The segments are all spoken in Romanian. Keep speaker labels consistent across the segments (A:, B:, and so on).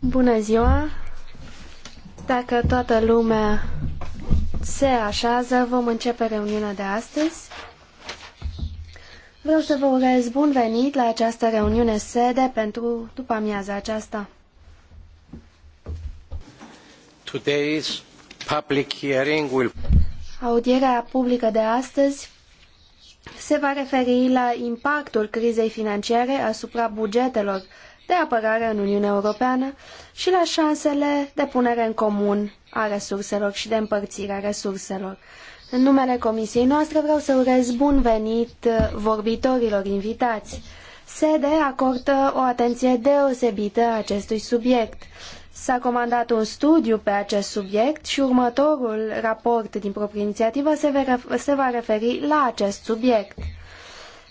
A: Bună ziua! Dacă toată lumea se așează, vom începe reuniunea de astăzi. Vreau să vă urez bun venit la această reuniune sede pentru după amiaza aceasta. Today's public hearing will... Audierea publică de astăzi se va referi la impactul crizei financiare asupra bugetelor de apărare în Uniunea Europeană și la șansele de punere în comun a resurselor și de împărțire a resurselor. În numele comisiei noastre vreau să urez bun venit vorbitorilor invitați. SEDE acordă o atenție deosebită acestui subiect. S-a comandat un studiu pe acest subiect și următorul raport din proprie inițiativă se, va referi la acest subiect.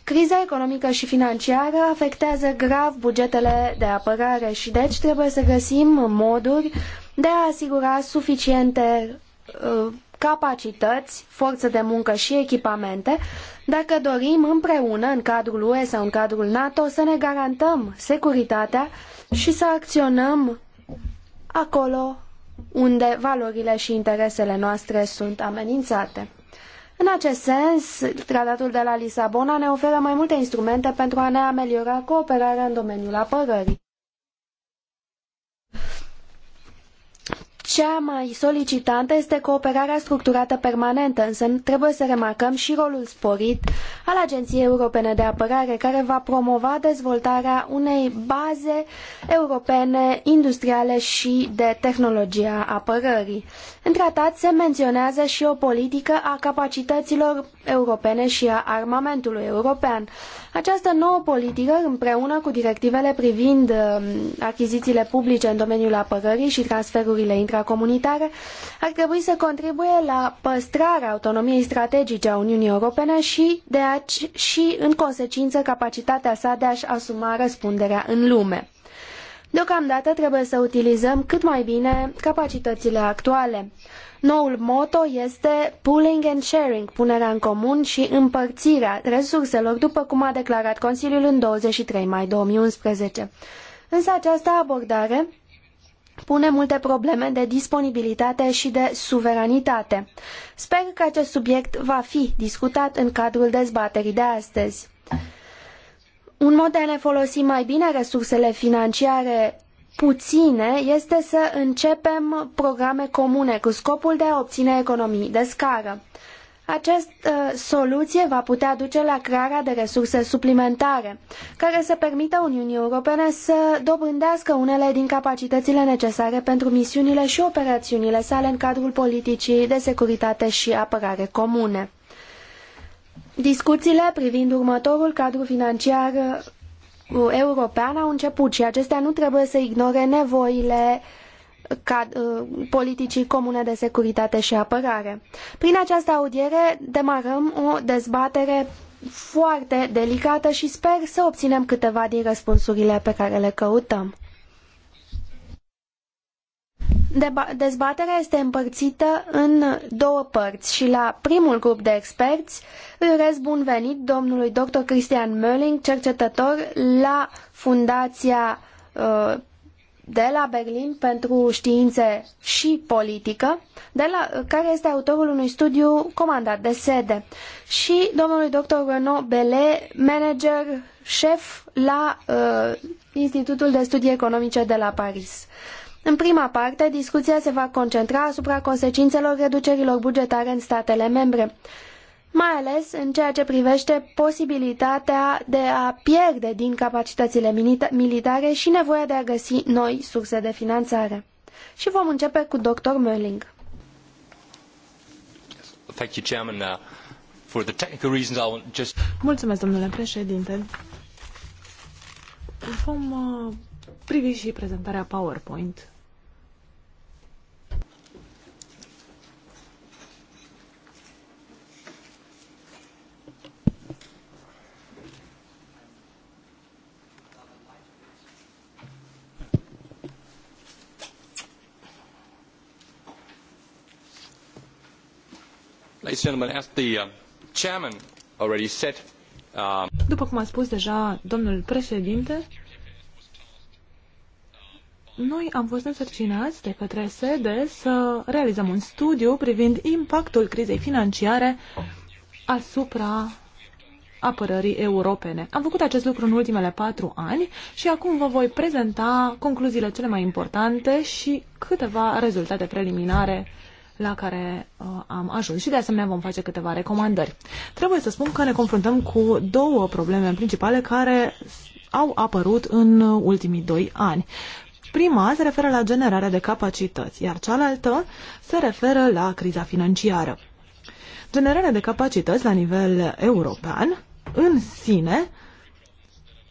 A: Criza economică și financiară afectează grav bugetele de apărare și deci trebuie să găsim moduri de a asigura suficiente uh, capacități, forță de muncă și echipamente, dacă dorim împreună, în cadrul UE sau în cadrul NATO, să ne garantăm securitatea și să acționăm acolo unde valorile și interesele noastre sunt amenințate. În acest sens, tratatul de la Lisabona ne oferă mai multe instrumente pentru a ne ameliora cooperarea în domeniul apărării. Cea mai solicitantă este cooperarea structurată permanentă, însă trebuie să remarcăm și rolul sporit al Agenției Europene de Apărare, care va promova dezvoltarea unei baze europene industriale și de tehnologia apărării. În tratat se menționează și o politică a capacităților europene și a armamentului european. Această nouă politică, împreună cu directivele privind um, achizițiile publice în domeniul apărării și transferurile intracomunitare, ar trebui să contribuie la păstrarea autonomiei strategice a Uniunii Europene și, de aici, și în consecință, capacitatea sa de a-și asuma răspunderea în lume. Deocamdată trebuie să utilizăm cât mai bine capacitățile actuale. Noul moto este pooling and sharing, punerea în comun și împărțirea resurselor, după cum a declarat Consiliul în 23 mai 2011. Însă această abordare pune multe probleme de disponibilitate și de suveranitate. Sper că acest subiect va fi discutat în cadrul dezbaterii de astăzi. Un mod de a ne folosi mai bine resursele financiare puține este să începem programe comune cu scopul de a obține economii de scară. Această uh, soluție va putea duce la crearea de resurse suplimentare, care să permită Uniunii Europene să dobândească unele din capacitățile necesare pentru misiunile și operațiunile sale în cadrul politicii de securitate și apărare comune. Discuțiile privind următorul cadru financiar european au început și acestea nu trebuie să ignore nevoile ca, uh, politicii comune de securitate și apărare. Prin această audiere demarăm o dezbatere foarte delicată și sper să obținem câteva din răspunsurile pe care le căutăm. Dezbaterea este împărțită în două părți și la primul grup de experți îi urez bun venit domnului dr. Cristian Mölling, cercetător la Fundația uh, de la Berlin pentru științe și politică, de la, care este autorul unui studiu comandat de sede, și domnului dr. Renaud Bele, manager șef la uh, Institutul de Studii Economice de la Paris. Uh, în prima parte, discuția se va concentra asupra consecințelor reducerilor bugetare în statele membre, mai ales în ceea ce privește posibilitatea de a pierde din capacitățile militare și nevoia de a găsi noi surse de finanțare. Și vom începe cu dr. Mölling.
B: Uh,
A: Mulțumesc, domnule președinte.
C: Vom uh, privi și prezentarea PowerPoint.
B: Uh, uh,
C: După cum a spus deja domnul președinte, noi am fost însărcinați de către sede să realizăm un studiu privind impactul crizei financiare asupra apărării europene. Am făcut acest lucru în ultimele patru ani și acum vă voi prezenta concluziile cele mai importante și câteva rezultate preliminare la care uh, am ajuns și de asemenea vom face câteva recomandări. Trebuie să spun că ne confruntăm cu două probleme principale care au apărut în ultimii doi ani. Prima se referă la generarea de capacități, iar cealaltă se referă la criza financiară. Generarea de capacități la nivel european în sine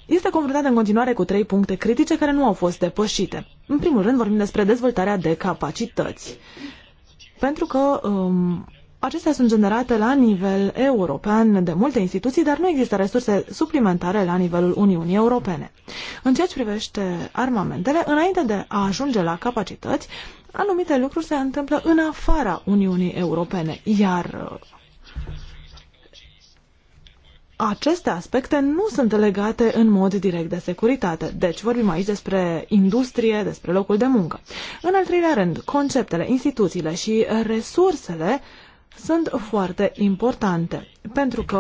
C: este confruntată în continuare cu trei puncte critice care nu au fost depășite. În primul rând vorbim despre dezvoltarea de capacități. Pentru că um, acestea sunt generate la nivel european de multe instituții, dar nu există resurse suplimentare la nivelul Uniunii Europene. În ceea ce privește armamentele, înainte de a ajunge la capacități, anumite lucruri se întâmplă în afara Uniunii Europene, iar uh, aceste aspecte nu sunt legate în mod direct de securitate. Deci vorbim aici despre industrie, despre locul de muncă. În al treilea rând, conceptele, instituțiile și resursele sunt foarte importante, pentru că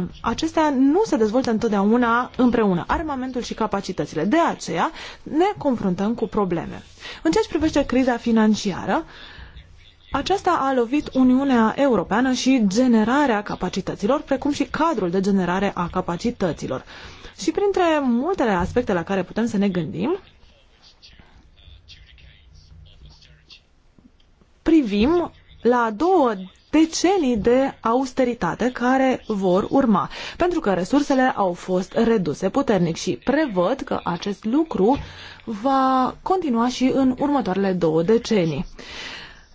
C: uh, acestea nu se dezvoltă întotdeauna împreună, armamentul și capacitățile. De aceea ne confruntăm cu probleme. În ceea ce privește criza financiară, aceasta a lovit Uniunea Europeană și generarea capacităților, precum și cadrul de generare a capacităților. Și printre multele aspecte la care putem să ne gândim, privim la două decenii de austeritate care vor urma, pentru că resursele au fost reduse puternic și prevăd că acest lucru va continua și în următoarele două decenii.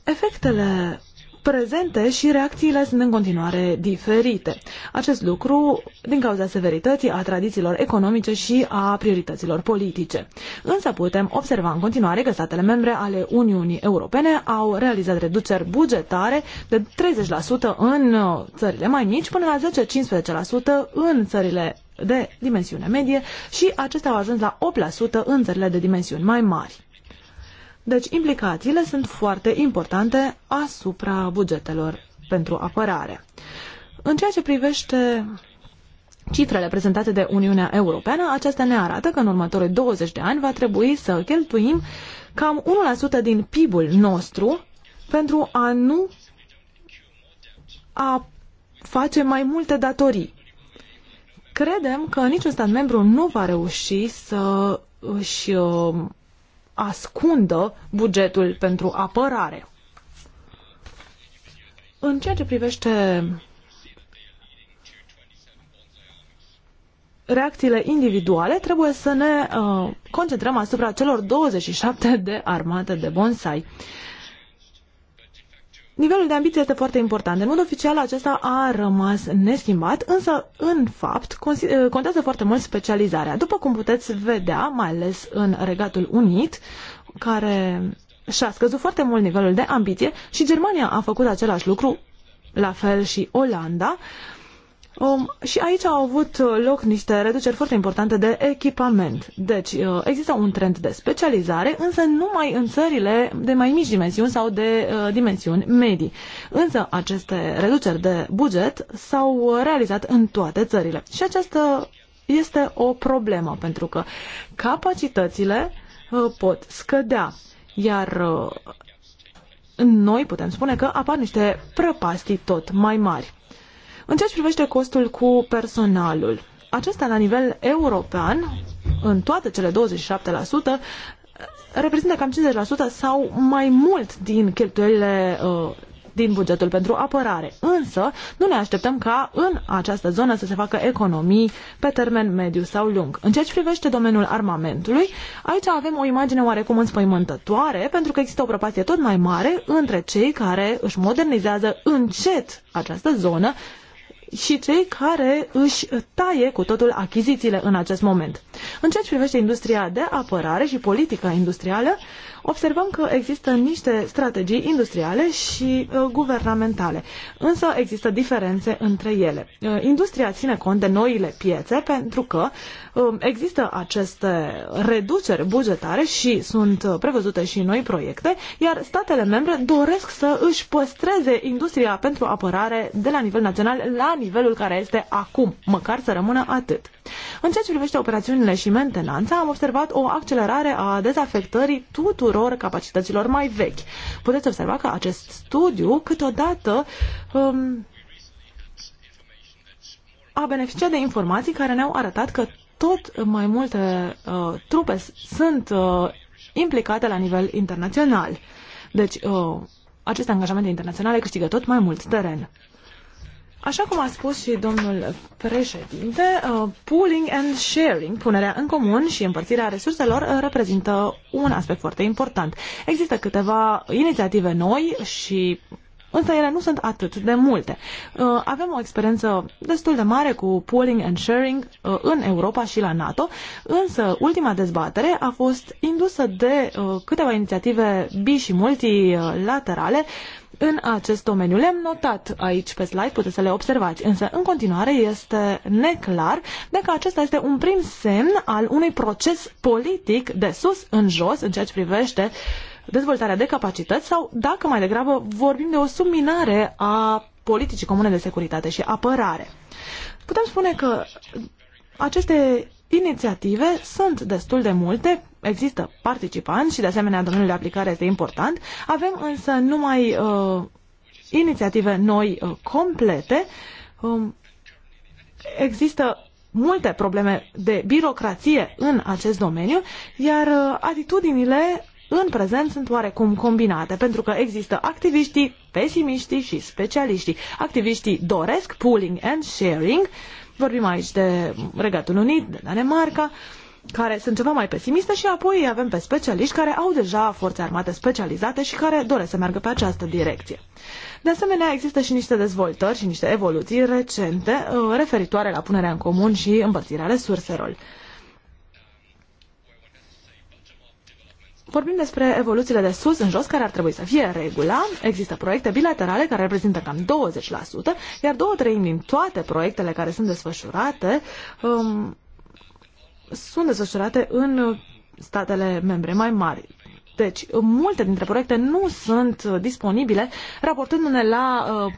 C: Efectele prezente și reacțiile sunt în continuare diferite. Acest lucru din cauza severității a tradițiilor economice și a priorităților politice. Însă putem observa în continuare că statele membre ale Uniunii Europene au realizat reduceri bugetare de 30% în uh, țările mai mici până la 10-15% în țările de dimensiune medie și acestea au ajuns la 8% în țările de dimensiuni mai mari. Deci implicațiile sunt foarte importante asupra bugetelor pentru apărare. În ceea ce privește Cifrele prezentate de Uniunea Europeană, acestea ne arată că în următorii 20 de ani va trebui să cheltuim cam 1% din PIB-ul nostru pentru a nu a face mai multe datorii. Credem că niciun stat membru nu va reuși să își uh, ascundă bugetul pentru apărare. În ceea ce privește reacțiile individuale, trebuie să ne uh, concentrăm asupra celor 27 de armate de bonsai. Uh, Nivelul de ambiție este foarte important. În mod oficial, acesta a rămas neschimbat, însă, în fapt, eh, contează foarte mult specializarea. După cum puteți vedea, mai ales în Regatul Unit, care și-a scăzut foarte mult nivelul de ambiție și Germania a făcut același lucru, la fel și Olanda, uh, Um, și aici au avut loc niște reduceri foarte importante de echipament. Deci uh, există un trend de specializare, însă numai în țările de mai mici dimensiuni sau de uh, dimensiuni medii. Însă aceste reduceri de buget s-au realizat în toate țările. Și aceasta este o problemă, pentru că capacitățile uh, pot scădea, iar uh, noi putem spune că apar niște prăpastii tot mai mari. În ceea ce privește costul cu personalul, acesta la nivel european, în toate cele 27%, reprezintă cam 50% sau mai mult din cheltuielile uh, din bugetul pentru apărare. Însă, nu ne așteptăm ca în această zonă să se facă economii pe termen mediu sau lung. În ceea ce privește domeniul armamentului, aici avem o imagine oarecum înspăimântătoare, pentru că există o propație tot mai mare între cei care își modernizează încet această zonă și cei care își taie cu totul achizițiile în acest moment. În ceea ce privește industria de apărare și politica industrială, observăm că există niște strategii industriale și uh, guvernamentale, însă există diferențe între ele. Uh, industria ține cont de noile piețe pentru că uh, există aceste reduceri bugetare și sunt uh, prevăzute și noi proiecte, iar statele membre doresc să își păstreze industria pentru apărare de la nivel național la nivelul care este acum, măcar să rămână atât. În ceea ce privește operațiunile și mentenanța, am observat o accelerare a dezafectării tuturor tuturor capacităților mai vechi. Puteți observa că acest studiu câteodată um, a beneficiat de informații care ne-au arătat că tot mai multe uh, trupe sunt uh, implicate la nivel internațional. Deci, uh, aceste angajamente internaționale câștigă tot mai mult teren. Așa cum a spus și domnul președinte, uh, pooling and sharing, punerea în comun și împărțirea resurselor uh, reprezintă un aspect foarte important. Există câteva inițiative noi și însă ele nu sunt atât de multe. Uh, avem o experiență destul de mare cu pooling and sharing uh, în Europa și la NATO, însă ultima dezbatere a fost indusă de uh, câteva inițiative bi- și multilaterale în acest domeniu. Le-am notat aici pe slide, puteți să le observați, însă în continuare este neclar dacă acesta este un prim semn al unui proces politic de sus în jos în ceea ce privește uh, dezvoltarea de capacități sau dacă mai degrabă vorbim de o subminare a politicii comune de securitate și apărare. Putem spune că aceste inițiative sunt destul de multe, există participanți și de asemenea domeniul de aplicare este important, avem însă numai uh, inițiative noi uh, complete, um, există multe probleme de birocrație în acest domeniu, iar uh, atitudinile în prezent sunt oarecum combinate, pentru că există activiștii, pesimiștii și specialiștii. Activiștii doresc pooling and sharing, vorbim aici de Regatul Unit, de Danemarca, care sunt ceva mai pesimiste și apoi avem pe specialiști care au deja forțe armate specializate și care doresc să meargă pe această direcție. De asemenea, există și niște dezvoltări și niște evoluții recente uh, referitoare la punerea în comun și împărțirea resurselor. Vorbim despre evoluțiile de sus în jos, care ar trebui să fie regula. Există proiecte bilaterale care reprezintă cam 20%, iar două treimi din toate proiectele care sunt desfășurate um, sunt desfășurate în statele membre mai mari. Deci, multe dintre proiecte nu sunt disponibile, raportându-ne la uh,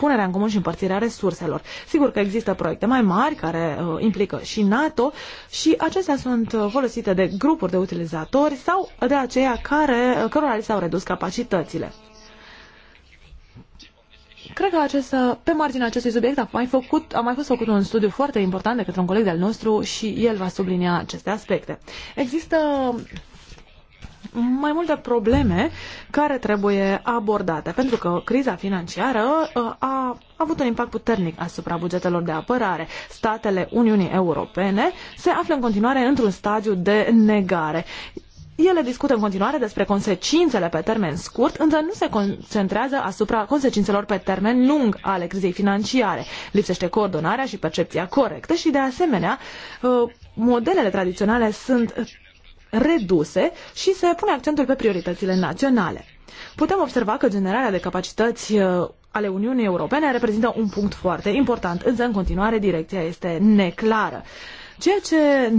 C: punerea în comun și împărțirea resurselor. Sigur că există proiecte mai mari care uh, implică și NATO și acestea sunt uh, folosite de grupuri de utilizatori sau de aceia care, uh, cărora li s-au redus capacitățile. Cred că acest, uh, pe marginea acestui subiect a mai, făcut, a mai fost făcut un studiu foarte important de către un coleg de-al nostru și el va sublinia aceste aspecte. Există mai multe probleme care trebuie abordate, pentru că criza financiară uh, a avut un impact puternic asupra bugetelor de apărare. Statele Uniunii Europene se află în continuare într-un stadiu de negare. Ele discută în continuare despre consecințele pe termen scurt, însă nu se concentrează asupra consecințelor pe termen lung ale crizei financiare. Lipsește coordonarea și percepția corectă și, de asemenea, uh, modelele tradiționale sunt reduse și se pune accentul pe prioritățile naționale. Putem observa că generarea de capacități uh, ale Uniunii Europene reprezintă un punct foarte important, însă în continuare direcția este neclară. Ceea ce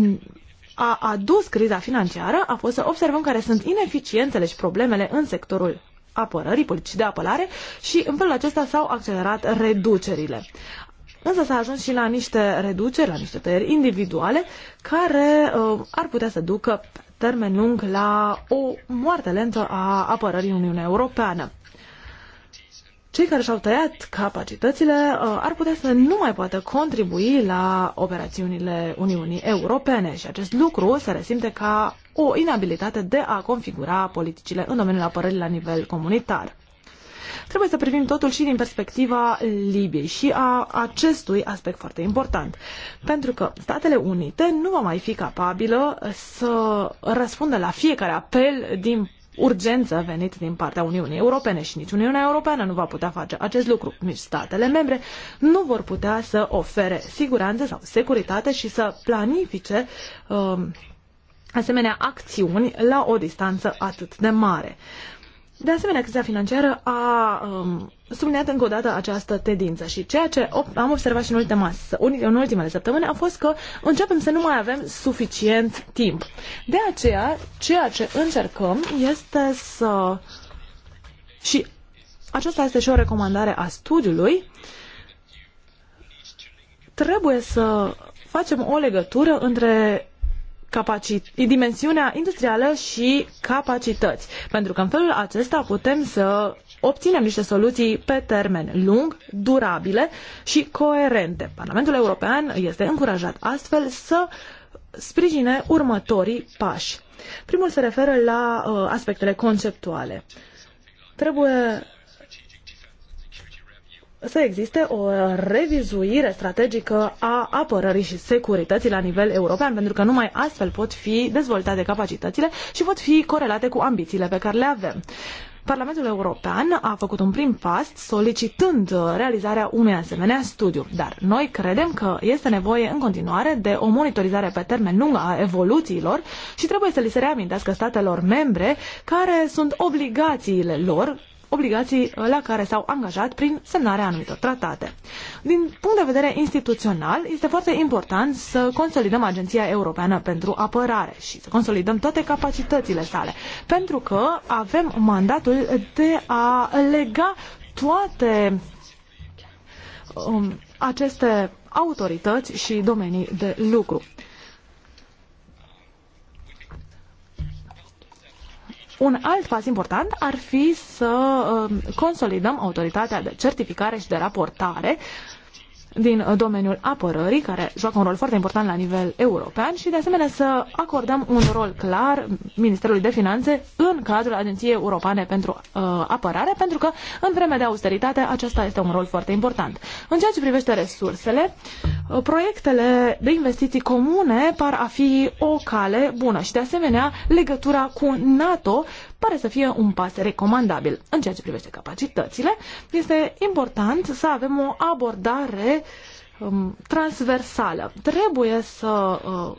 C: a adus criza financiară a fost să observăm care sunt ineficiențele și problemele în sectorul apărării, politicii de apărare și în felul acesta s-au accelerat reducerile. Însă s-a ajuns și la niște reduceri, la niște tăieri individuale, care uh, ar putea să ducă pe termen lung la o moarte lentă a apărării Uniunii Europeană. Cei care și-au tăiat capacitățile uh, ar putea să nu mai poată contribui la operațiunile Uniunii Europene și acest lucru se resimte ca o inabilitate de a configura politicile în domeniul apărării la nivel comunitar. Trebuie să privim totul și din perspectiva Libiei și a acestui aspect foarte important. Pentru că Statele Unite nu va mai fi capabilă să răspundă la fiecare apel din urgență venit din partea Uniunii Europene și nici Uniunea Europeană nu va putea face acest lucru. Nici statele membre nu vor putea să ofere siguranță sau securitate și să planifice uh, asemenea acțiuni la o distanță atât de mare. De asemenea, criza financiară a um, subliniat încă o dată această tendință și ceea ce am observat și în, ultima, în ultimele săptămâni a fost că începem să nu mai avem suficient timp. De aceea, ceea ce încercăm este să... și aceasta este și o recomandare a studiului, trebuie să facem o legătură între dimensiunea industrială și capacități, pentru că în felul acesta putem să obținem niște soluții pe termen lung, durabile și coerente. Parlamentul European este încurajat astfel să sprijine următorii pași. Primul se referă la uh, aspectele conceptuale. Trebuie să existe o revizuire strategică a apărării și securității la nivel european, pentru că numai astfel pot fi dezvoltate capacitățile și pot fi corelate cu ambițiile pe care le avem. Parlamentul European a făcut un prim pas solicitând realizarea unui asemenea studiu, dar noi credem că este nevoie în continuare de o monitorizare pe termen lung a evoluțiilor și trebuie să li se reamintească statelor membre care sunt obligațiile lor obligații la care s-au angajat prin semnarea anumitor tratate. Din punct de vedere instituțional, este foarte important să consolidăm Agenția Europeană pentru Apărare și să consolidăm toate capacitățile sale, pentru că avem mandatul de a lega toate um, aceste autorități și domenii de lucru. Un alt pas important ar fi să um, consolidăm autoritatea de certificare și de raportare din domeniul apărării, care joacă un rol foarte important la nivel european și de asemenea să acordăm un rol clar Ministerului de Finanțe în cadrul Agenției Europene pentru uh, Apărare, pentru că în vremea de austeritate acesta este un rol foarte important. În ceea ce privește resursele, uh, proiectele de investiții comune par a fi o cale bună și de asemenea legătura cu NATO pare să fie un pas recomandabil. În ceea ce privește capacitățile, este important să avem o abordare um, transversală. Trebuie să uh,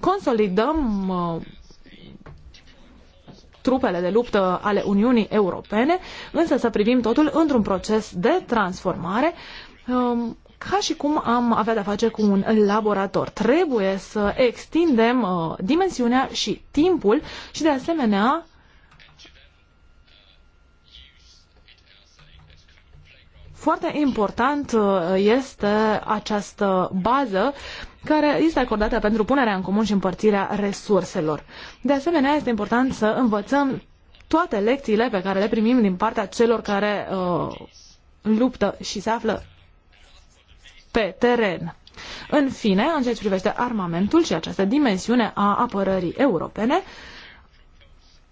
C: consolidăm uh, trupele de luptă ale Uniunii Europene, însă să privim totul într-un proces de transformare um, ca și cum am avea de-a face cu un laborator. Trebuie să extindem uh, dimensiunea și timpul și, de asemenea, foarte important uh, este această bază care este acordată pentru punerea în comun și împărțirea resurselor. De asemenea, este important să învățăm toate lecțiile pe care le primim din partea celor care uh, luptă și se află pe teren. În fine, în ceea ce privește armamentul și această dimensiune a apărării europene,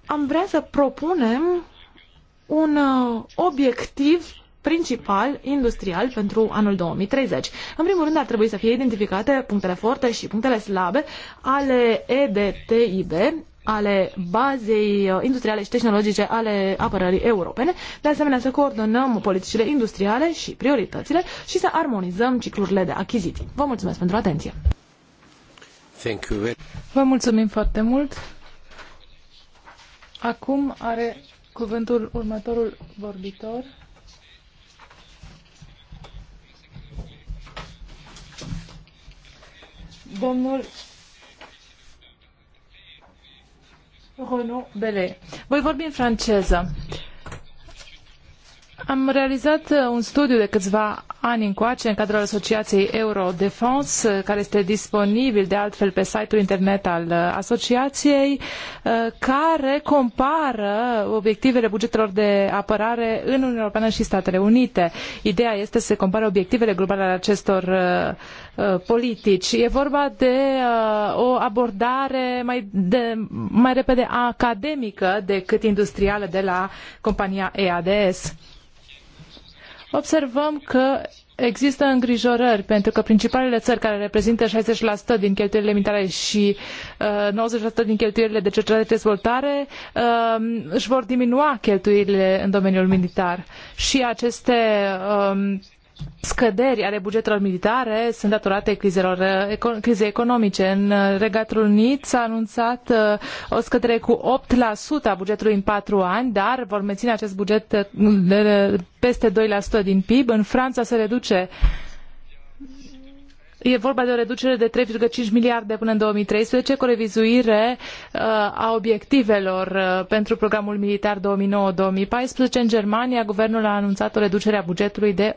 C: am vrea să propunem un uh, obiectiv principal industrial pentru anul 2030. În primul rând ar trebui să fie identificate punctele forte și punctele slabe ale EDTIB, ale bazei uh, industriale și tehnologice ale apărării europene, de asemenea să coordonăm politicile industriale și prioritățile și să armonizăm ciclurile de achiziții. Vă mulțumesc pentru atenție! Thank you. Vă mulțumim foarte mult! Acum are
B: cuvântul următorul vorbitor. Domnul Renaud Belé. Voi vorbi în franceză. Am realizat uh, un studiu de câțiva ani încoace în cadrul Asociației Eurodefens, uh, care este disponibil de altfel pe site-ul internet al uh, asociației, care compară obiectivele bugetelor de apărare în Uniunea Europeană și Statele Unite. Ideea este să se compare obiectivele globale ale acestor politici. E vorba de o abordare mai, de, mai repede academică decât industrială de la compania EADS observăm că există îngrijorări pentru că principalele țări care reprezintă 60% din cheltuielile militare și uh, 90% din cheltuielile de cercetare și dezvoltare uh, își vor diminua cheltuielile în domeniul militar și aceste um, scăderi ale bugetelor militare sunt datorate crizelor, eh, crizei economice. În eh, Regatul Unit s-a anunțat eh, o scădere cu 8% a bugetului în patru ani, dar vor menține acest buget peste 2% din PIB. În Franța se reduce E vorba de o reducere de 3,5 miliarde până în 2013, cu o revizuire uh, a obiectivelor uh, pentru programul militar 2009-2014. În Germania, guvernul a anunțat o reducere a bugetului de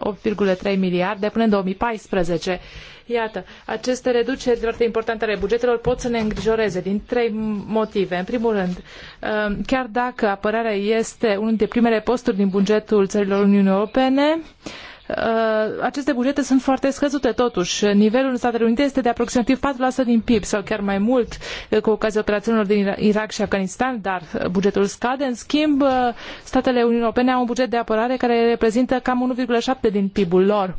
B: 8,3 miliarde până în 2014. Iată, aceste reduceri foarte importante ale bugetelor pot să ne îngrijoreze din trei motive. În primul rând, uh, chiar dacă apărarea este unul dintre primele posturi din bugetul țărilor Uniunii Europene, Uh, aceste bugete sunt foarte scăzute totuși. Nivelul în Statele Unite este de aproximativ 4% din PIB sau chiar mai mult uh, cu ocazia operațiunilor din Irak și Afganistan, dar uh, bugetul scade. În schimb, statele Uniunii Europene au un buget de apărare care reprezintă cam 1,7% din PIB-ul lor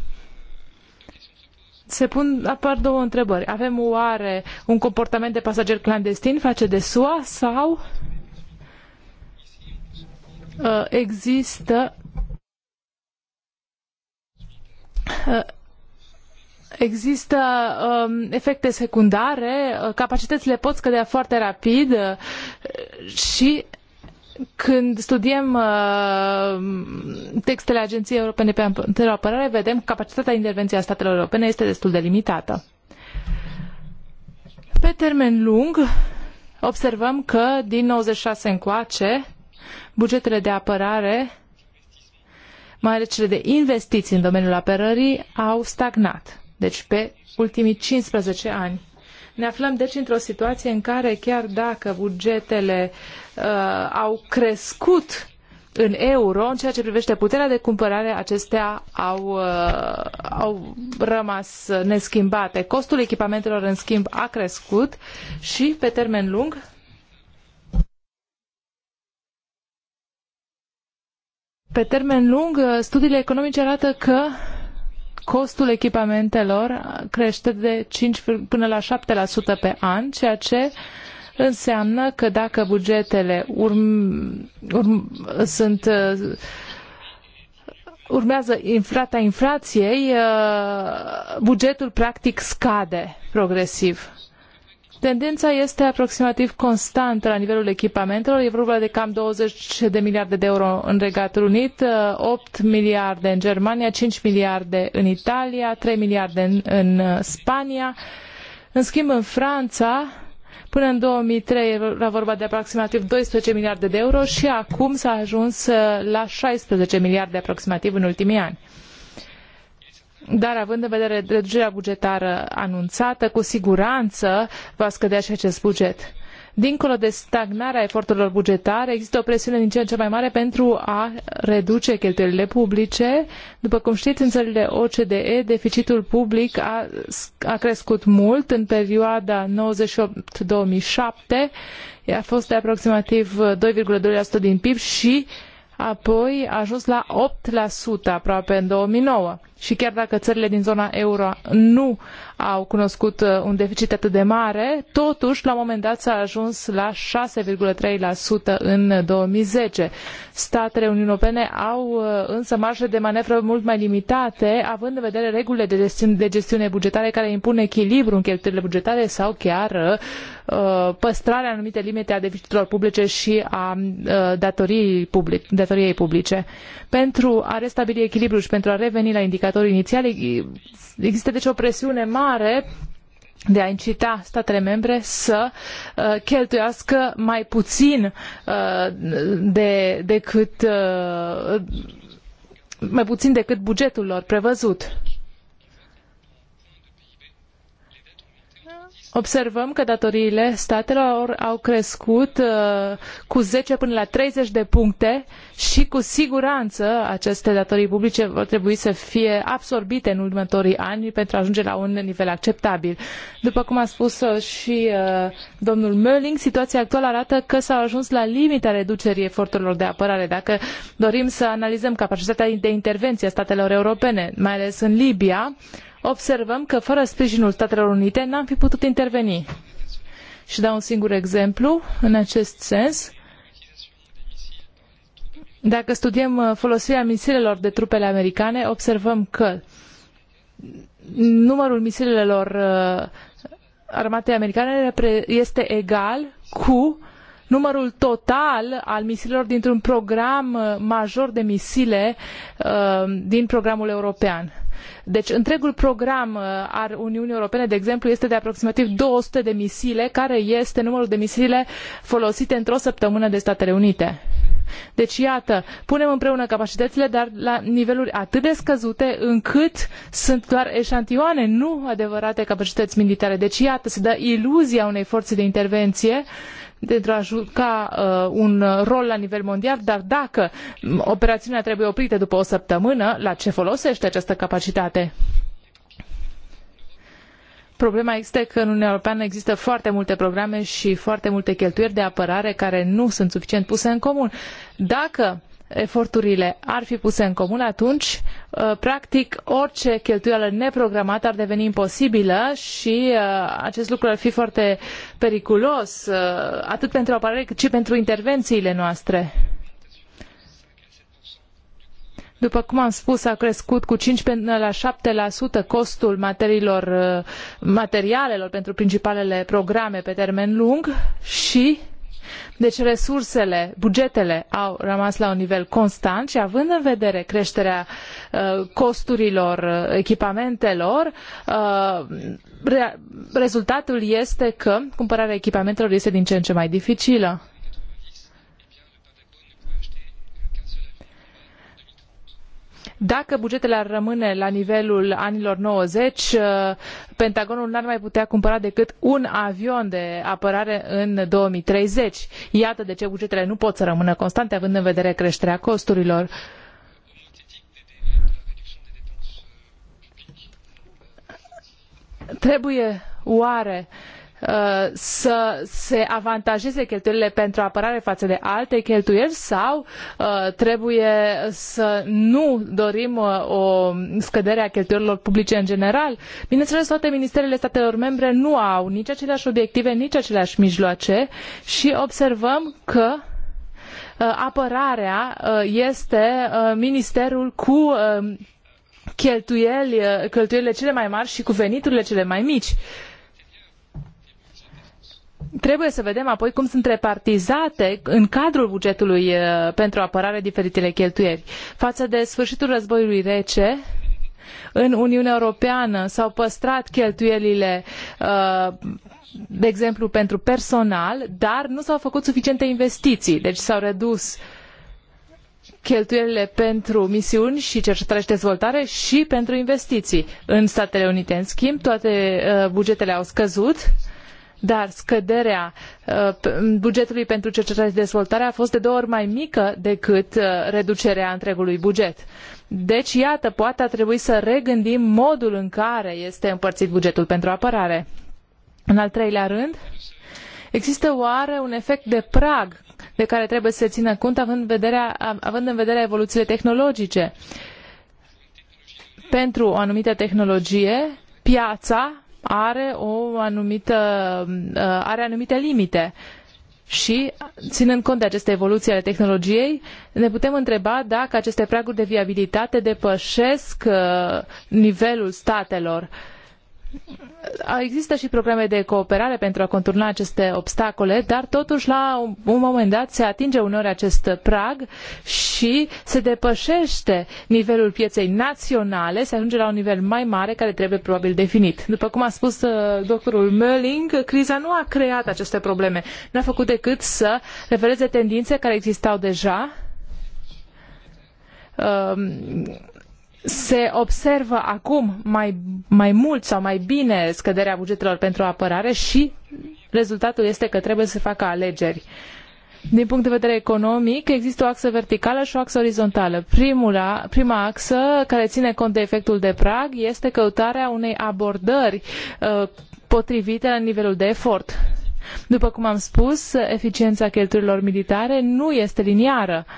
B: se pun, apar două întrebări. Avem oare un comportament de pasager clandestin face de SUA sau uh, există Uh, există um, efecte secundare, uh, capacitățile pot scădea foarte rapid uh, și când studiem uh, textele Agenției Europene pentru Apărare, vedem că capacitatea de a statelor europene este destul de limitată. Pe termen lung, observăm că din 96 încoace, bugetele de apărare mai ales cele de investiții în domeniul apărării, au stagnat. Deci pe ultimii 15 ani. Ne aflăm deci într-o situație în care chiar dacă bugetele uh, au crescut în euro, în ceea ce privește puterea de cumpărare, acestea au, uh, au rămas neschimbate. Costul echipamentelor, în schimb, a crescut și, pe termen lung, Pe termen lung, studiile economice arată că costul echipamentelor crește de 5 până la 7% pe an, ceea ce înseamnă că dacă bugetele urm, urm, sunt uh, urmează inflata inflației, uh, bugetul practic scade progresiv. Tendența este aproximativ constantă la nivelul echipamentelor. E vorba de cam 20 de miliarde de euro în Regatul Unit, 8 uh, miliarde în Germania, 5 miliarde în Italia, 3 miliarde în, în uh, Spania. În schimb, în Franța, Până în 2003 era vorba de aproximativ 12 miliarde de euro și acum s-a ajuns uh, la 16 miliarde aproximativ în ultimii ani dar având în vedere reducerea bugetară anunțată, cu siguranță va scădea și acest buget. Dincolo de stagnarea eforturilor bugetare, există o presiune din ce în ce mai mare pentru a reduce cheltuielile publice. După cum știți, în țările OCDE, deficitul public a, a crescut mult în perioada 98-2007, a fost de aproximativ 2,2% din PIB și apoi a ajuns la 8% aproape în 2009 și chiar dacă țările din zona euro nu au cunoscut uh, un deficit atât de mare, totuși la un moment dat s-a ajuns la 6,3% în 2010. Statele Uniunii Europene au uh, însă marje de manevră mult mai limitate, având în vedere regulile de, gestiune, de gestiune bugetare care impun echilibru în cheltuielile bugetare sau chiar uh, păstrarea anumite limite a deficitelor publice și a datoriei public, datoriei publice. Pentru a restabili echilibru și pentru a reveni la indicații indicator inițial. Există deci o presiune mare de a incita statele membre să uh, cheltuiască mai puțin uh, de, decât uh, mai puțin decât bugetul lor prevăzut. observăm că datoriile statelor au crescut uh, cu zece până la 30 de puncte și cu siguranță aceste datorii publice vor trebui să fie absorbite în următorii ani pentru a ajunge la un nivel acceptabil. După cum a spus și uh, domnul Mölling, situația actuală arată că s-a ajuns la limita reducerii eforturilor de apărare. Dacă dorim să analizăm capacitatea de intervenție a statelor europene, mai ales în Libia, uh, observăm că fără sprijinul Statelor Unite n-am fi putut interveni. Și dau un singur exemplu în acest sens. Dacă studiem uh, folosirea misilelor de trupele americane, observăm că numărul misilelor uh, armatei americane este egal cu numărul total al misilelor dintr-un program uh, major de misile din programul european. Deci întregul program uh, al Uniunii Europene, de exemplu, este de aproximativ 200 de misile, care este numărul de misile folosite într-o săptămână de Statele Unite. Deci, iată, punem împreună capacitățile, dar la niveluri atât de scăzute încât sunt doar eșantioane, nu adevărate capacități militare. Deci, iată, se dă iluzia unei forțe de intervenție pentru a juca uh, un rol la nivel mondial, dar dacă operațiunea trebuie oprită după o săptămână, la ce folosește această capacitate? Problema este că în Uniunea Europeană există foarte multe programe și foarte multe cheltuieli de apărare care nu sunt suficient puse în comun. Dacă eforturile ar fi puse în comun, atunci, uh, practic, orice cheltuială neprogramată ar deveni imposibilă și uh, acest lucru ar fi foarte periculos, uh, atât pentru apărare cât și pentru intervențiile noastre. După cum am spus, a crescut cu 5 până la 7% costul materiilor, materialelor pentru principalele programe pe termen lung și deci resursele, bugetele au rămas la un nivel constant și având în vedere creșterea uh, costurilor uh, echipamentelor, uh, rezultatul este că cumpărarea echipamentelor este din ce în ce mai dificilă. Dacă bugetele ar rămâne la nivelul anilor 90, uh, Pentagonul n-ar mai putea cumpăra decât un avion de apărare în 2030. Iată de ce bugetele nu pot să rămână constante, având în vedere creșterea costurilor. Trebuie oare uh, Uh, să se avantajeze cheltuielile pentru apărare față de alte cheltuieli sau uh, trebuie să nu dorim uh, o scădere a cheltuielilor publice în general? Bineînțeles, toate ministerele statelor membre nu au nici aceleași obiective, nici aceleași mijloace și observăm că apărarea este ministerul cu cheltuieli, cheltuielile cele mai mari și cu veniturile cele mai mici. Uh, Trebuie să vedem apoi cum sunt repartizate în cadrul bugetului uh, pentru apărare diferitele cheltuieli. Față de sfârșitul războiului rece, în Uniunea Europeană s-au păstrat cheltuielile, uh, de exemplu, pentru personal, dar nu s-au făcut suficiente investiții, deci s-au redus cheltuielile pentru misiuni și cercetare și dezvoltare și pentru investiții. În Statele Unite, în schimb, toate uh, bugetele au scăzut uh, dar scăderea uh, bugetului pentru cercetare și dezvoltare a fost de două ori mai mică decât uh, reducerea întregului buget. Deci, iată, poate a trebui să regândim modul în care este împărțit bugetul pentru apărare. În al treilea rând, există oare un efect de prag de care trebuie să se țină cont având, având în vedere evoluțiile tehnologice? Pentru o anumită tehnologie, piața are o anumită, uh, are anumite limite. Și, ținând cont de aceste evoluții ale tehnologiei, ne putem întreba dacă aceste praguri de viabilitate depășesc uh, nivelul statelor uh, Există și programe de cooperare pentru a conturna aceste obstacole, dar totuși la un moment dat se atinge uneori acest prag și se depășește nivelul pieței naționale, se ajunge la un nivel mai mare care trebuie probabil definit. După cum a spus uh, doctorul Mölling, criza nu a creat aceste probleme, n-a făcut decât să refereze tendințe care existau deja um, se observă acum mai, mai mult sau mai bine scăderea bugetelor pentru apărare și rezultatul este că trebuie să facă alegeri. Din punct de vedere economic, există o axă verticală și o axă orizontală. Primula, prima axă, care ține cont de efectul de prag, este căutarea unei abordări uh, potrivite la nivelul de efort. După cum am spus, eficiența cheltuielilor militare nu este liniară. Uh,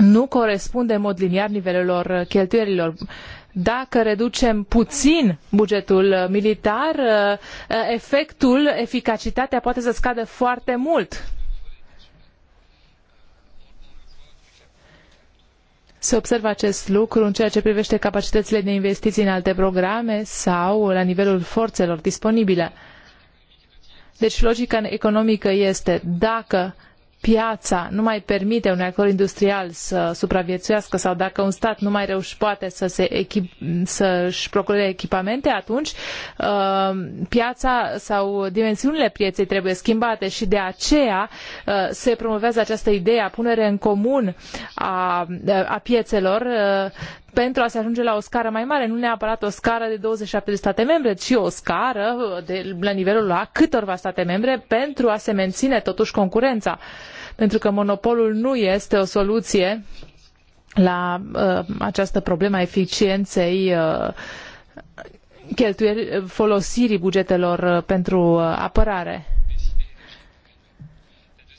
B: nu corespunde în mod liniar nivelelor uh, cheltuielilor. Dacă reducem puțin bugetul uh, militar, uh, efectul, eficacitatea poate să scadă foarte mult. Se observă acest lucru în ceea ce privește capacitățile de investiții în alte programe sau la nivelul forțelor disponibile. Deci logica economică este dacă uh, piața nu mai permite unui actor industrial să supraviețuiască sau dacă un stat nu mai reuși poate să se echip, să-și procure echipamente, atunci uh, piața sau dimensiunile pieței trebuie schimbate și de aceea uh, se promovează această idee a punere în comun a, a piețelor uh, pentru a se ajunge la o scară mai mare, nu neapărat o scară de 27 de state membre, ci o scară de, la nivelul a câtorva state membre pentru a se menține totuși concurența. Uh, pentru că monopolul nu este o soluție la uh, această problemă a eficienței uh, folosirii bugetelor uh, pentru uh, apărare.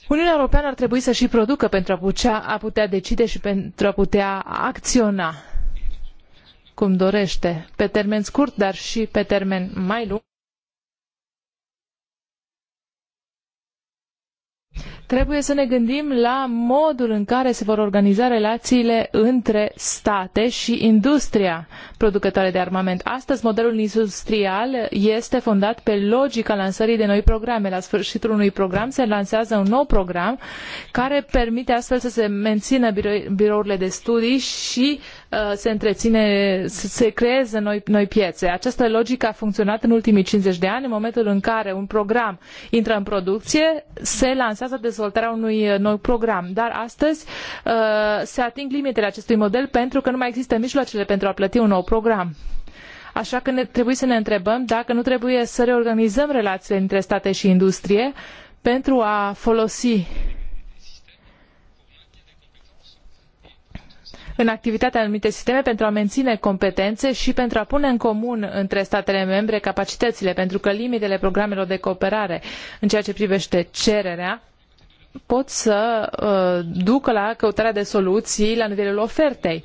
B: Uniunea Europeană ar trebui să și producă pentru a putea, a putea decide și pentru a putea acționa cum dorește, pe termen scurt, dar și pe termen mai lung Trebuie să ne gândim la modul în care se vor organiza relațiile între state și industria producătoare de armament. Astăzi, modelul industrial este fondat pe logica lansării de noi programe. La sfârșitul unui program se lansează un nou program care permite astfel să se mențină birourile de studii și uh, se întreține, se creeze noi, noi piețe. Această logică a funcționat în ultimii 50 de ani, în momentul în care un program intră în producție, se lansează dezvoltarea dezvoltarea unui uh, nou program. Dar astăzi uh, se ating limitele acestui model pentru că nu mai există mijloacele pentru a plăti un nou program. Așa că ne, trebuie să ne întrebăm dacă nu trebuie să reorganizăm relațiile dintre state și industrie pentru a folosi în activitate anumite sisteme pentru a menține competențe și pentru a pune în comun între statele membre capacitățile, pentru că limitele programelor de cooperare în ceea ce privește cererea pot să uh, ducă la căutarea de soluții la nivelul ofertei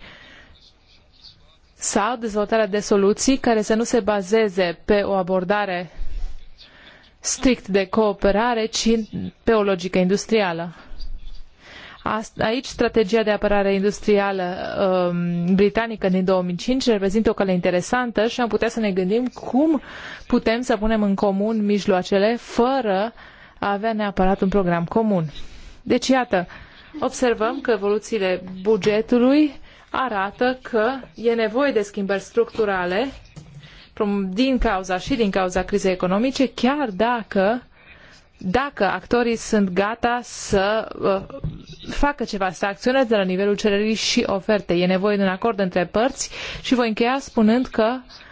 B: sau dezvoltarea de soluții care să nu se bazeze pe o abordare strict de cooperare, ci pe o logică industrială. Aici, strategia de apărare industrială um, britanică din 2005 reprezintă o cale interesantă și am putea să ne gândim cum putem să punem în comun mijloacele fără uh, a avea neapărat un program comun. Deci, iată, observăm că evoluțiile bugetului arată că e nevoie de schimbări structurale din cauza și din cauza crizei economice, chiar dacă dacă actorii sunt gata să uh, facă ceva, să acționeze la nivelul cererii și oferte. E nevoie de un acord între părți și voi încheia spunând că uh,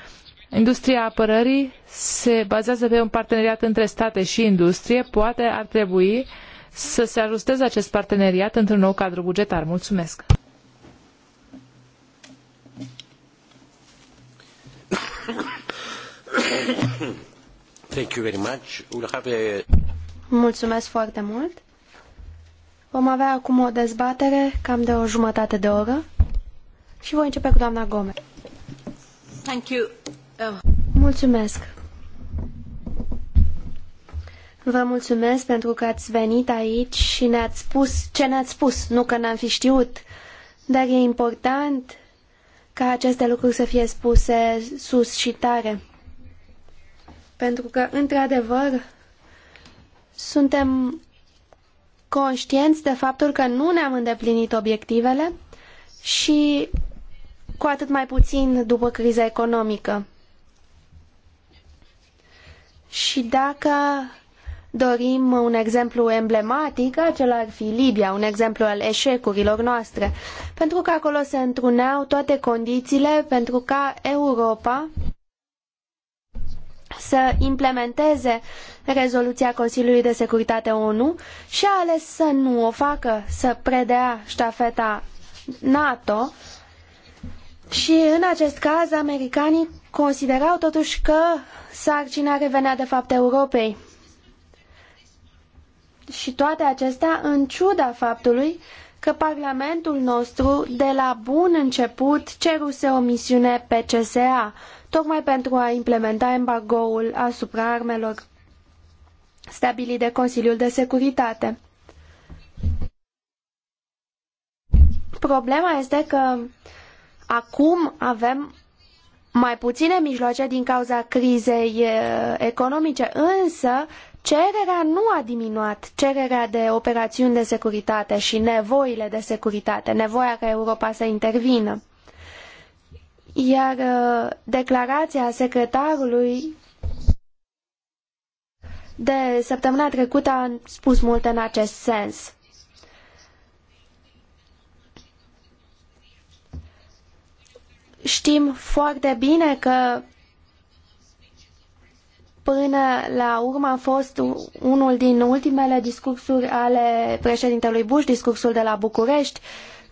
B: Industria apărării se bazează pe un parteneriat între state și industrie. Poate ar trebui să se ajusteze acest parteneriat într-un nou cadru bugetar. Mulțumesc!
A: Thank you very much. We'll have a... Mulțumesc foarte mult! Vom avea acum o dezbatere cam de o jumătate de oră și voi începe cu doamna Gomez. Thank you. Mulțumesc. Vă mulțumesc pentru că ați venit aici și ne-ați spus ce ne-ați spus, nu că n-am fi știut, dar e important ca aceste lucruri să fie spuse sus și tare. Pentru că, într-adevăr, suntem conștienți de faptul că nu ne-am îndeplinit obiectivele și cu atât mai puțin după criza economică. Și dacă dorim un exemplu emblematic, acela ar fi Libia, un exemplu al eșecurilor noastre, pentru că acolo se întruneau toate condițiile pentru ca Europa să implementeze rezoluția Consiliului de Securitate ONU și a ales să nu o facă, să predea ștafeta NATO și în acest caz, americanii considerau totuși că sarcina revenea de fapt Europei. Și toate acestea în ciuda faptului că Parlamentul nostru de la bun început ceruse o misiune pe CSA, tocmai pentru a implementa embargoul asupra armelor stabilit de Consiliul de Securitate. Problema este că Acum avem mai puține mijloace din cauza crizei eh, economice, însă cererea nu a diminuat, cererea de operațiuni de securitate și nevoile de securitate, nevoia ca Europa să intervină. Iar eh, declarația secretarului de săptămâna trecută a spus multe în acest sens. Știm foarte bine că până la urmă a fost unul din ultimele discursuri ale președintelui Bush, discursul de la București,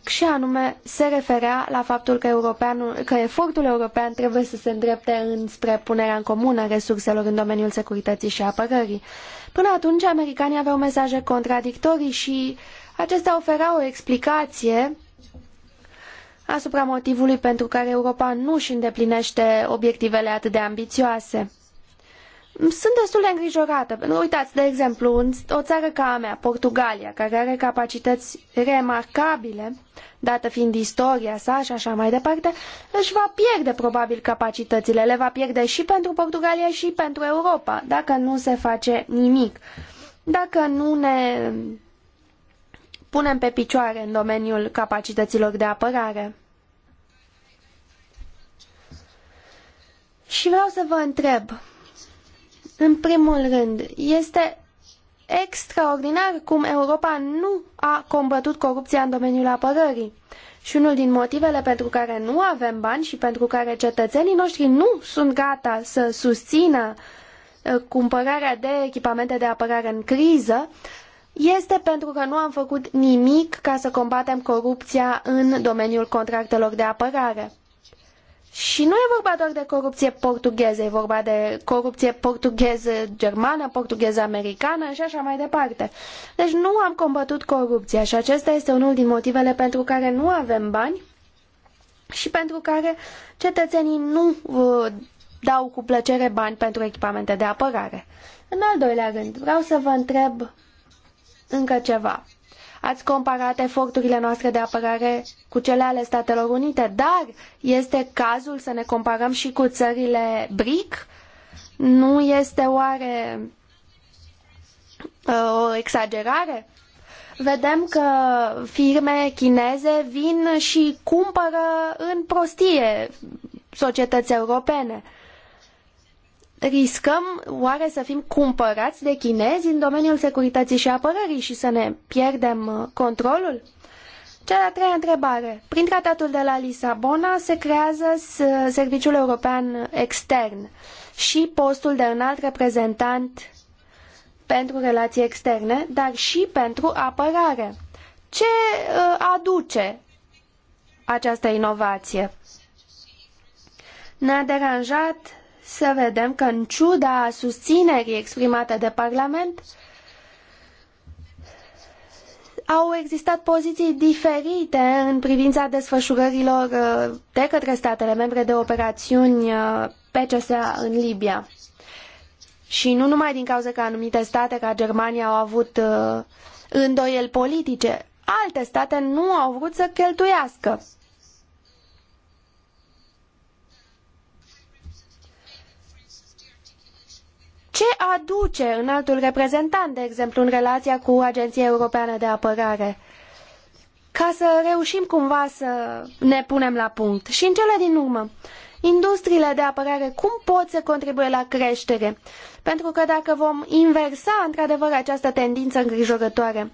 A: și anume se referea la faptul că, europeanul, că efortul european trebuie să se îndrepte înspre punerea în comună a resurselor în domeniul securității și apărării. Până atunci, americanii aveau mesaje contradictorii și acestea oferau o explicație asupra motivului pentru care Europa nu își îndeplinește obiectivele atât de ambițioase. Sunt destul de îngrijorată. Uitați, de exemplu, o țară ca a mea, Portugalia, care are capacități remarcabile, dată fiind istoria sa și așa mai departe, își va pierde probabil capacitățile. Le va pierde și pentru Portugalia și pentru Europa, dacă nu se face nimic. Dacă nu ne punem pe picioare în domeniul capacităților de apărare. Și vreau să vă întreb, în primul rând, este extraordinar cum Europa nu a combătut corupția în domeniul apărării. Și unul din motivele pentru care nu avem bani și pentru care cetățenii noștri nu sunt gata să susțină uh, cumpărarea de echipamente de apărare în criză este pentru că nu am făcut nimic ca să combatem corupția în domeniul contractelor de apărare. Și nu e vorba doar de corupție portugheză, e vorba de corupție portugheză-germană, portugheză-americană și așa mai departe. Deci nu am combătut corupția și acesta este unul din motivele pentru care nu avem bani și pentru care cetățenii nu uh, dau cu plăcere bani pentru echipamente de apărare. În al doilea rând, vreau să vă întreb încă ceva. Ați comparat eforturile noastre de apărare cu cele ale Statelor Unite, dar este cazul să ne comparăm și cu țările BRIC? Nu este oare uh, o exagerare? Vedem că firme chineze vin și cumpără în prostie societăți europene riscăm oare să fim cumpărați de chinezi în domeniul securității și apărării și să ne pierdem uh, controlul? Cea de-a treia întrebare. Prin tratatul de la Lisabona se creează Serviciul European Extern și postul de înalt reprezentant pentru relații externe, dar și pentru apărare. Ce uh, aduce această inovație? Ne-a deranjat să vedem că, în ciuda susținerii exprimate de Parlament, au existat poziții diferite în privința desfășurărilor uh, de către statele membre de operațiuni uh, PCSA în Libia. Și nu numai din cauza că anumite state ca Germania au avut uh, îndoieli politice, alte state nu au vrut să cheltuiască Ce aduce în altul reprezentant, de exemplu, în relația cu Agenția Europeană de Apărare? Ca să reușim cumva să ne punem la punct. Și în cele din urmă, industriile de apărare cum pot să contribuie la creștere? Pentru că dacă vom inversa într-adevăr această tendință îngrijorătoare,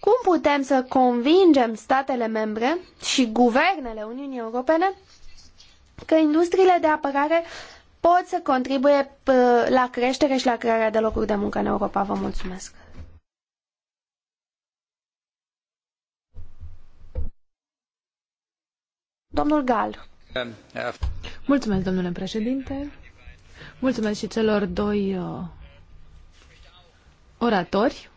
A: cum putem să convingem statele membre și guvernele Uniunii Europene că industriile de apărare pot să contribuie la creștere și la crearea de locuri de muncă în Europa. Vă mulțumesc! Domnul Gal. Mulțumesc,
C: domnule președinte. Mulțumesc și celor doi uh, oratori.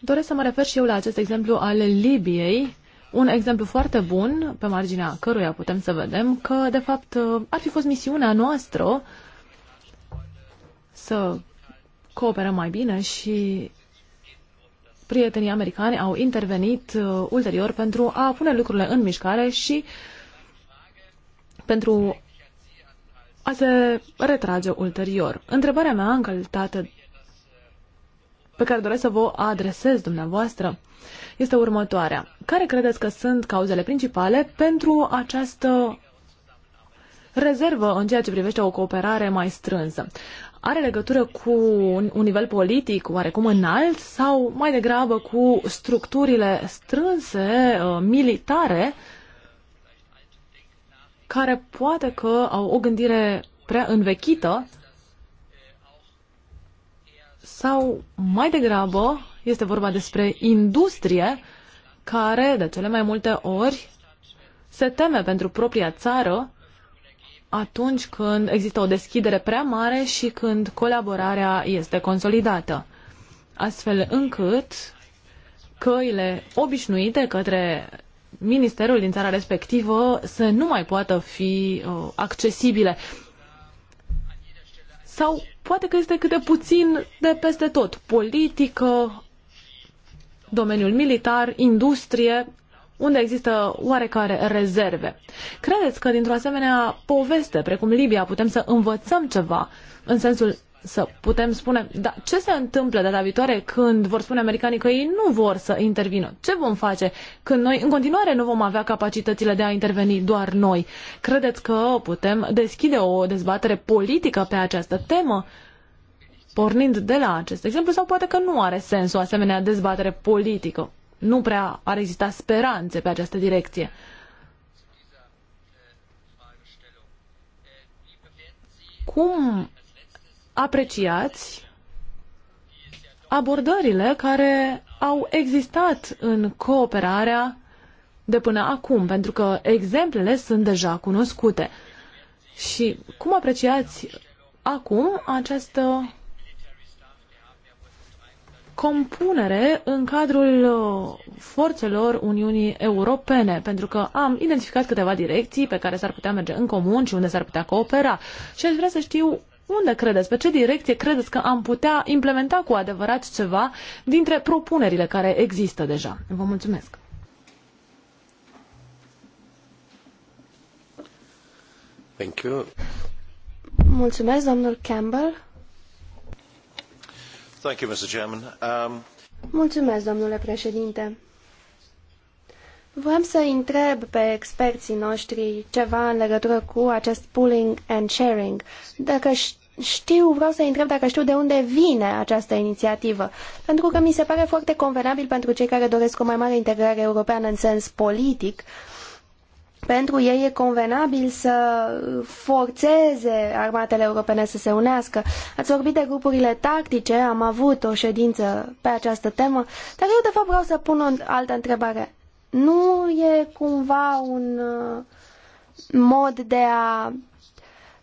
C: Doresc să mă refer și eu la acest exemplu al Libiei, un exemplu foarte bun pe marginea căruia putem să vedem că, de fapt, ar fi fost misiunea noastră să cooperăm mai bine și prietenii americani au intervenit uh, ulterior pentru a pune lucrurile în mișcare și pentru a se retrage ulterior. Întrebarea mea în pe care doresc să vă adresez dumneavoastră este următoarea. Care credeți că sunt cauzele principale pentru această rezervă în ceea ce privește o cooperare mai strânsă? Are legătură cu un nivel politic oarecum înalt sau mai degrabă cu structurile strânse uh, militare care poate că au o gândire prea învechită sau mai degrabă este vorba despre industrie care de cele mai multe ori se teme pentru propria țară atunci când există o deschidere prea mare și când colaborarea este consolidată, astfel încât căile obișnuite către ministerul din țara respectivă să nu mai poată fi uh, accesibile. Sau poate că este câte puțin de peste tot. Politică, domeniul militar, industrie, unde există oarecare rezerve. Credeți că dintr-o asemenea poveste, precum Libia, putem să învățăm ceva în sensul să putem spune, dar ce se întâmplă data viitoare când vor spune americanii că ei nu vor să intervină? Ce vom face când noi în continuare nu vom avea capacitățile de a interveni doar noi? Credeți că putem deschide o dezbatere politică pe această temă? Pornind de la acest exemplu, sau poate că nu are sens o asemenea dezbatere politică? Nu prea ar exista speranțe pe această direcție. Cum apreciați abordările care au existat în cooperarea de până acum, pentru că exemplele sunt deja cunoscute. Și cum apreciați acum această compunere în cadrul uh, forțelor Uniunii Europene, pentru că am identificat câteva direcții pe care s-ar putea merge în comun și unde s-ar putea coopera. Și aș vrea să știu unde credeți, pe ce direcție credeți că am putea implementa cu adevărat ceva dintre propunerile care există deja? Vă mulțumesc!
A: Thank you. Mulțumesc, domnul Campbell.
B: Thank you, Mr. Chairman. Um...
A: Mulțumesc, domnule președinte. Vreau să întreb pe experții noștri ceva în legătură cu acest pooling and sharing, dacă știu, vreau să întreb dacă știu de unde vine această inițiativă, pentru că mi se pare foarte convenabil pentru cei care doresc o mai mare integrare europeană în sens politic. Pentru ei e convenabil să forțeze armatele europene să se unească. Ați vorbit de grupurile tactice, am avut o ședință pe această temă, dar eu de fapt vreau să pun o altă întrebare. Nu e cumva un uh, mod de a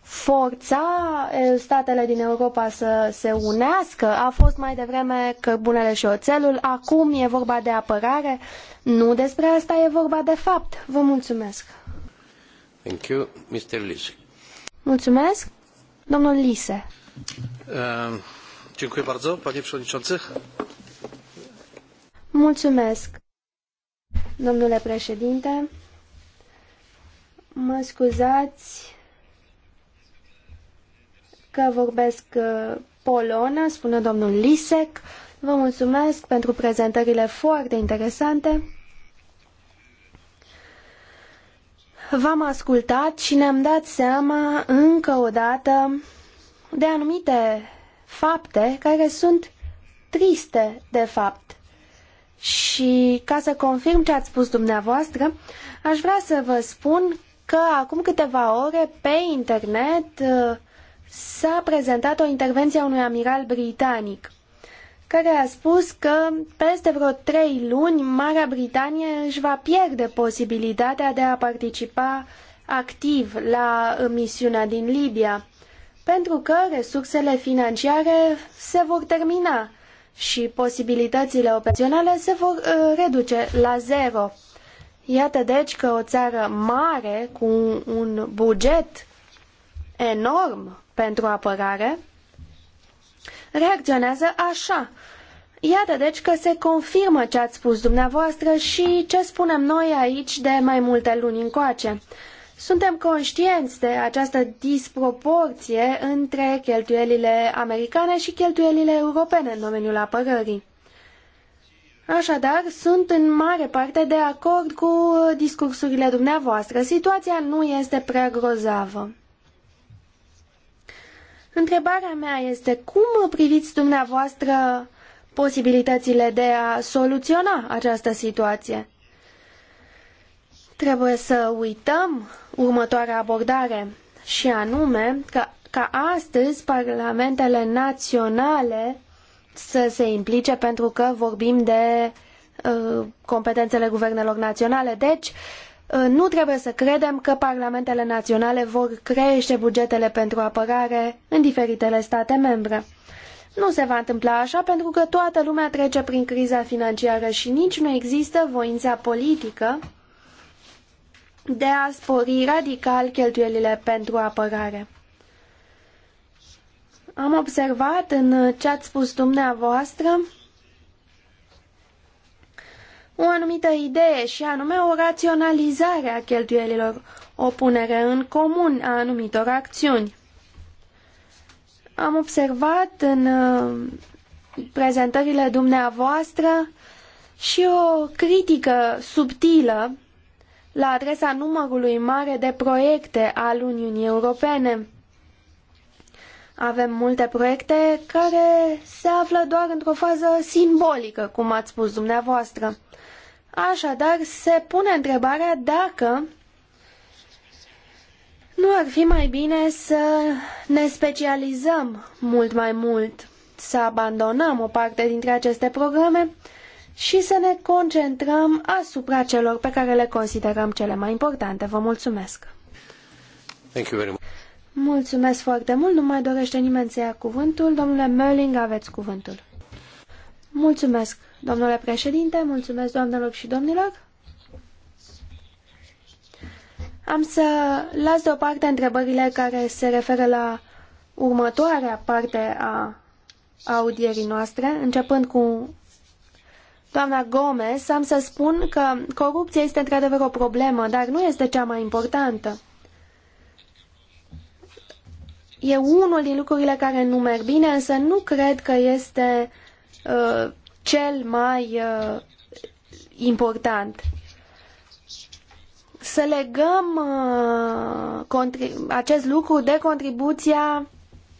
A: forța statele din Europa să se unească. A fost mai devreme cărbunele și oțelul, acum e vorba de apărare. Nu despre asta e vorba de fapt. Vă mulțumesc. Thank you, Mr. Lise. Mulțumesc. Domnul Lise. Uh, bardzo, panie przewodniczący. Mulțumesc. Domnule președinte, mă scuzați că vorbesc uh, polonă, spune domnul Lisek. Vă mulțumesc pentru prezentările foarte interesante. V-am ascultat și ne-am dat seama încă o dată de anumite fapte care sunt triste, de fapt. Și ca să confirm ce ați spus dumneavoastră, aș vrea să vă spun că acum câteva ore pe internet uh, s-a prezentat o intervenție a unui amiral britanic care a spus că peste vreo trei luni Marea Britanie își va pierde posibilitatea de a participa activ la misiunea din Libia, pentru că resursele financiare se vor termina și posibilitățile operaționale se vor uh, reduce la zero. Iată deci că o țară mare cu un buget enorm pentru apărare, reacționează așa. Iată deci că se confirmă ce ați spus dumneavoastră și ce spunem noi aici de mai multe luni încoace. Suntem conștienți de această disproporție între cheltuielile americane și cheltuielile europene în domeniul apărării. Așadar, sunt în mare parte de acord cu discursurile dumneavoastră. Situația nu este prea grozavă. Întrebarea mea este cum priviți dumneavoastră posibilitățile de a soluționa această situație? Trebuie să uităm următoarea abordare și anume că ca astăzi parlamentele naționale să se implice pentru că vorbim de uh, competențele guvernelor naționale. Deci, Uh, nu trebuie să credem că parlamentele naționale vor crește bugetele pentru apărare în diferitele state membre. Nu se va întâmpla așa pentru că toată lumea trece prin criza financiară și nici nu există voința politică de a spori radical cheltuielile pentru apărare. Am observat în ce ați spus dumneavoastră o anumită idee și anume o raționalizare a cheltuielilor, o punere în comun a anumitor acțiuni. Am observat în uh, prezentările dumneavoastră și o critică subtilă la adresa numărului mare de proiecte al Uniunii Europene. Avem multe proiecte care se află doar într-o fază simbolică, cum ați spus dumneavoastră. Așadar, se pune întrebarea dacă nu ar fi mai bine să ne specializăm mult mai mult, să abandonăm o parte dintre aceste programe și să ne concentrăm asupra celor pe care le considerăm cele mai importante. Vă mulțumesc! Thank you very much. Mulțumesc foarte mult, nu mai dorește nimeni să ia cuvântul. Domnule Mölling, aveți cuvântul. Mulțumesc. Domnule președinte, mulțumesc doamnelor și domnilor. Am să las deoparte întrebările care se referă la următoarea parte a audierii noastre, începând cu doamna Gomez, am să spun că corupția este într-adevăr o problemă, dar nu este cea mai importantă. E unul din lucrurile care nu merg bine, însă nu cred că este uh, cel mai uh, important. Să legăm uh, acest lucru de contribuția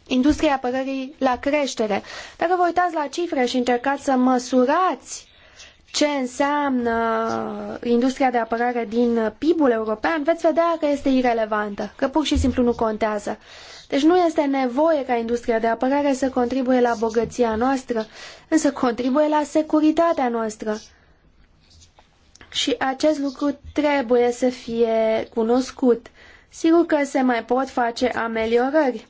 A: industriei apărării la creștere. Dacă vă uitați la cifre și încercați să măsurați ce înseamnă industria de apărare din PIB-ul european, veți vedea că este irelevantă, că pur și simplu nu contează. Uh, deci nu este nevoie ca industria de apărare să contribuie la bogăția noastră, însă contribuie la securitatea noastră. Și acest lucru trebuie să fie cunoscut. Sigur că se mai pot face ameliorări.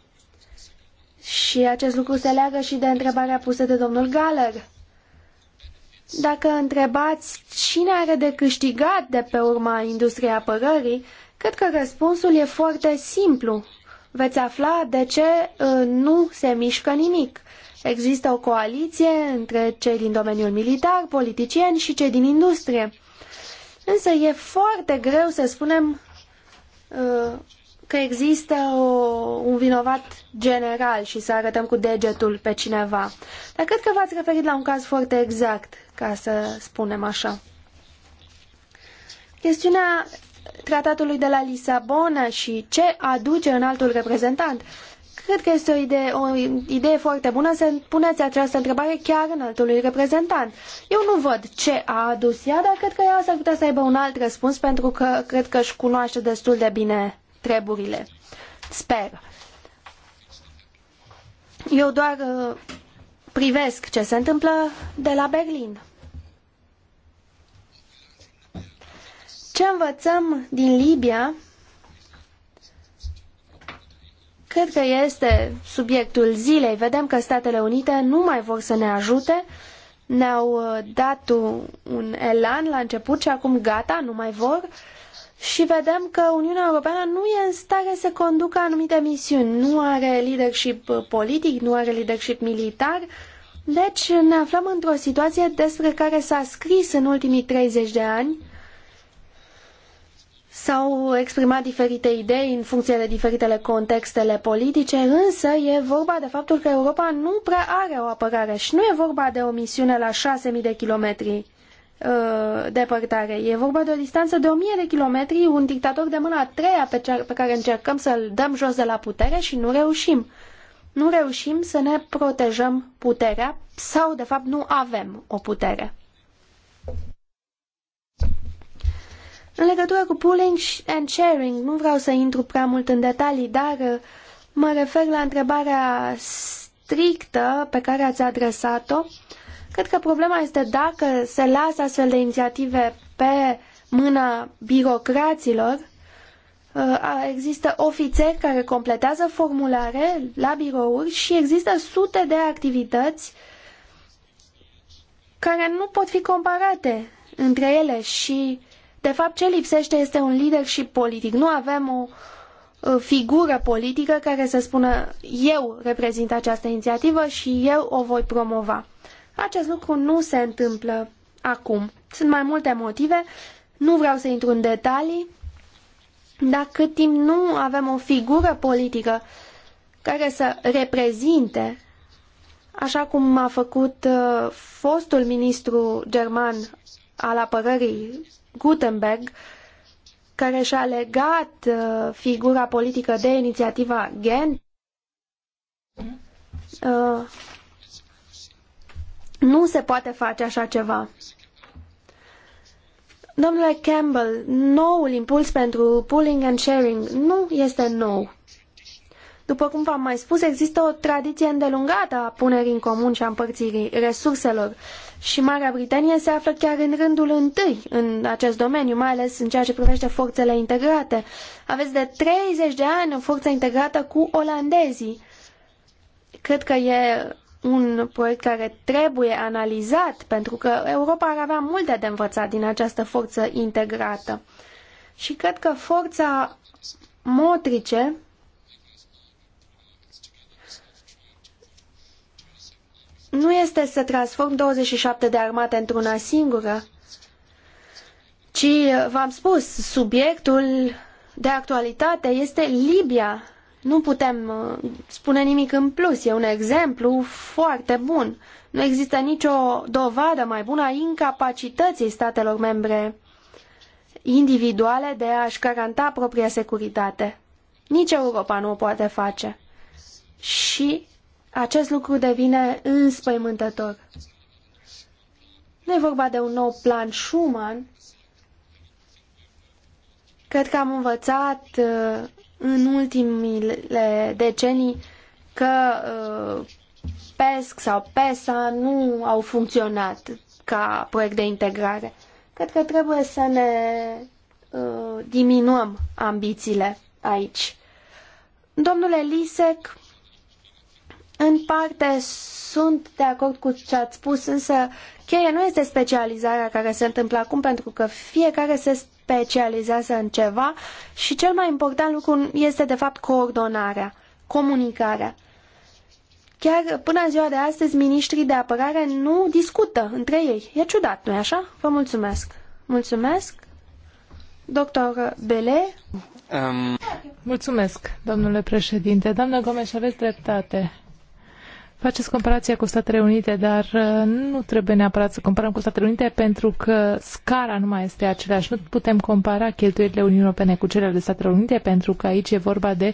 A: Și acest lucru se leagă și de întrebarea pusă de domnul Galer. Dacă întrebați cine are de câștigat de pe urma industriei apărării, cred că răspunsul e foarte simplu veți afla de ce uh, nu se mișcă nimic. Există o coaliție între cei din domeniul militar, politicieni și cei din industrie. Însă e foarte greu să spunem uh, că există o, un vinovat general și să arătăm cu degetul pe cineva. Dar cred că v-ați referit la un caz foarte exact, ca să spunem așa. Chestiunea tratatului de la Lisabona și ce aduce în altul reprezentant. Cred că este o idee, o idee foarte bună să puneți această întrebare chiar în altului reprezentant. Eu nu văd ce a adus ea, dar cred că ea s-ar putea să aibă un alt răspuns pentru că cred că își cunoaște destul de bine treburile. Sper. Eu doar uh, privesc ce se întâmplă de la Berlin. Ce învățăm din Libia cred că este subiectul zilei. Vedem că Statele Unite nu mai vor să ne ajute. Ne-au uh, dat un elan la început și acum gata, nu mai vor. Și vedem că Uniunea Europeană nu e în stare să conducă anumite misiuni. Nu are leadership uh, politic, nu are leadership militar. Deci ne aflăm într-o situație despre care s-a scris în ultimii 30 de ani S-au exprimat diferite idei în funcție de diferitele contextele politice, însă e vorba de faptul că Europa nu prea are o apărare și nu e vorba de o misiune la 6.000 de kilometri uh, depărtare. departare. E vorba de o distanță de 1.000 de kilometri, un dictator de mâna a treia pe, pe care încercăm să-l dăm jos de la putere și nu reușim. Nu reușim să ne protejăm puterea sau, de fapt, nu avem o putere. În legătură cu pooling and sharing, nu vreau să intru prea mult în detalii, dar uh, mă refer la întrebarea strictă pe care ați adresat-o. Cred că problema este dacă se lasă astfel de inițiative pe mâna birocraților, uh, există ofițeri care completează formulare la birouri și există sute de activități care nu pot fi comparate între ele și de fapt, ce lipsește este un lider și politic. Nu avem o figură politică care să spună eu reprezint această inițiativă și eu o voi promova. Acest lucru nu se întâmplă acum. Sunt mai multe motive, nu vreau să intru în detalii, dar cât timp nu avem o figură politică care să reprezinte, așa cum a făcut uh, fostul ministru german al apărării Gutenberg, care și-a legat uh, figura politică de inițiativa Gen, uh, nu se poate face așa ceva. Domnule Campbell, noul impuls pentru pooling and sharing nu este nou. După cum v-am mai spus, există o tradiție îndelungată a punerii în comun și a împărțirii resurselor și Marea Britanie se află chiar în rândul întâi în acest domeniu, mai ales în ceea ce privește forțele integrate. Aveți de 30 de ani o forță integrată cu olandezii. Cred că e un proiect care trebuie analizat, pentru că Europa ar avea multe de învățat din această forță integrată. Și cred că forța motrice nu este să transform 27 de armate într-una singură, ci, v-am spus, subiectul de actualitate este Libia. Nu putem uh, spune nimic în plus. E un exemplu foarte bun. Nu există nicio dovadă mai bună a incapacității statelor membre individuale de a-și garanta propria securitate. Nici Europa nu o poate face. Și acest lucru devine înspăimântător. Nu e vorba de un nou plan Schumann. Cred că am învățat uh, în ultimile decenii că uh, PESC sau PESA nu au funcționat ca proiect de integrare. Cred că trebuie să ne uh, diminuăm ambițiile aici. Domnule Lisek, în parte sunt de acord cu ce ați spus, însă cheia nu este specializarea care se întâmplă acum, pentru că fiecare se specializează în ceva și cel mai important lucru este de fapt coordonarea, comunicarea. Chiar până în ziua de astăzi, ministrii de apărare nu discută între ei. E ciudat, nu-i așa? Vă mulțumesc. Mulțumesc. Doctor Bele. Um... Mulțumesc,
B: domnule președinte. Doamnă Gomes, aveți dreptate. Faceți comparația cu Statele Unite, dar uh, nu trebuie neapărat să comparăm cu Statele Unite pentru că scara nu mai este aceeași. Nu putem compara cheltuielile Uniunii Europene cu cele ale Statelor Unite pentru că aici e vorba de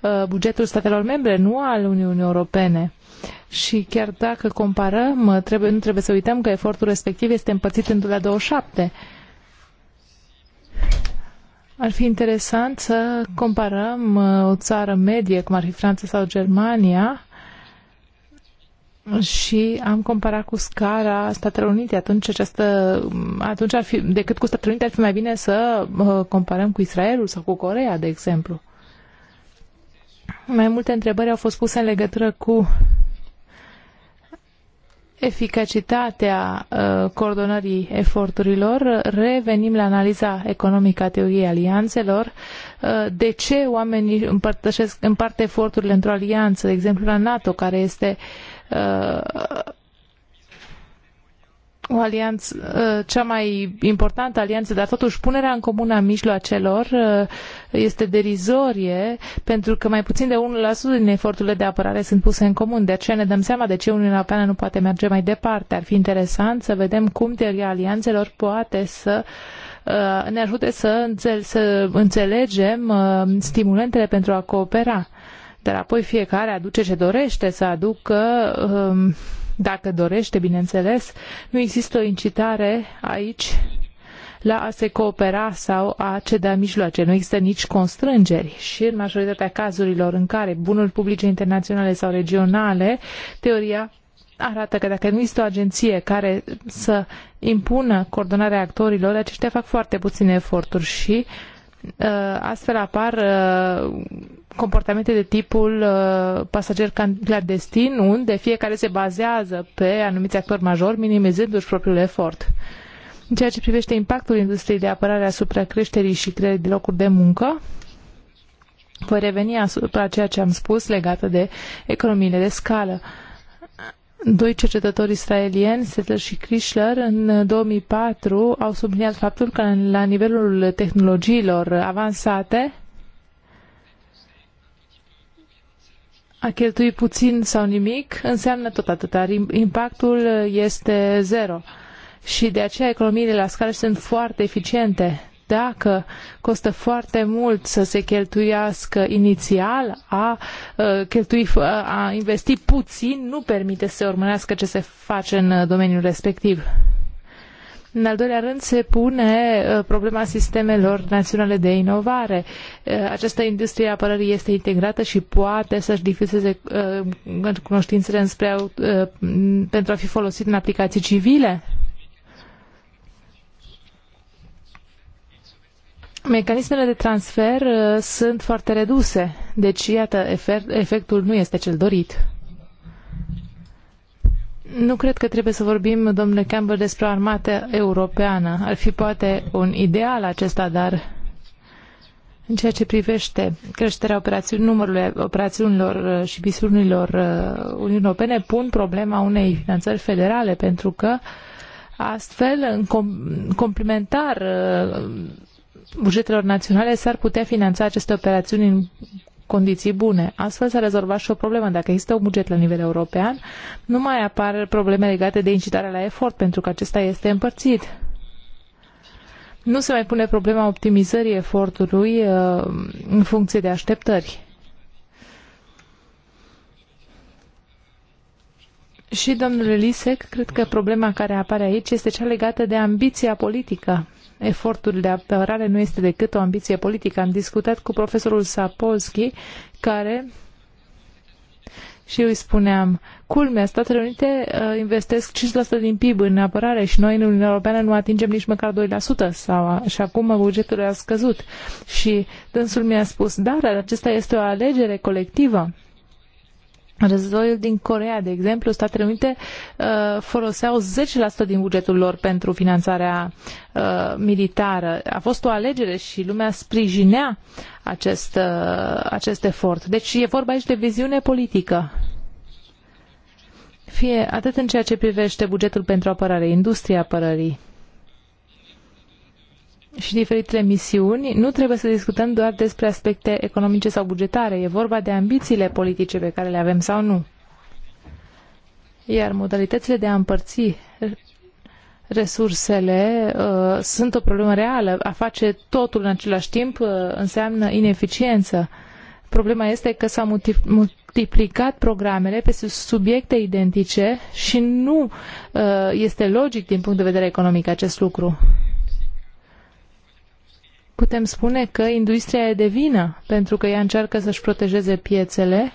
B: uh, bugetul statelor membre, nu al Uniunii Europene. Și chiar dacă comparăm, uh, trebuie, nu trebuie să uităm că efortul respectiv este împărțit în la 27. Ar fi interesant să comparăm o țară medie, cum ar fi Franța sau Germania, și am comparat cu scara Statelor Unite. Atunci, această, atunci ar fi, decât cu Statele Unite ar fi mai bine să uh, comparăm cu Israelul sau cu Corea, de exemplu. Mai multe întrebări au fost puse în legătură cu eficacitatea uh, coordonării eforturilor, revenim la analiza economică a teoriei alianțelor, uh, de ce oamenii împărtășesc, împart eforturile într-o alianță, de exemplu la NATO, care este uh, Uh, o alianță, uh, cea mai importantă alianță, dar totuși punerea în comun a mijloacelor uh, este derizorie pentru că mai puțin de 1% din eforturile de apărare sunt puse în comun. De aceea ne dăm seama de ce Uniunea Europeană nu poate merge mai departe. Ar fi interesant să vedem cum teoria alianțelor poate să ne ajute să, înțel- să înțelegem stimulentele pentru a coopera dar apoi fiecare aduce ce dorește să aducă, um, dacă dorește, bineînțeles. Nu există o incitare aici la a se coopera sau a ceda mijloace. Nu există nici constrângeri și în majoritatea cazurilor în care bunuri publice internaționale sau regionale, teoria arată că dacă nu există o agenție care să impună coordonarea actorilor, aceștia fac foarte puține eforturi și uh, astfel apar uh, comportamente de tipul uh, pasager clandestin, unde fiecare se bazează pe anumiți actori majori, minimizându-și propriul efort. În ceea ce privește impactul industriei de apărare asupra creșterii și creării de locuri de muncă, voi reveni asupra ceea ce am spus legată de economiile de scală. Doi cercetători israelieni, Settler și Krishler, în 2004 au subliniat faptul că la nivelul tehnologiilor avansate, A cheltui puțin sau nimic înseamnă tot atât, dar impactul este zero. Și de aceea economiile la scară sunt foarte eficiente. Dacă costă foarte mult să se cheltuiască inițial, a, ă, cheltui, ă, a investi puțin nu permite să urmărească ce se face în ă, domeniul respectiv. În al doilea rând se pune uh, problema sistemelor naționale de inovare. Uh, această industrie a apărării este integrată și poate să-și difuseze uh, cunoștințele înspre, pentru a fi folosit în aplicații civile? Mecanismele de transfer sunt foarte reduse, deci iată, efectul nu este cel dorit. Nu cred că trebuie să vorbim, domnule Campbell, despre o armată europeană. Ar fi poate un ideal acesta, dar în ceea ce privește creșterea operațiun, numărului operațiunilor uh, și misiunilor uh, Uniunii Europene, pun problema unei finanțări federale, pentru că astfel, în com- complementar uh, bugetelor naționale, s-ar putea finanța aceste operațiuni în condiții bune. Astfel s-a rezolvat și o problemă. Dacă există un buget la nivel european, nu mai apar probleme legate de incitarea la efort, pentru că acesta este împărțit. Nu se mai pune problema optimizării efortului uh, în funcție de așteptări. Și, domnule Lisec, cred că problema care apare aici este cea legată de ambiția politică efortul de apărare nu este decât o ambiție politică. Am discutat cu profesorul Sapolsky, care și eu îi spuneam, culmea, Statele Unite uh, investesc 5% din PIB în apărare și noi în Uniunea Europeană nu atingem nici măcar 2% sau, și acum bugetul a scăzut. Și dânsul mi-a spus, dar acesta este o alegere colectivă. Războiul din Corea, de exemplu, Statele Unite uh, foloseau 10% din bugetul lor pentru finanțarea uh, militară. A fost o alegere și lumea sprijinea acest, uh, acest efort. Deci e vorba aici de viziune politică. Fie atât în ceea ce privește bugetul pentru apărare, industria apărării, și diferitele misiuni, nu trebuie să discutăm doar despre aspecte economice sau bugetare. E vorba de ambițiile politice pe care le avem sau nu. Iar modalitățile de a împărți resursele uh, sunt o problemă reală. A face totul în același timp uh, înseamnă ineficiență. Problema este că s-au multiplicat programele pe subiecte identice și nu uh, este logic din punct de vedere economic acest lucru putem spune că industria e de vină, pentru că ea încearcă să-și protejeze piețele,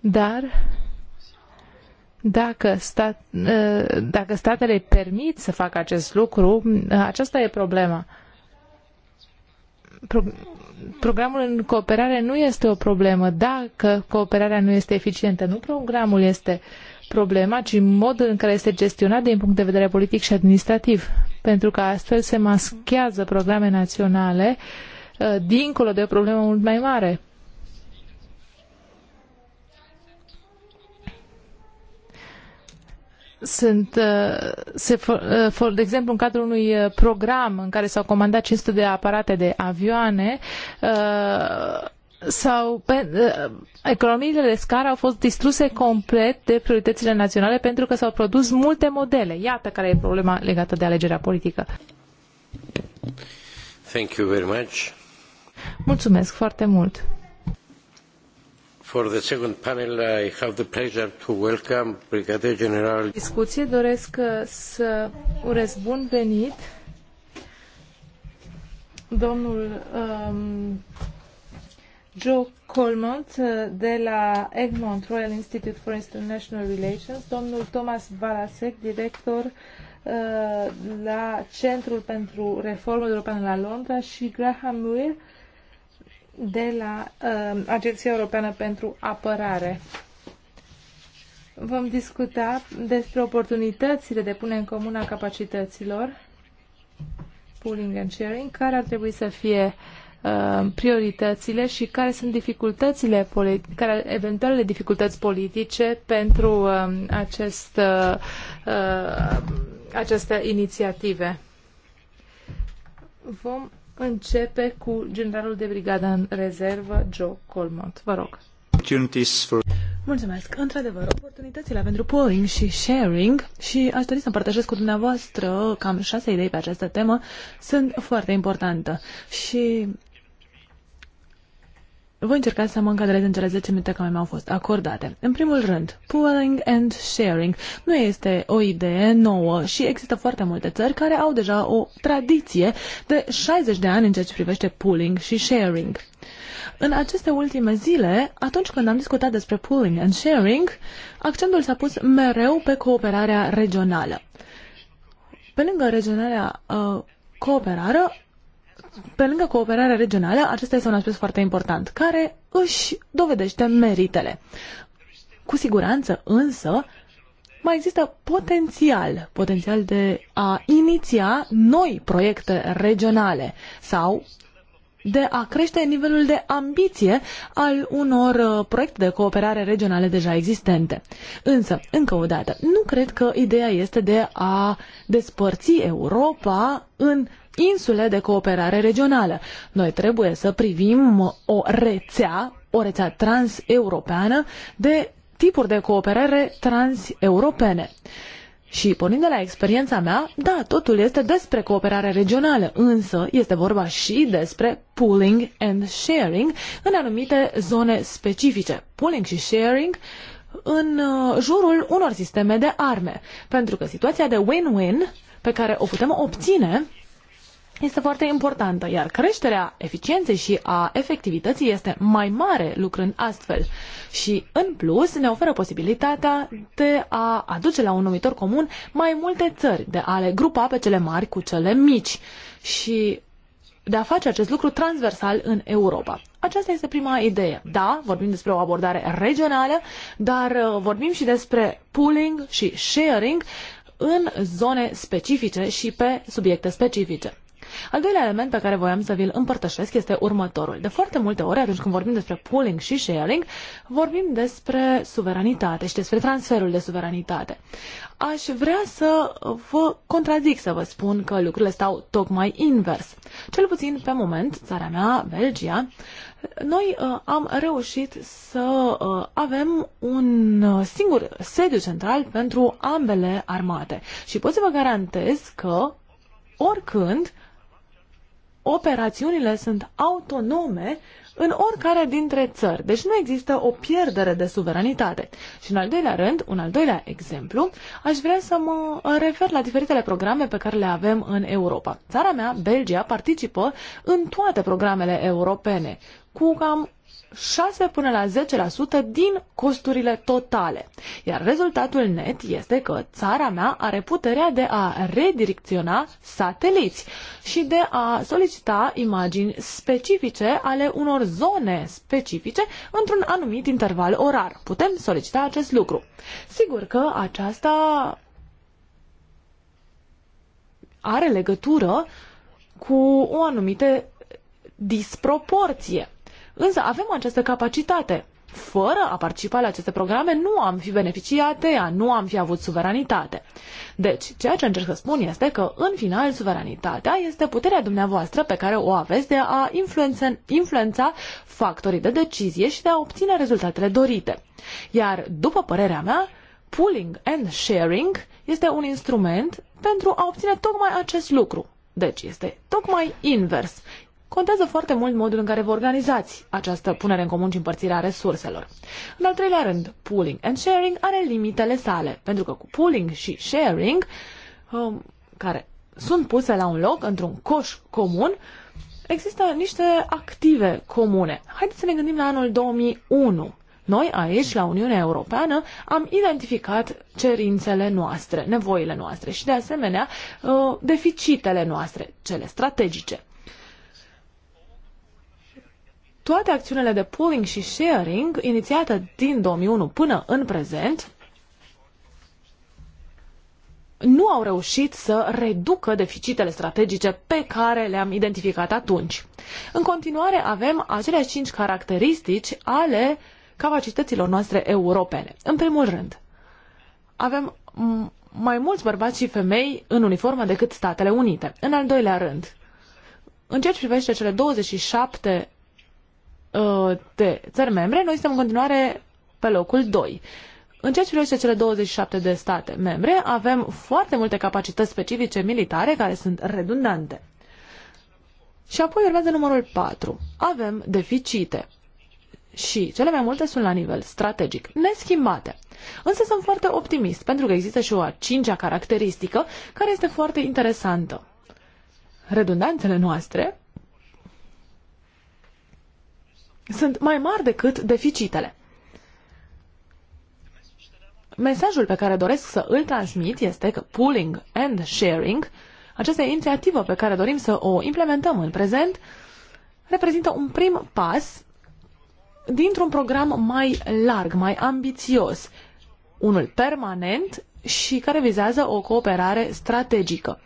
B: dar dacă, stat, ă, dacă statele permit să facă acest lucru, aceasta e problema. Pro, programul în cooperare nu este o problemă dacă cooperarea nu este eficientă, nu programul este uh, problema, ci modul în care este gestionat din punct de vedere politic și administrativ. Pentru că astfel se maschează programe naționale uh, dincolo de o problemă mult mai mare. sunt, uh, se, uh, de exemplu, în cadrul unui program în care s-au comandat 500 de aparate de avioane, sau pe, uh, economiile de scară au fost distruse complet de prioritățile naționale pentru că s-au produs multe modele. Iată care e problema legată de alegerea politică.
A: Thank you very much.
B: Mulțumesc foarte mult.
A: For the second panel, I have the pleasure to welcome Brigadier General.
B: Discuție doresc uh, să urez bun venit domnul um, Joe Colmont uh, de la Egmont Royal Institute for International Relations, domnul Thomas Balasek, director uh, la Centrul pentru Reformă Europeană la Londra și Graham Muir de la uh, Agenția Europeană pentru Apărare. Vom discuta despre oportunitățile de pune în comun a capacităților, pooling and sharing, care ar trebui să fie uh, Uh, prioritățile și care sunt dificultățile care eventualele dificultăți politice pentru um, acest, uh, uh, aceste inițiative. Vom începe cu generalul de brigadă în rezervă,
C: Joe Colmont. Vă rog. Mulțumesc. Într-adevăr, oportunitățile pentru pooling și sharing și aș dori să împărtășesc cu dumneavoastră cam șase idei pe această temă sunt foarte importante și voi încerca să mă încadrez în cele 10 minute care mi-au fost acordate. În primul rând, pooling and sharing nu este o idee nouă și există foarte multe țări care au deja o tradiție de 60 de ani în ceea ce privește pooling și sharing. În aceste ultime zile, atunci când am discutat despre pooling and sharing, accentul s-a pus mereu pe cooperarea regională. Pe lângă regionarea uh, cooperare, pe lângă cooperarea regională, acesta este un aspect foarte important, care își dovedește meritele. Cu siguranță, însă, mai există potențial, potențial de a iniția noi proiecte regionale sau de a crește nivelul de ambiție al unor uh, proiecte de cooperare regionale deja existente. Însă, încă o dată, nu cred că ideea este de a despărți Europa în insule de cooperare regională. Noi trebuie să privim o rețea, o rețea transeuropeană de tipuri de cooperare transeuropene. Și pornind de la experiența mea, da, totul este despre cooperare regională, însă este vorba și despre pooling and sharing în anumite zone specifice. Pooling și sharing în uh, jurul unor sisteme de arme, pentru că situația de win-win pe care o putem obține este foarte importantă, iar creșterea eficienței și a efectivității este mai mare lucrând astfel. Și, în plus, ne oferă posibilitatea de a aduce la un numitor comun mai multe țări, de a le grupa pe cele mari cu cele mici și de a face acest lucru transversal în Europa. Aceasta este prima idee. Da, vorbim despre o abordare regională, dar uh, vorbim și despre pooling și sharing în zone specifice și pe subiecte specifice. Al doilea element pe care voiam să vi-l împărtășesc este următorul. De foarte multe ori, atunci când vorbim despre pooling și sharing, vorbim despre suveranitate și despre transferul de suveranitate. Aș vrea să vă contrazic să vă spun că lucrurile stau tocmai invers. Cel puțin pe moment, țara mea, Belgia, noi uh, am reușit să uh, avem un singur sediu central pentru ambele armate. Și pot să vă garantez că oricând operațiunile sunt autonome în oricare dintre țări. Deci nu există o pierdere de suveranitate. Și în al doilea rând, un al doilea exemplu, aș vrea să mă refer la diferitele programe pe care le avem în Europa. Țara mea, Belgia, participă în toate programele europene, cu cam 6 până la 10% din costurile totale. Iar rezultatul net este că țara mea are puterea de a redirecționa sateliți și de a solicita imagini specifice ale unor zone specifice într-un anumit interval orar. Putem solicita acest lucru. Sigur că aceasta are legătură cu o anumită disproporție Însă avem această capacitate. Fără a participa la aceste programe, nu am fi beneficiate, nu am fi avut suveranitate. Deci, ceea ce încerc să spun este că, în final, suveranitatea este puterea dumneavoastră pe care o aveți de a influența, influența factorii de decizie și de a obține rezultatele dorite. Iar, după părerea mea, pooling and sharing este un instrument pentru a obține tocmai acest lucru. Deci este tocmai invers. Contează foarte mult modul în care vă organizați această punere în comun și împărțirea resurselor. În al treilea rând, pooling and sharing are limitele sale, pentru că cu pooling și sharing, um, care sunt puse la un loc, într-un coș comun, există niște active comune. Haideți să ne gândim la anul 2001. Noi aici, la Uniunea Europeană, am identificat cerințele noastre, nevoile noastre și, de asemenea, uh, deficitele noastre, cele strategice toate acțiunile de pooling și sharing inițiate din 2001 până în prezent nu au reușit să reducă deficitele strategice pe care le-am identificat atunci. În continuare avem aceleași cinci caracteristici ale capacităților noastre europene. În primul rând, avem mai mulți bărbați și femei în uniformă decât Statele Unite. În al doilea rând, în ceea ce privește cele 27 Uh, de țări membre, noi suntem în continuare pe locul 2. În ceea ce privește cele 27 de state membre, avem foarte multe capacități specifice militare care sunt redundante. Și apoi urmează numărul 4. Avem deficite. Și cele mai multe sunt la nivel strategic, neschimbate. Însă sunt foarte optimist, pentru că există și o a cincea caracteristică care este foarte interesantă. Redundanțele noastre sunt mai mari decât deficitele. Mesajul pe care doresc să îl transmit este că pooling and sharing, această inițiativă pe care dorim să o implementăm în prezent, reprezintă un prim pas dintr-un program mai larg, mai ambițios, unul permanent și care vizează o cooperare strategică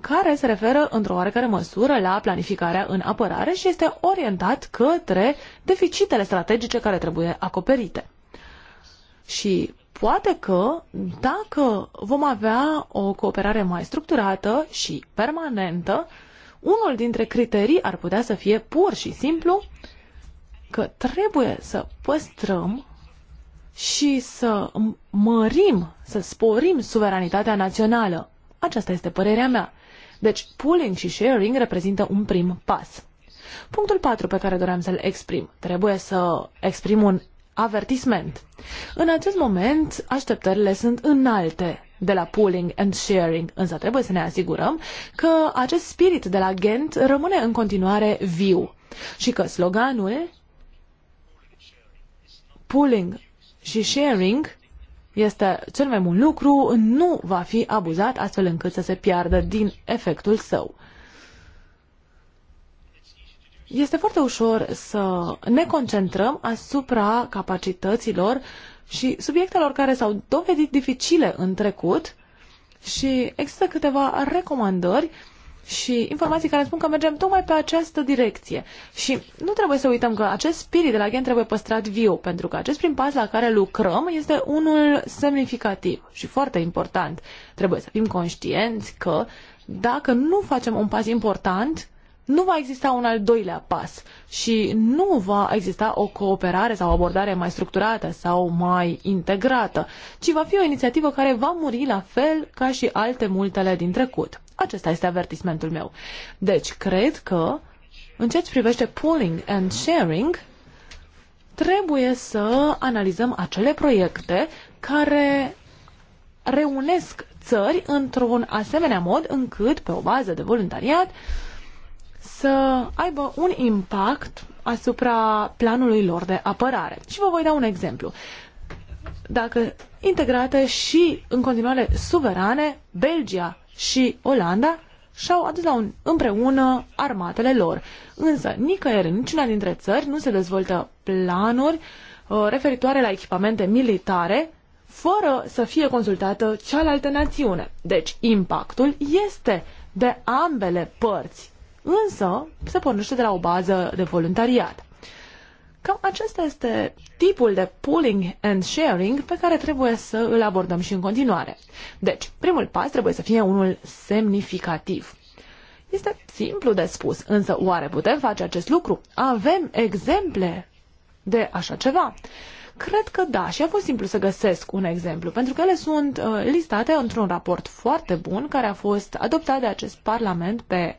C: care se referă într-o oarecare măsură la planificarea în apărare și este orientat către deficitele strategice care trebuie acoperite. Și poate că dacă vom avea o cooperare mai structurată și permanentă, unul dintre criterii ar putea să fie pur și simplu că trebuie să păstrăm și să mărim, să sporim suveranitatea națională aceasta este părerea mea. Deci, pooling și sharing reprezintă un prim pas. Punctul 4 pe care doream să-l exprim. Trebuie să exprim un avertisment. În acest moment, așteptările sunt înalte de la pooling and sharing, însă trebuie să ne asigurăm că acest spirit de la Ghent rămâne în continuare viu și că sloganul pooling și sharing este cel mai bun lucru, nu va fi abuzat astfel încât să se piardă din efectul său. Este foarte ușor să ne concentrăm asupra capacităților și subiectelor care s-au dovedit dificile în trecut și există câteva recomandări și informații care spun că mergem tocmai pe această direcție. Și nu trebuie să uităm că acest spirit de la Gen trebuie păstrat viu, pentru că acest prim pas la care lucrăm este unul semnificativ și foarte important. Trebuie să fim conștienți că dacă nu facem un pas important, nu va exista un al doilea pas și nu va exista o cooperare sau o abordare mai structurată sau mai integrată, ci va fi o inițiativă care va muri la fel ca și alte multele din trecut. Acesta este avertismentul meu. Deci, cred că, în ceea ce privește pooling and sharing, trebuie să analizăm acele proiecte care reunesc țări într-un asemenea mod încât, pe o bază de voluntariat, să aibă un impact asupra planului lor de apărare. Și vă voi da un exemplu. Dacă integrate și în continuare suverane, Belgia și Olanda și-au adus la un, împreună armatele lor. Însă, nicăieri, niciuna dintre țări nu se dezvoltă planuri uh, referitoare la echipamente militare fără să fie consultată cealaltă națiune. Deci, impactul este de ambele părți însă se pornește de la o bază de voluntariat. Cam acesta este tipul de pooling and sharing pe care trebuie să îl abordăm și în continuare. Deci, primul pas trebuie să fie unul semnificativ. Este simplu de spus, însă oare putem face acest lucru? Avem exemple de așa ceva? Cred că da, și a fost simplu să găsesc un exemplu, pentru că ele sunt uh, listate într-un raport foarte bun care a fost adoptat de acest Parlament pe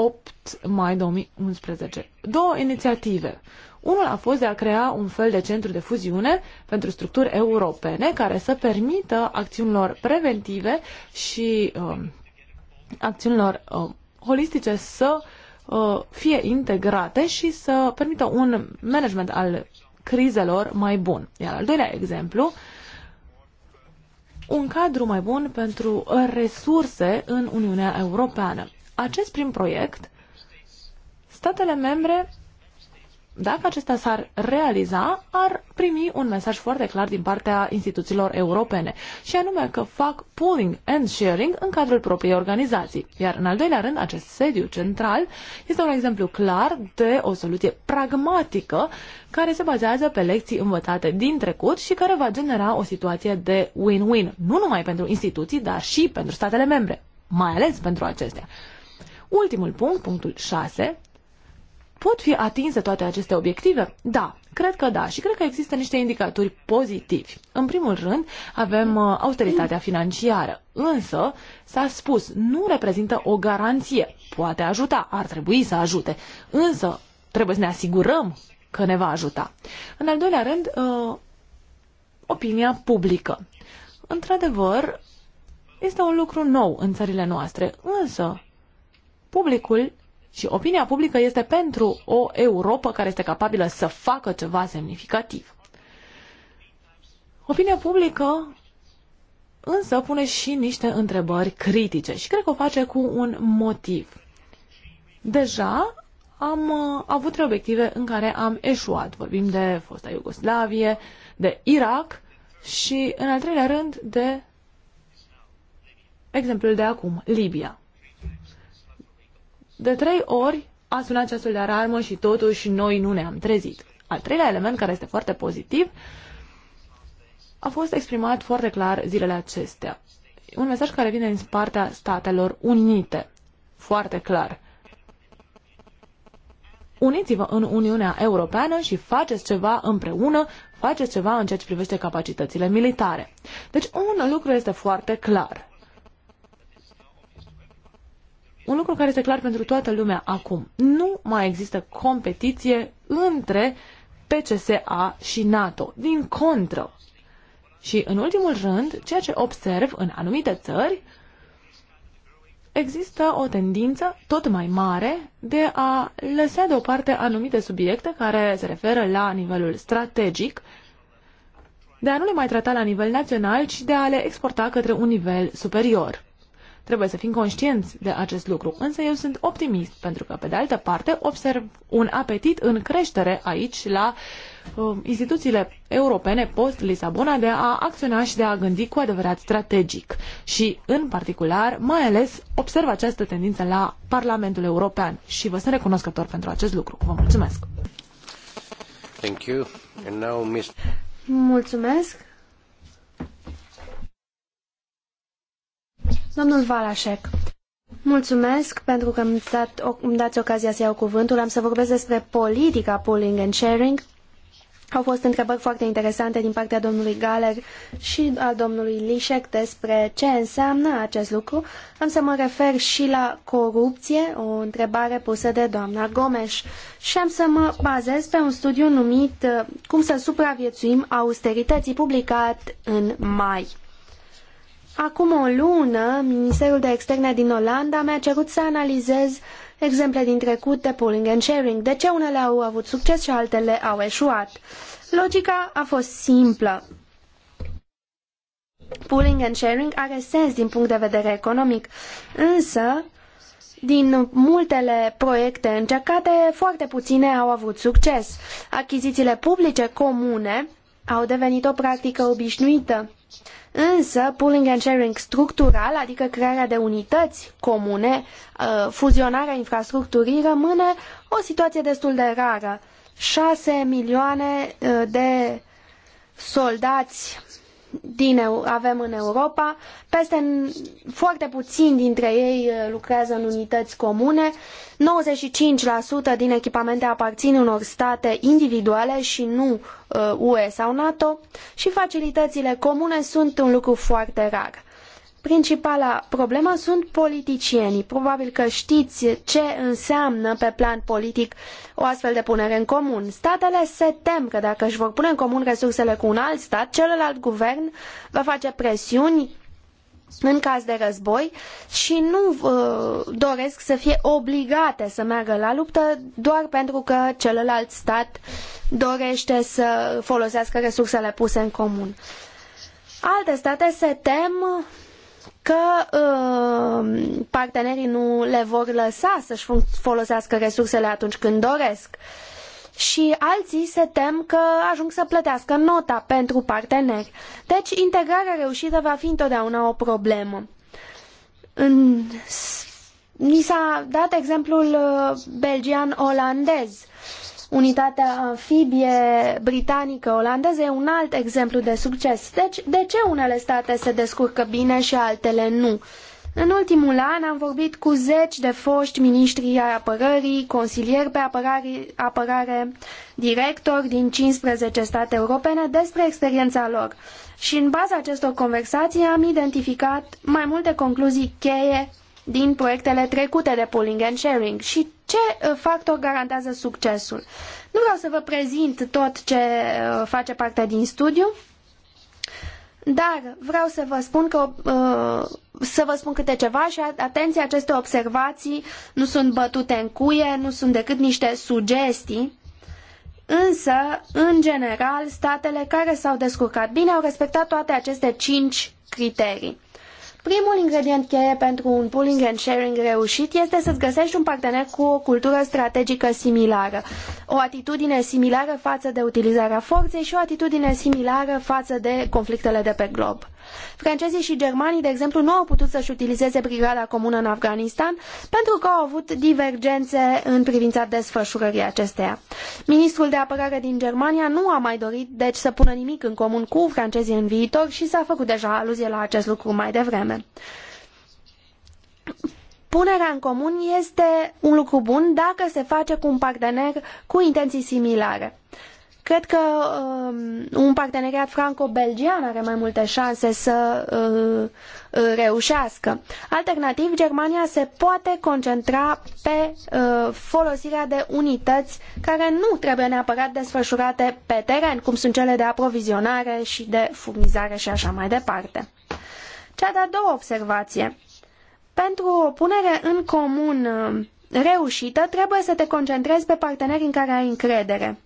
C: 8 mai 2011. Două inițiative. Unul a fost de a crea un fel de centru de fuziune pentru structuri europene care să permită acțiunilor preventive și uh, acțiunilor uh, holistice să uh, fie integrate și să permită un management al crizelor mai bun. Iar al doilea exemplu, un cadru mai bun pentru resurse în Uniunea Europeană acest prim proiect, statele membre, dacă acesta s-ar realiza, ar primi un mesaj foarte clar din partea instituțiilor europene, și anume că fac pooling and sharing în cadrul propriei organizații. Iar, în al doilea rând, acest sediu central este un exemplu clar de o soluție pragmatică care se bazează pe lecții învățate din trecut și care va genera o situație de win-win, nu numai pentru instituții, dar și pentru statele membre, mai ales pentru acestea. Ultimul punct, punctul 6. Pot fi atinse toate aceste obiective? Da, cred că da și cred că există niște indicatori pozitivi. În primul rând, avem uh, austeritatea financiară, însă s-a spus, nu reprezintă o garanție. Poate ajuta, ar trebui să ajute, însă trebuie să ne asigurăm că ne va ajuta. În al doilea rând, uh, opinia publică. Într-adevăr, este un lucru nou în țările noastre, însă publicul și opinia publică este pentru o Europa care este capabilă să facă ceva semnificativ. Opinia publică însă pune și niște întrebări critice și cred că o face cu un motiv. Deja am uh, avut trei obiective în care am eșuat. Vorbim de fosta Iugoslavie, de Irak și, în al treilea rând, de exemplul de acum, Libia. De trei ori a sunat ceasul de alarmă și totuși noi nu ne-am trezit. Al treilea element, care este foarte pozitiv, a fost exprimat foarte clar zilele acestea. Un mesaj care vine din partea Statelor Unite. Foarte clar. Uniți-vă în Uniunea Europeană și faceți ceva împreună, faceți ceva în ceea ce privește capacitățile militare. Deci un lucru este foarte clar. Un lucru care este clar pentru toată lumea acum. Nu mai există competiție între PCSA și NATO. Din contră. Și în ultimul rând, ceea ce observ în anumite țări, există o tendință tot mai mare de a lăsa deoparte anumite subiecte care se referă la nivelul strategic, de a nu le mai trata la nivel național, ci de a le exporta către un nivel superior. Trebuie să fim conștienți de acest lucru, însă eu sunt optimist, pentru că, pe de altă parte, observ un apetit în creștere aici la uh, instituțiile europene post-Lisabona de a acționa și de a gândi cu adevărat strategic. Și, în particular, mai ales observ această tendință la Parlamentul European și vă sunt recunoscător pentru acest lucru. Vă mulțumesc!
A: Thank you. And now, Mulțumesc! Domnul Valașec. Mulțumesc pentru că îmi, dat, dați ocazia să iau cuvântul. Am să vorbesc despre politica pooling and sharing. Au fost întrebări foarte interesante din partea domnului Galer și a domnului Lișec despre ce înseamnă acest lucru. Am să mă refer și la corupție, o întrebare pusă de doamna Gomes. Și am să mă bazez pe un studiu numit uh, Cum să supraviețuim austerității, publicat în mai. Acum o lună, Ministerul de Externe din Olanda mi-a cerut să analizez exemple din trecut de pooling and sharing, de ce unele au avut succes și altele au eșuat. Logica a fost simplă. Pooling and sharing are sens din punct de vedere economic, însă din multele proiecte încercate, foarte puține au avut succes. Achizițiile publice comune au devenit o practică obișnuită. Însă, pooling and sharing structural, adică crearea de unități comune, uh, fuzionarea infrastructurii, rămâne o situație destul de rară. 6 milioane uh, de soldați din, avem în Europa. Peste foarte puțin dintre ei uh, lucrează în unități comune. 95% din echipamente aparțin unor state individuale și nu UE uh, sau NATO și facilitățile comune sunt un lucru foarte rar. Principala problemă sunt politicienii. Probabil că știți ce înseamnă pe plan politic o astfel de punere în comun. Statele se tem că dacă își vor pune în comun resursele cu un alt stat, celălalt guvern va face presiuni în caz de război și nu uh, doresc să fie obligate să meargă la luptă doar pentru că celălalt stat dorește să folosească resursele puse în comun. Alte state se tem că uh, partenerii nu le vor lăsa să-și folosească resursele atunci când doresc. Și alții se tem că ajung să plătească nota pentru parteneri. Deci, integrarea reușită va fi întotdeauna o problemă. În... Ni s-a dat exemplul uh, belgian-olandez. Uh, Unitatea amfibie britanică olandeză e un alt exemplu de succes. Deci, de ce unele state se descurcă bine și altele nu? În ultimul an am vorbit cu zeci de foști miniștri ai apărării, consilieri pe apărare, apărare, directori din 15 state europene despre experiența lor. Și în baza acestor conversații am identificat mai multe concluzii cheie din proiectele trecute de pooling and sharing și ce uh, factor garantează succesul. Nu vreau să vă prezint tot ce uh, face parte din studiu, dar vreau să vă spun că uh, să vă spun câte ceva și atenție, aceste observații nu sunt bătute în cuie, nu sunt decât niște sugestii. Însă, în general, statele care s-au descurcat bine au respectat toate aceste cinci criterii. Primul ingredient cheie pentru un pooling and sharing reușit este să-ți găsești un partener cu o cultură strategică similară, o atitudine similară față de utilizarea forței și o atitudine similară față de conflictele de pe glob. Francezii și germanii, de exemplu, nu au putut să-și utilizeze brigada comună în Afganistan pentru că au avut divergențe în privința desfășurării acesteia. Ministrul de apărare din Germania nu a mai dorit, deci, să pună nimic în comun cu francezii în viitor și s-a făcut deja aluzie la acest lucru mai devreme. Punerea în comun este un lucru bun dacă se face cu un partener cu intenții similare. Cred că um, un parteneriat franco-belgian are mai multe șanse să uh, uh, reușească. Alternativ, Germania se poate concentra pe uh, folosirea de unități care nu trebuie neapărat desfășurate pe teren, cum sunt cele de aprovizionare și de furnizare și așa mai departe. Cea de-a doua observație. Pentru o punere în comun uh, reușită, trebuie să te concentrezi pe partenerii în care ai încredere.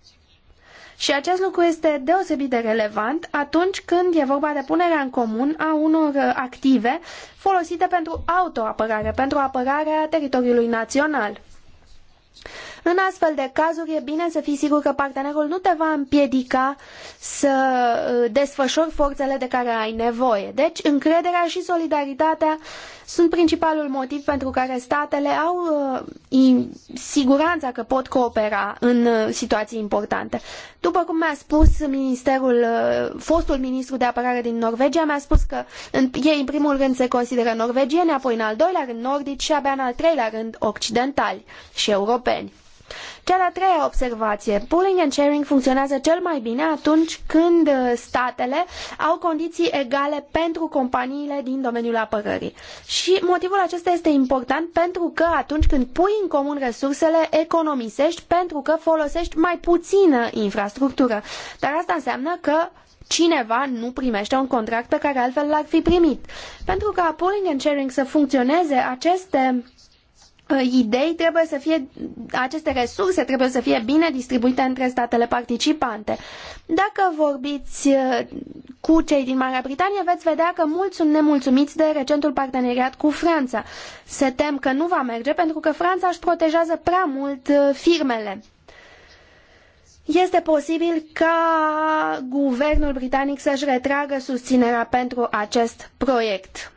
A: Și acest lucru este deosebit de relevant atunci când e vorba de punerea în comun a unor uh, active folosite pentru autoapărare, pentru apărarea teritoriului național. În astfel de cazuri e bine să fii sigur că partenerul nu te va împiedica să uh, desfășori forțele de care ai nevoie. Deci, încrederea și solidaritatea sunt principalul motiv pentru care statele au uh, siguranța că pot coopera în uh, situații importante. După cum mi-a spus ministerul, uh, fostul ministru de apărare din Norvegia, mi-a spus că în, ei în primul rând se consideră norvegieni, apoi în al doilea rând nordici și abia în al treilea rând occidentali și europeni. Cea de-a treia observație. Pooling and sharing funcționează cel mai bine atunci când uh, statele au condiții egale pentru companiile din domeniul apărării. Și motivul acesta este important pentru că atunci când pui în comun resursele, economisești pentru că folosești mai puțină infrastructură. Dar asta înseamnă că cineva nu primește un contract pe care altfel l-ar fi primit. Pentru ca pooling and sharing să funcționeze, aceste Ă, idei trebuie să fie, aceste resurse trebuie să fie bine distribuite între statele participante. Dacă vorbiți ă, cu cei din Marea Britanie, veți vedea că mulți sunt nemulțumiți de recentul parteneriat cu Franța. Se tem că nu va merge pentru că Franța își protejează prea mult ă, firmele. Este posibil ca guvernul britanic să-și retragă susținerea pentru acest proiect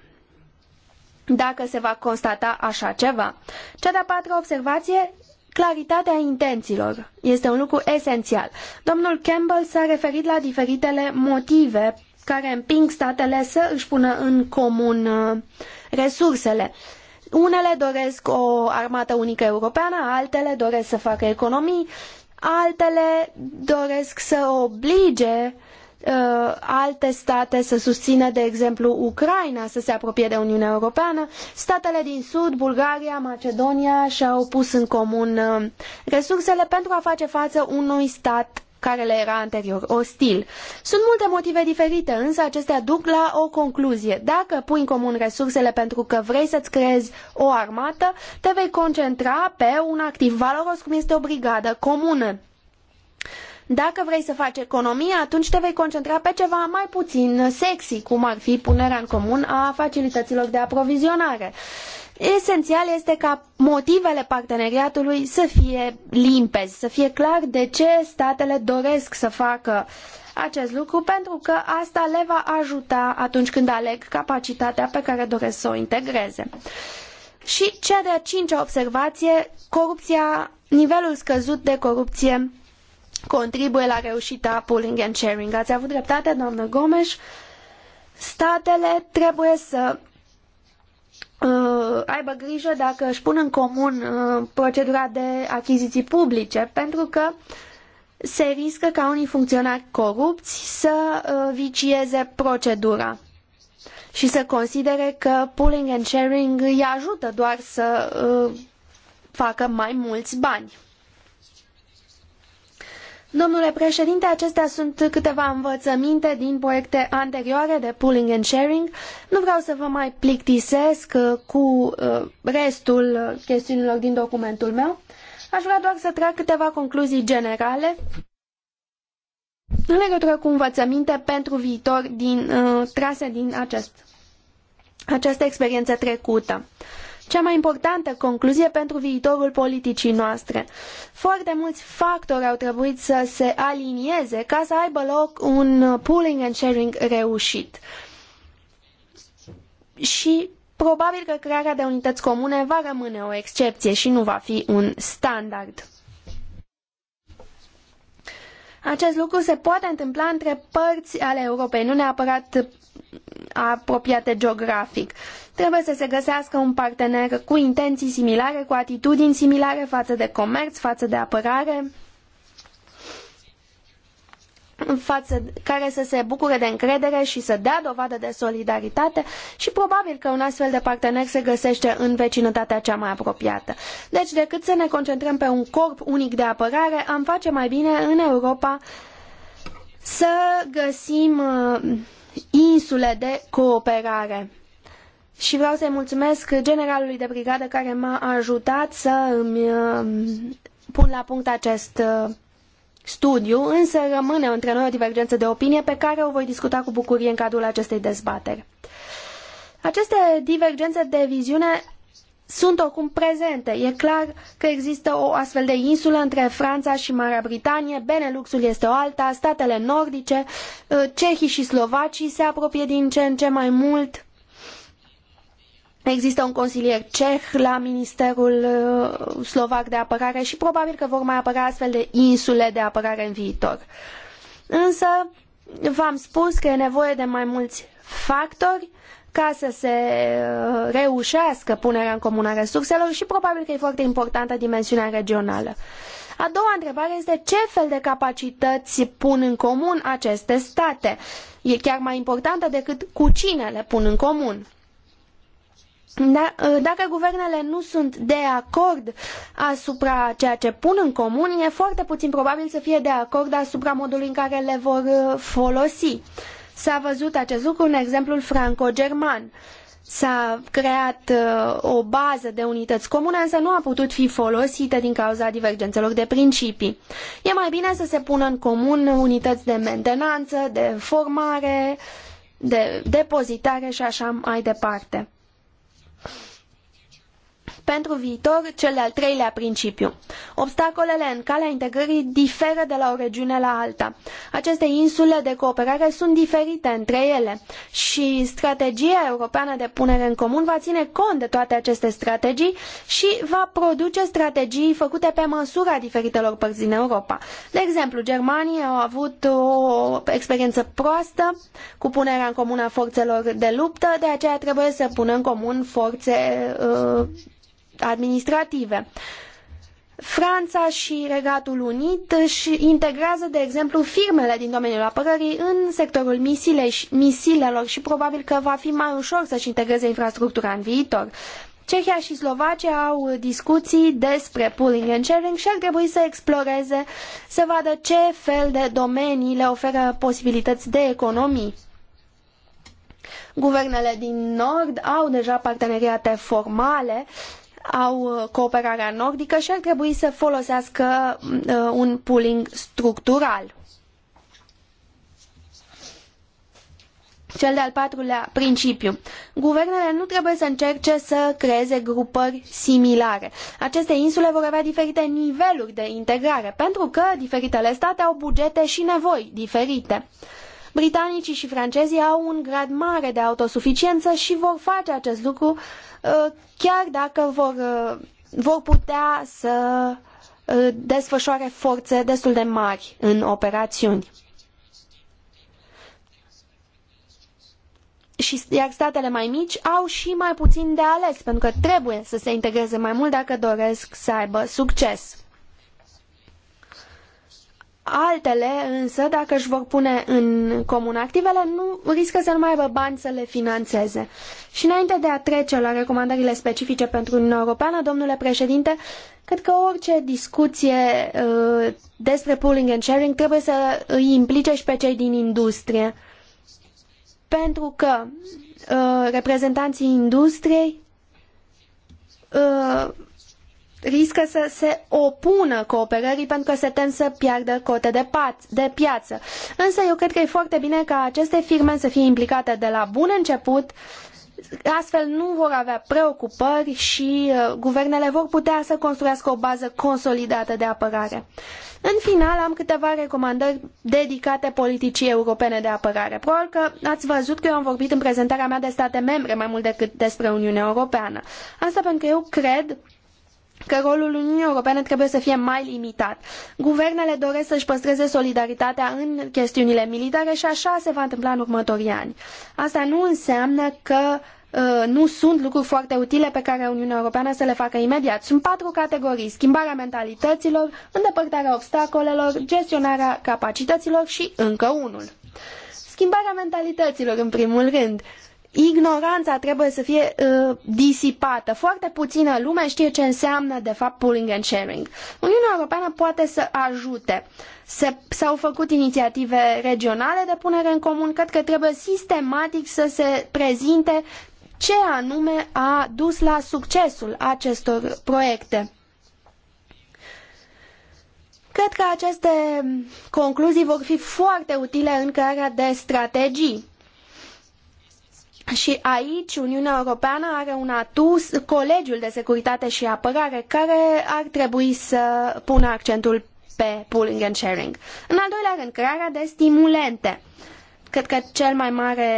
A: dacă se va constata așa ceva. Cea de-a patra observație, claritatea intențiilor. Este un lucru esențial. Domnul Campbell s-a referit la diferitele motive care împing statele să își pună în comun uh, resursele. Unele doresc o armată unică europeană, altele doresc să facă economii, altele doresc să oblige uh, Uh, alte state să susțină, de exemplu, Ucraina să se apropie de Uniunea Europeană. Statele din Sud, Bulgaria, Macedonia și-au pus în comun uh, resursele pentru a face față unui stat care le era anterior ostil. Sunt multe motive diferite, însă acestea duc la o concluzie. Dacă pui în comun resursele pentru că vrei să-ți creezi o armată, te vei concentra pe un activ valoros cum este o brigadă comună dacă vrei să faci economie, atunci te vei concentra pe ceva mai puțin sexy, cum ar fi punerea în comun a facilităților de aprovizionare. Esențial este ca motivele parteneriatului să fie limpezi, să fie clar de ce statele doresc să facă acest lucru, pentru că asta le va ajuta atunci când aleg capacitatea pe care doresc să o integreze. Și cea de-a cincea observație, corupția, nivelul scăzut de corupție contribuie la reușita pooling and sharing. Ați avut dreptate, doamnă Gomes. Statele trebuie să uh, aibă grijă dacă își pun în comun uh, procedura de achiziții publice, pentru că se riscă ca unii funcționari corupți să uh, vicieze procedura și să considere că pooling and sharing îi ajută doar să uh, facă mai mulți bani. Domnule președinte, acestea sunt câteva învățăminte din proiecte anterioare de pooling and sharing. Nu vreau să vă mai plictisesc uh, cu uh, restul chestiunilor din documentul meu. Aș vrea doar să trag câteva concluzii generale în legătură cu învățăminte pentru viitor din, uh, trase din acest, această experiență trecută cea mai importantă concluzie pentru viitorul politicii noastre. Foarte mulți factori au trebuit să se alinieze ca să aibă loc un pooling and sharing reușit. Și probabil că crearea de unități comune va rămâne o excepție și nu va fi un standard. Acest lucru se poate întâmpla între părți ale Europei, nu neapărat apropiate geografic. Trebuie să se găsească un partener cu intenții similare, cu atitudini similare față de comerț, față de apărare, față, care să se bucure de încredere și să dea dovadă de solidaritate și probabil că un astfel de partener se găsește în vecinătatea cea mai apropiată. Deci, decât să ne concentrăm pe un corp unic de apărare, am face mai bine în Europa să găsim uh, insule de cooperare. Și vreau să-i mulțumesc generalului de brigadă care m-a ajutat să îmi um, pun la punct acest uh, studiu, însă rămâne între noi o divergență de opinie pe care o voi discuta cu bucurie în cadrul acestei dezbateri. Aceste divergențe de viziune sunt oricum prezente. E clar că există o astfel de insulă între Franța și Marea Britanie, Beneluxul este o alta, statele nordice, uh, cehii și slovacii se apropie din ce în ce mai mult. Există un consilier ceh la Ministerul uh, Slovac de Apărare și probabil că vor mai apărea astfel de insule de apărare în viitor. Însă, v-am spus că e nevoie de mai mulți factori ca să se uh, reușească punerea în comună a resurselor și probabil că e foarte importantă dimensiunea regională. A doua întrebare este ce fel de capacități pun în comun aceste state? E chiar mai importantă decât cu cine le pun în comun. Da, uh, dacă guvernele nu sunt de acord asupra ceea ce pun în comun, e foarte puțin probabil să fie de acord asupra modului în care le vor uh, folosi. S-a văzut acest lucru în exemplul franco-german. S-a creat uh, o bază de unități comune, însă nu a putut fi folosită din cauza divergențelor de principii. E mai bine să se pună în comun unități de mentenanță, de formare, de depozitare și așa mai departe. Pentru viitor, cel de-al treilea principiu. Obstacolele în calea integrării diferă de la o regiune la alta. Aceste insule de cooperare sunt diferite între ele și strategia europeană de punere în comun va ține cont de toate aceste strategii și va produce strategii făcute pe măsura diferitelor părți din Europa. De exemplu, germanii au avut o experiență proastă cu punerea în comun a forțelor de luptă, de aceea trebuie să pună în comun forțe uh, administrative. Franța și Regatul Unit își integrează, de exemplu, firmele din domeniul apărării în sectorul misilelor și probabil că va fi mai ușor să-și integreze infrastructura în viitor. Cehia și Slovacia au discuții despre pooling and sharing și ar trebui să exploreze, să vadă ce fel de domenii le oferă posibilități de economii. Guvernele din Nord au deja parteneriate formale au uh, cooperarea nordică și ar trebui să folosească uh, un pooling structural. Cel de-al patrulea principiu. Guvernele nu trebuie să încerce să creeze grupări similare. Aceste insule vor avea diferite niveluri de integrare, pentru că diferitele state au bugete și nevoi diferite. Britanicii și francezii au un grad mare de autosuficiență și vor face acest lucru Uh, chiar dacă vor, uh, vor putea să uh, desfășoare forțe destul de mari în operațiuni. Și, iar statele mai mici au și mai puțin de ales, pentru că trebuie să se integreze mai mult dacă doresc să aibă succes. Altele, însă, dacă își vor pune în comun activele, nu riscă să nu mai aibă bani să le financeze. Și înainte de a trece la recomandările specifice pentru Uniunea Europeană, domnule președinte, cred că orice discuție uh, despre pooling and sharing trebuie să îi implice și pe cei din industrie. Pentru că uh, reprezentanții industriei uh, riscă să se opună cooperării pentru că se tem să piardă cote de, paț, de piață. Însă eu cred că e foarte bine ca aceste firme să fie implicate de la bun început, astfel nu vor avea preocupări și uh, guvernele vor putea să construiască o bază consolidată de apărare. În final, am câteva recomandări dedicate politicii europene de apărare. Probabil că ați văzut că eu am vorbit în prezentarea mea de state membre mai mult decât despre Uniunea Europeană. Asta pentru că eu cred că rolul Uniunii Europene trebuie să fie mai limitat. Guvernele doresc să-și păstreze solidaritatea în chestiunile militare și așa se va întâmpla în următorii ani. Asta nu înseamnă că uh, nu sunt lucruri foarte utile pe care Uniunea Europeană să le facă imediat. Sunt patru categorii. Schimbarea mentalităților, îndepărtarea obstacolelor, gestionarea capacităților și încă unul. Schimbarea mentalităților, în primul rând. Ignoranța trebuie să fie uh, disipată. Foarte puțină lume știe ce înseamnă, de fapt, pooling and sharing. Uniunea Europeană poate să ajute. s-au făcut inițiative regionale de punere în comun. Cred că trebuie sistematic să se prezinte ce anume a dus la succesul acestor proiecte. Cred că aceste concluzii vor fi foarte utile în crearea de strategii și aici Uniunea Europeană are un atus, Colegiul de Securitate și Apărare, care ar trebui să pună accentul pe pooling and sharing. În al doilea rând, crearea de stimulente. Uh, Cred că cel mai mare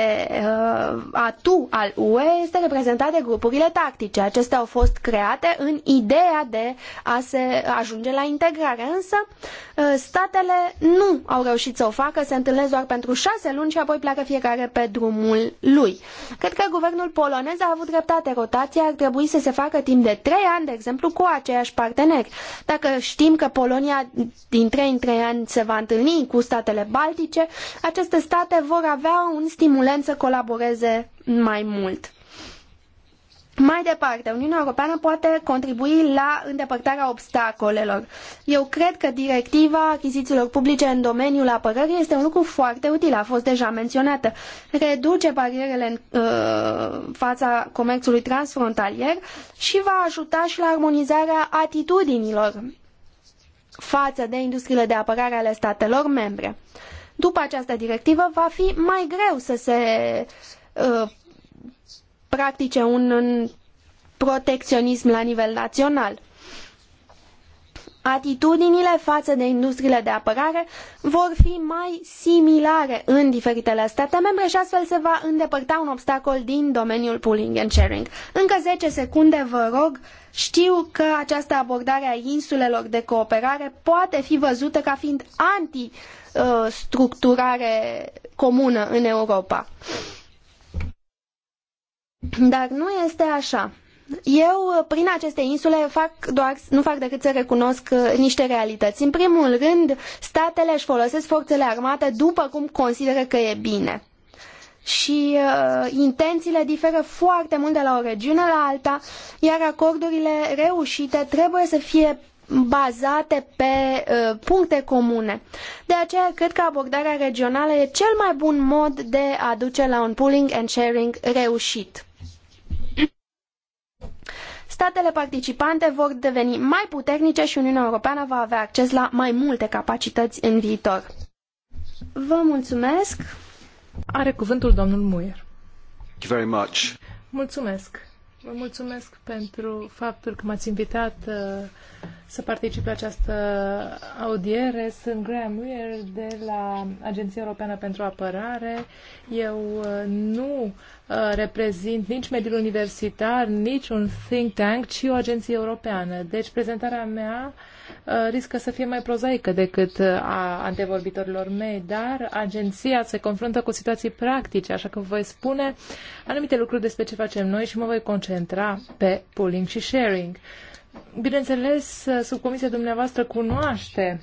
A: uh, atu al UE este reprezentat de grupurile tactice. Acestea au fost create în ideea de a se ajunge la integrare, însă uh, statele nu au reușit să o facă, se întâlnesc doar pentru șase luni și apoi pleacă fiecare pe drumul lui. Cred că guvernul polonez a avut dreptate, rotația ar trebui să se facă timp de trei ani, de exemplu, cu aceiași parteneri. Dacă știm că Polonia din trei în trei ani se va întâlni cu statele baltice, aceste state vor avea un stimulent să colaboreze mai mult. Mai departe, Uniunea Europeană poate contribui la îndepărtarea obstacolelor. Eu cred că directiva achizițiilor publice în domeniul apărării este un lucru foarte util, a fost deja menționată. Reduce barierele în uh, fața comerțului transfrontalier și va ajuta și la armonizarea atitudinilor față de industriile de apărare ale statelor membre. Uh, după această directivă va fi mai greu să se uh, practice un, un protecționism la nivel național atitudinile față de industriile de apărare vor fi mai similare în diferitele state membre și astfel se va îndepărta un obstacol din domeniul pooling and sharing. Încă zece secunde, vă rog, știu că această abordare a insulelor de cooperare poate fi văzută ca fiind anti-structurare comună în Europa. Dar nu este așa. Eu, prin aceste insule, fac doar, nu fac decât să recunosc uh, niște realități. În primul rând, statele își folosesc forțele armate după cum consideră că e bine. Și uh, intențiile diferă foarte mult de la o regiune la alta, iar acordurile reușite trebuie să fie bazate pe uh, puncte comune. De aceea, cred că abordarea regională e cel mai bun mod de a duce la un pooling and sharing reușit. Statele participante vor deveni mai puternice și Uniunea Europeană va avea acces la mai multe capacități în viitor. Vă mulțumesc! Are cuvântul domnul Muier. Mulțumesc!
B: Vă mulțumesc pentru faptul că m-ați invitat uh, să particip la această audiere. Sunt Graham Weir de la Agenția Europeană pentru Apărare. Eu uh, nu uh, reprezint nici mediul universitar, nici un think tank, ci o agenție europeană. Deci prezentarea mea uh, Uh, riscă să fie mai prozaică decât uh, a antevorbitorilor mei, dar agenția se confruntă cu situații practice, așa că vă voi spune anumite lucruri despre ce facem noi și mă voi concentra pe pooling și sharing. Bineînțeles, uh, subcomisia dumneavoastră cunoaște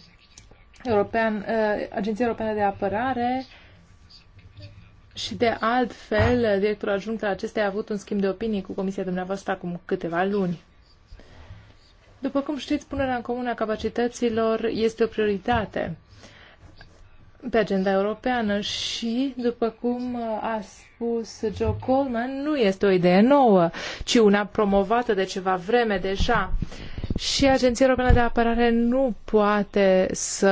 B: European, Agenția Europeană de Apărare, și de altfel, directorul adjunct al acestei a avut un schimb de opinii cu comisia dumneavoastră acum câteva luni. După cum știți, punerea în comun a capacităților este o prioritate pe agenda europeană și, după cum a spus Joe Coleman, nu este o idee nouă, ci una promovată de ceva vreme deja. Uh, și Agenția Europeană de Apărare nu poate să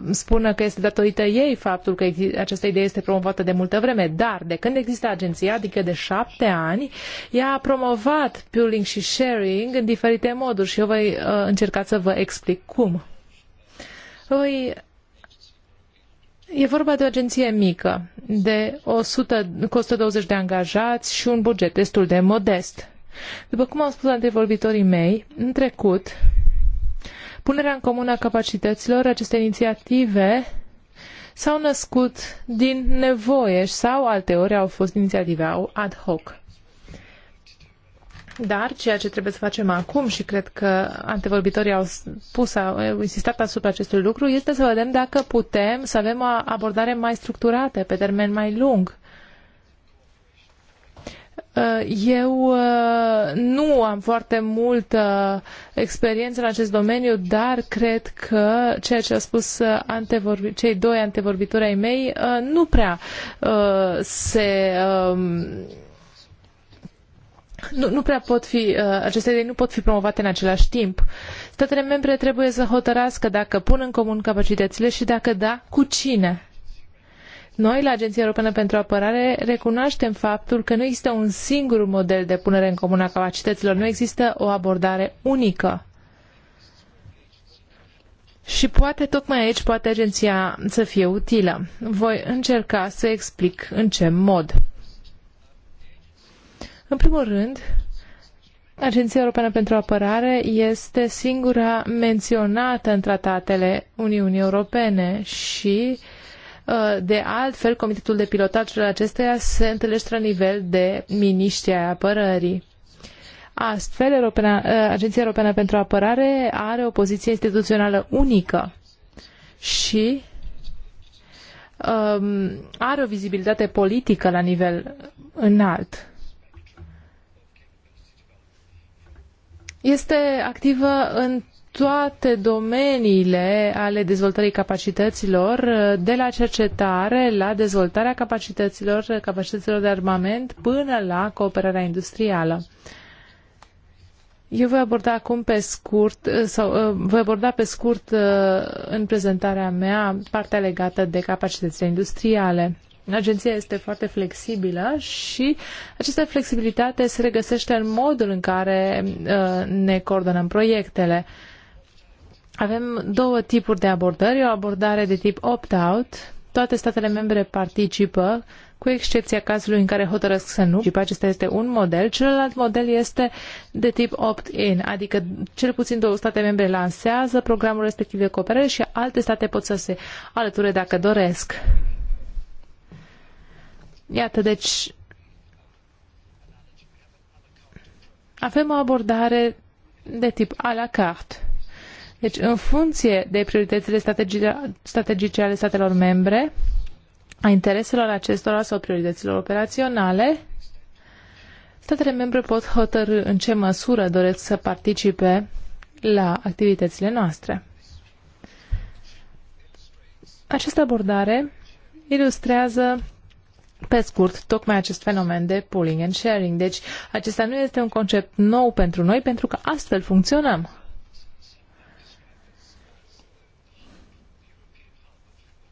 B: uh, spună că este datorită ei faptul că această idee este promovată de multă vreme, dar de când există agenția, adică de șapte ani, ea a promovat pooling și sharing în diferite moduri și eu voi uh, încerca să vă explic cum. Voi E vorba de o agenție mică, de 100, cu 120 de angajați și un buget destul de modest. După cum au spus antevorbitorii mei, în trecut, punerea în comun a capacităților, aceste inițiative s-au născut din nevoie sau alteori au fost inițiative au ad hoc. Dar ceea ce trebuie să facem acum și cred că antevorbitorii au spus, au insistat asupra acestui lucru, este să vedem dacă putem să avem o abordare mai structurată, pe termen mai lung, Eh, eu eh, nu am foarte multă experiență în acest domeniu, dar cred că ceea ce a spus antevorbi- cei doi antevorbitori ai mei eh, nu prea se. Ehm, nu, nu prea pot fi, aceste idei nu pot fi promovate în același timp. Statele membre trebuie să hotărască dacă pun în comun capacitățile și dacă da, cu cine noi, la Agenția Europeană pentru Apărare, recunoaștem faptul că nu există un singur model de punere în comun a capacităților, nu există o abordare unică. Și poate tocmai aici poate agenția să fie utilă. Voi încerca să explic în ce mod. În primul rând, Agenția Europeană pentru Apărare este singura menționată în tratatele Uniunii Europene și uh, Uh, de altfel, comitetul de pilotaj al acesteia se întâlnește la nivel de miniștri ai apărării. Astfel, Europeana, uh, Agenția Europeană pentru Apărare are o poziție instituțională unică și um, are o vizibilitate politică la nivel înalt. Este activă în toate domeniile ale dezvoltării capacităților, de la cercetare la dezvoltarea capacităților, capacităților de armament, până la cooperarea industrială. Eu voi aborda acum pe scurt, sau uh, voi aborda pe scurt uh, în prezentarea mea partea legată de capacitățile industriale. Agenția este foarte flexibilă și această flexibilitate se regăsește în modul în care uh, ne coordonăm proiectele. Avem două tipuri de abordări. O abordare de tip opt-out. Toate statele membre participă, cu excepția cazului în care hotărăsc să nu. Acesta este un model. Celălalt model este de tip opt-in, adică cel puțin două state membre lansează programul respectiv de cooperare și alte state pot să se alăture dacă doresc. Iată, deci avem o abordare de tip a la carte. Deci, în funcție de prioritățile strategice, ale statelor membre, a intereselor acestora sau priorităților operaționale, statele membre pot hotărâ în ce măsură doresc să participe la activitățile noastre. Această abordare ilustrează pe scurt, tocmai acest fenomen de pooling and sharing. Deci, acesta nu este un concept nou pentru noi, pentru că astfel funcționăm.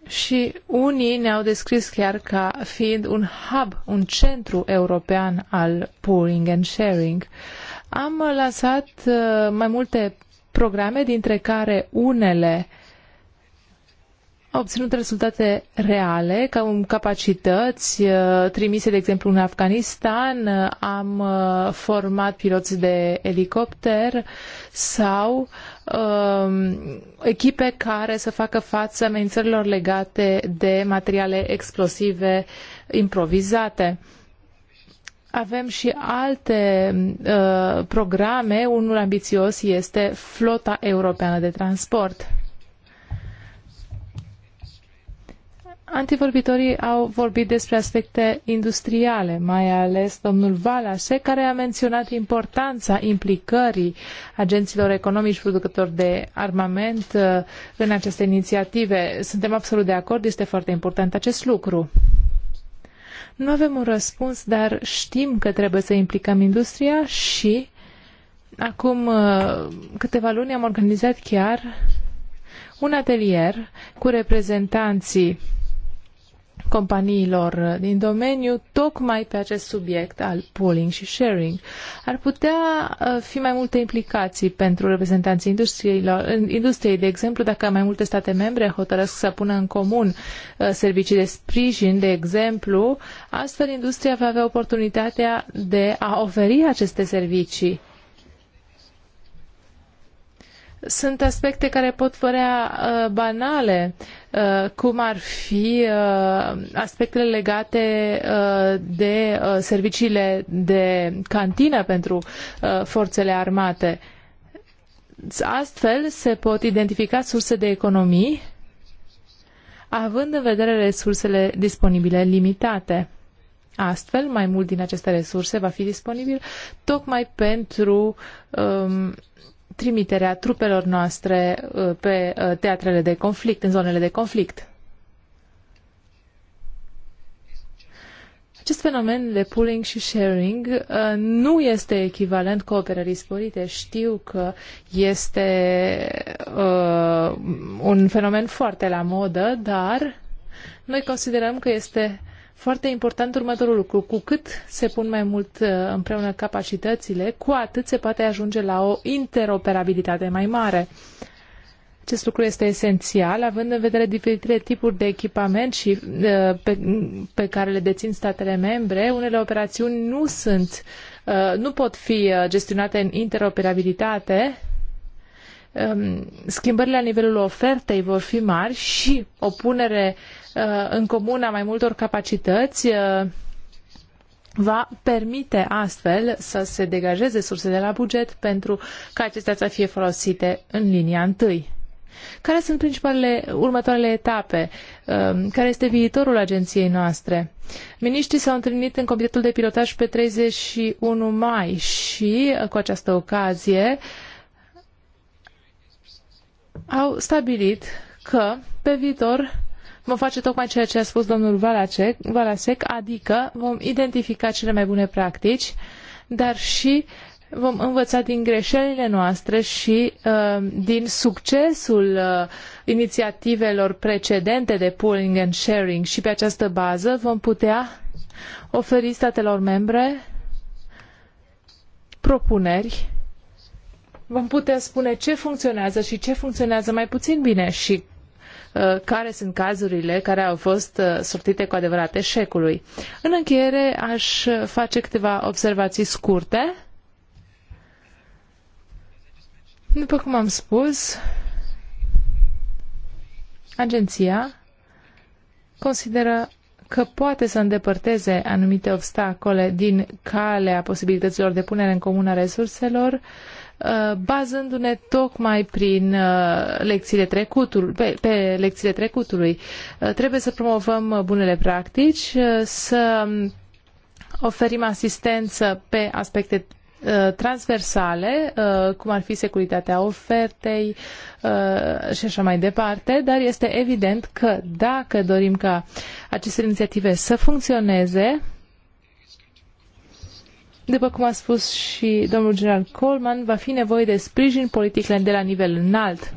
B: și unii ne-au descris chiar ca fiind un hub, un centru european al pooling and sharing. Am lansat uh, mai multe programe, dintre care unele au obținut rezultate reale, ca un capacități uh, trimise, de exemplu, în Afganistan, uh, am format piloți de elicopter sau uh, Um, echipe care să facă față amenințărilor legate de materiale explosive improvizate. Avem și alte uh, programe, unul ambițios este flota europeană de transport. Antivorbitorii au vorbit despre aspecte industriale, mai ales domnul Valașe, care a menționat importanța implicării agenților economici producători de armament uh, în aceste inițiative. Suntem absolut de acord, este foarte important acest lucru. Nu avem un răspuns, dar știm că trebuie să implicăm industria și acum uh, câteva luni am organizat chiar un atelier cu reprezentanții companiilor din domeniu tocmai pe acest subiect al pooling și sharing. Ar putea uh, fi mai multe implicații pentru reprezentanții industriilor, industriei, de exemplu, dacă mai multe state membre hotărăsc să pună în comun uh, servicii de sprijin, de exemplu, astfel industria va avea oportunitatea de a oferi aceste servicii sunt aspecte care pot părea uh, banale, uh, cum ar fi uh, aspectele legate uh, de uh, serviciile de cantină pentru uh, forțele armate. Astfel se pot identifica surse de economii, având în vedere resursele disponibile limitate. Astfel, mai mult din aceste resurse va fi disponibil tocmai pentru um, trimiterea trupelor noastre uh, pe uh, teatrele de conflict, în zonele de conflict. Acest fenomen de pooling și sharing uh, nu este echivalent cooperării sporite. Știu că este uh, un fenomen foarte la modă, dar noi considerăm că este foarte important următorul lucru. Cu cât se pun mai mult uh, împreună capacitățile, cu atât se poate ajunge la o interoperabilitate mai mare. Acest lucru este esențial, având în vedere diferitele tipuri de echipament și uh, pe, pe care le dețin statele membre, unele operațiuni nu sunt, uh, nu pot fi gestionate în interoperabilitate. Um, schimbările la nivelul ofertei vor fi mari și o punere Uh, în comun a mai multor capacități uh, va permite astfel să se degajeze surse de la buget pentru ca acestea să fie folosite în linia întâi. Care sunt principalele următoarele etape? Um, care este viitorul agenției noastre? Miniștrii s-au întâlnit în comitetul de pilotaj pe 31 mai și uh, cu această ocazie au stabilit că pe viitor vom face tocmai ceea ce a spus domnul Valasec, Valasec, adică vom identifica cele mai bune practici, dar și vom învăța din greșelile noastre și uh, din succesul uh, inițiativelor precedente de pooling and sharing și pe această bază vom putea oferi statelor membre propuneri vom putea spune ce funcționează și ce funcționează mai puțin bine și Uh, care sunt cazurile care au fost uh, sortite cu adevărat eșecului. În încheiere aș face câteva observații scurte. După cum am spus, agenția consideră că poate să îndepărteze anumite obstacole din calea posibilităților de punere în comun a resurselor Uh, bazându-ne tocmai prin uh, lecțiile trecutului, pe, pe lecțiile trecutului. Uh, trebuie să promovăm bunele practici, să um, oferim asistență pe aspecte transversale, cum ar fi securitatea ofertei și așa mai departe, dar este evident că dacă dorim ca aceste inițiative să funcționeze, după cum a spus și domnul general Coleman, va fi nevoie de sprijin politic de la nivel înalt.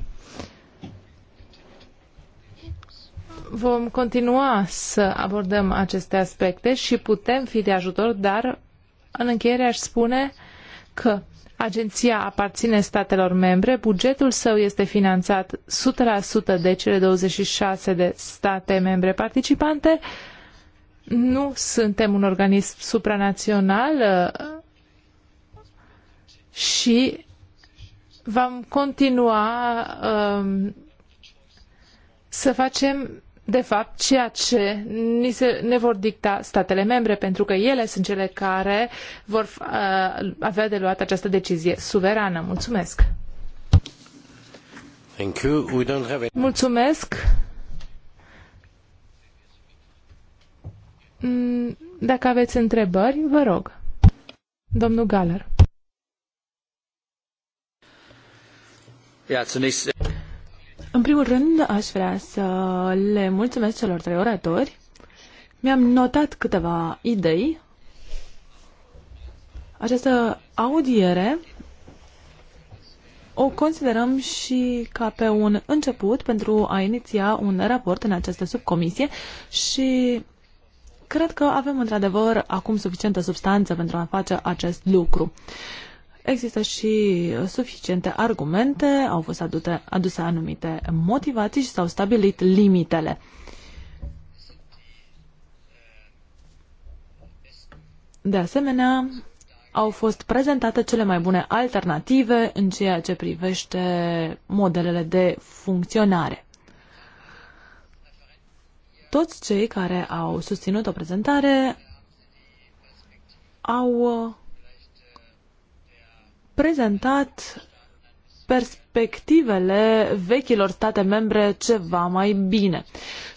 B: Vom continua să abordăm aceste aspecte și putem fi de ajutor, dar în încheiere aș spune că agenția aparține statelor membre, bugetul său este finanțat 100% de cele 26 de state membre participante, nu suntem un organism supranațional uh, și vom continua um, să facem de fapt ceea ce ni se, ne vor dicta statele membre, pentru că ele sunt cele care vor uh, avea de luat această decizie suverană. Mulțumesc! Mulțumesc! Mm, dacă aveți întrebări, vă rog. Domnul Galer.
C: În primul rând, aș vrea să le mulțumesc celor trei oratori. Mi-am notat câteva idei. Această audiere o considerăm și ca pe un început pentru a iniția un raport în această subcomisie și Cred că avem într-adevăr acum suficientă substanță pentru a face acest lucru. Există și suficiente argumente, au fost adute, aduse anumite motivații și s-au stabilit limitele. De asemenea, au fost prezentate cele mai bune alternative în ceea ce privește modelele de funcționare. Toți cei care au susținut o prezentare au uh, prezentat perspectivele vechilor state membre ceva mai bine.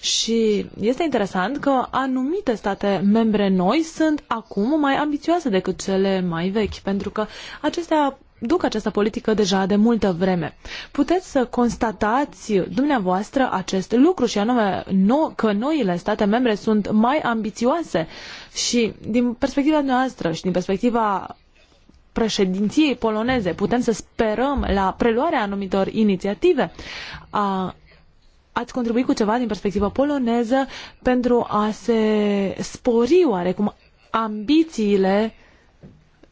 C: Și este interesant că anumite state membre noi sunt acum mai ambițioase decât cele mai vechi, pentru că acestea duc această politică deja de multă vreme. Puteți să constatați dumneavoastră acest lucru și anume no, că noile state membre sunt mai ambițioase și din perspectiva noastră și din perspectiva președinției poloneze putem să sperăm la preluarea anumitor inițiative. A, ați contribuit cu ceva din perspectiva poloneză pentru a se spori oarecum ambițiile uh,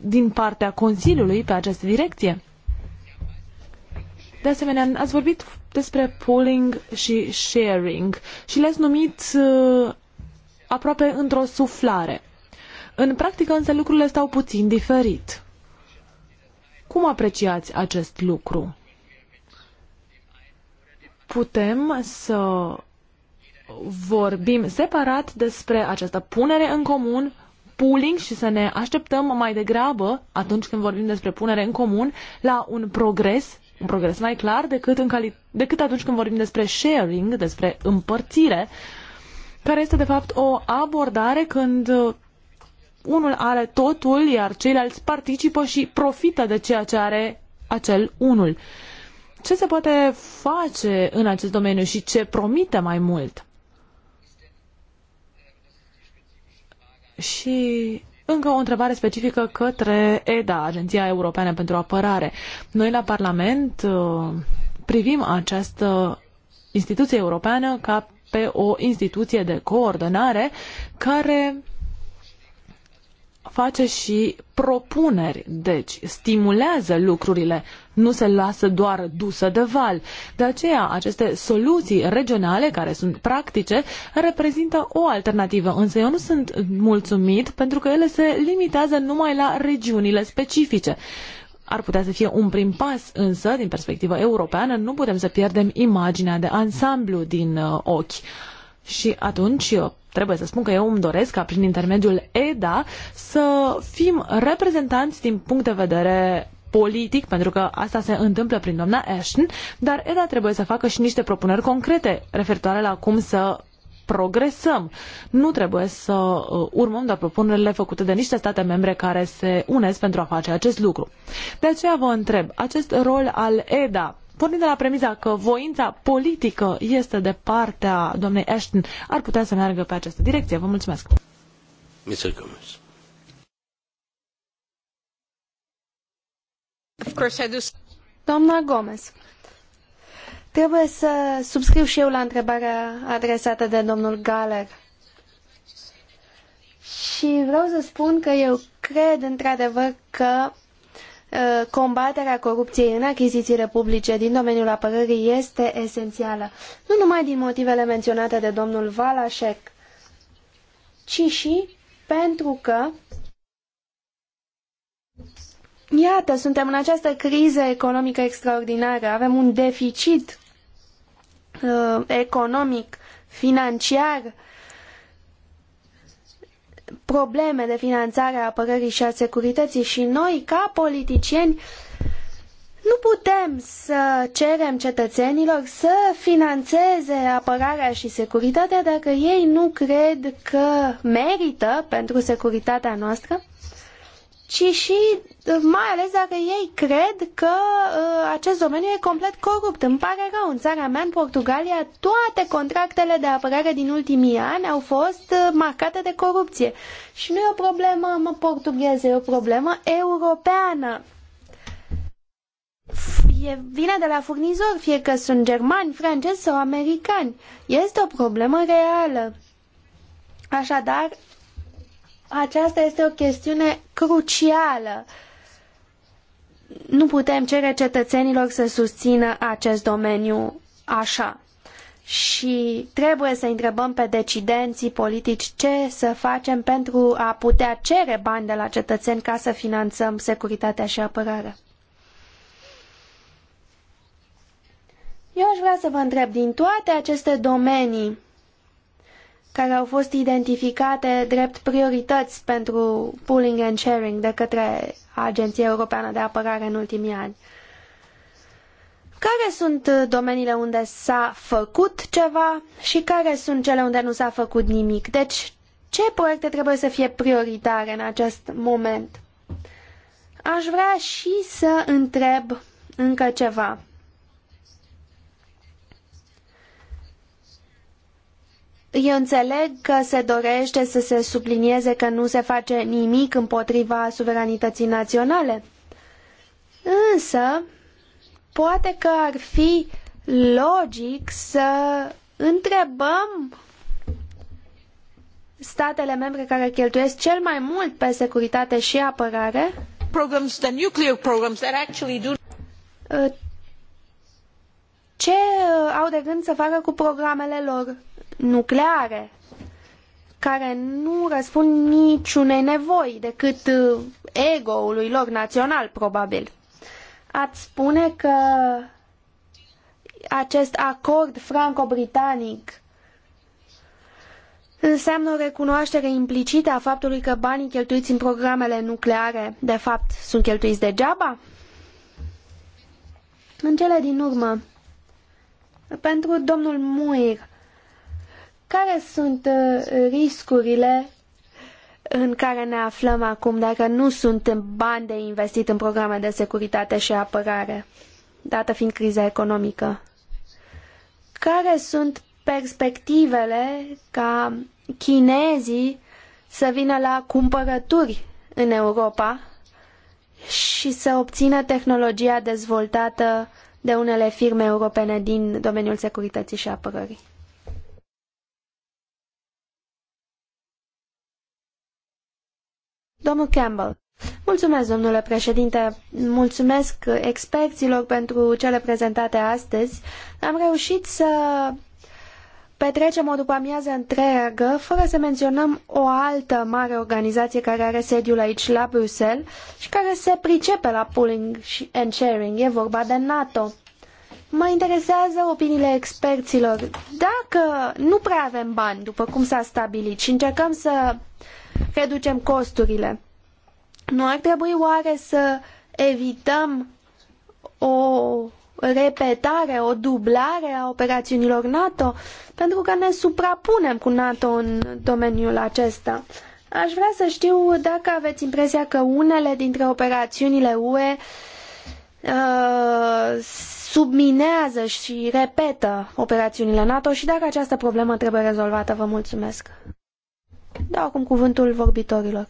C: din partea Consiliului pe această direcție? De asemenea, ați vorbit despre pooling și sharing și le-ați numit uh, aproape într-o suflare. În practică, însă, lucrurile stau puțin diferit. Cum apreciați acest lucru? Putem să vorbim separat despre această punere în comun pooling și să ne așteptăm mai degrabă, atunci când vorbim despre punere în comun, la un progres, un progres mai clar decât, în cali- decât atunci când vorbim despre sharing, despre împărțire, care este de fapt o abordare când uh, unul are totul, iar ceilalți participă și profită de ceea ce are acel unul. Ce se poate face în acest domeniu și ce promite mai mult? Și încă o întrebare specifică către EDA, Agenția Europeană pentru Apărare. Noi la Parlament uh, privim această instituție europeană ca pe o instituție de coordonare care face și propuneri, deci stimulează lucrurile, nu se lasă doar dusă de val. De aceea, aceste soluții regionale, care sunt practice, reprezintă o alternativă, însă eu nu sunt mulțumit pentru că ele se limitează numai la regiunile specifice. Ar putea să fie un prim pas, însă, din perspectivă europeană, nu putem să pierdem imaginea de ansamblu din uh, ochi și atunci eu trebuie să spun că eu îmi doresc ca prin intermediul EDA să fim reprezentanți din punct de vedere politic, pentru că asta se întâmplă prin doamna Ashton, dar EDA trebuie să facă și niște propuneri concrete referitoare la cum să progresăm. Nu trebuie să uh, urmăm doar propunerile făcute de niște state membre care se unesc pentru a face acest lucru. De aceea vă întreb, acest rol al EDA pornind de la premiza că voința politică este de partea doamnei Ashton, ar putea să meargă pe această direcție. Vă mulțumesc!
B: Of course
A: I do. Doamna Gomez, trebuie să subscriu și eu la întrebarea adresată de domnul Galer. Și vreau să spun că eu cred într-adevăr că Uh, combaterea corupției în achizițiile publice din domeniul apărării este esențială, nu numai din motivele menționate de domnul Valașec. ci și pentru că Iată, suntem în această criză economică extraordinară, avem un deficit uh, economic, financiar uh, probleme de finanțare a apărării și a securității și noi, ca politicieni, nu putem să cerem cetățenilor să financeze apărarea și securitatea dacă ei nu cred că merită pentru securitatea noastră, ci și mai ales dacă ei cred că uh, acest domeniu e complet corupt. Îmi pare rău, în țara mea, în Portugalia, toate contractele de apărare din ultimii ani au fost uh, marcate de corupție. Și nu e o problemă mă, portugheză, e o problemă europeană. E, vine de la furnizor, fie că sunt germani, francezi sau americani. Este o problemă reală. Așadar, aceasta este o chestiune crucială nu putem cere cetățenilor să susțină acest domeniu așa. Și trebuie să întrebăm pe decidenții politici ce să facem pentru a putea cere bani de la cetățeni ca să finanțăm securitatea și apărarea. Eu aș vrea să vă întreb, din toate aceste domenii care au fost identificate drept priorități pentru pooling and sharing de către a Europeană de Apărare în ultimii ani. Care sunt uh, domeniile unde s-a făcut ceva și care sunt cele unde nu s-a făcut nimic? Deci, ce proiecte trebuie să fie prioritare în acest moment? Aș vrea și să întreb încă ceva. Eu înțeleg că se dorește să se sublinieze că nu se face nimic împotriva suveranității naționale. Însă, poate că ar fi logic să întrebăm statele membre care cheltuiesc cel mai mult pe securitate și apărare
C: programs, the nuclear programs that actually do
A: ă, ce au de gând să facă cu programele lor nucleare, care nu răspund niciunei nevoi decât uh, ego-ului lor național, probabil. Ați spune că acest acord franco-britanic înseamnă o recunoaștere implicită a faptului că banii cheltuiți în programele nucleare, de fapt, sunt cheltuiți degeaba? În cele din urmă, pentru domnul Muir, care sunt uh, riscurile în care ne aflăm acum dacă nu sunt bani de investit în programe de securitate și apărare, dată fiind criza economică? Care sunt perspectivele ca chinezii să vină la cumpărături în Europa și să obțină tehnologia dezvoltată de unele firme europene din domeniul securității și apărării? Domnul Campbell. Mulțumesc, domnule președinte. Mulțumesc experților pentru cele prezentate astăzi. Am reușit să petrecem o după-amiază întreagă fără să menționăm o altă mare organizație care are sediul aici la Bruxelles și care se pricepe la pooling and sharing. E vorba de NATO. Mă interesează opiniile experților. Dacă nu prea avem bani, după cum s-a stabilit, și încercăm să reducem costurile, nu ar trebui oare să evităm o repetare, o dublare a operațiunilor NATO, pentru că ne suprapunem cu NATO în domeniul acesta. Aș vrea să știu dacă aveți impresia că unele dintre operațiunile UE uh, subminează și repetă operațiunile NATO și dacă această problemă trebuie rezolvată, vă mulțumesc. Dau acum cuvântul vorbitorilor.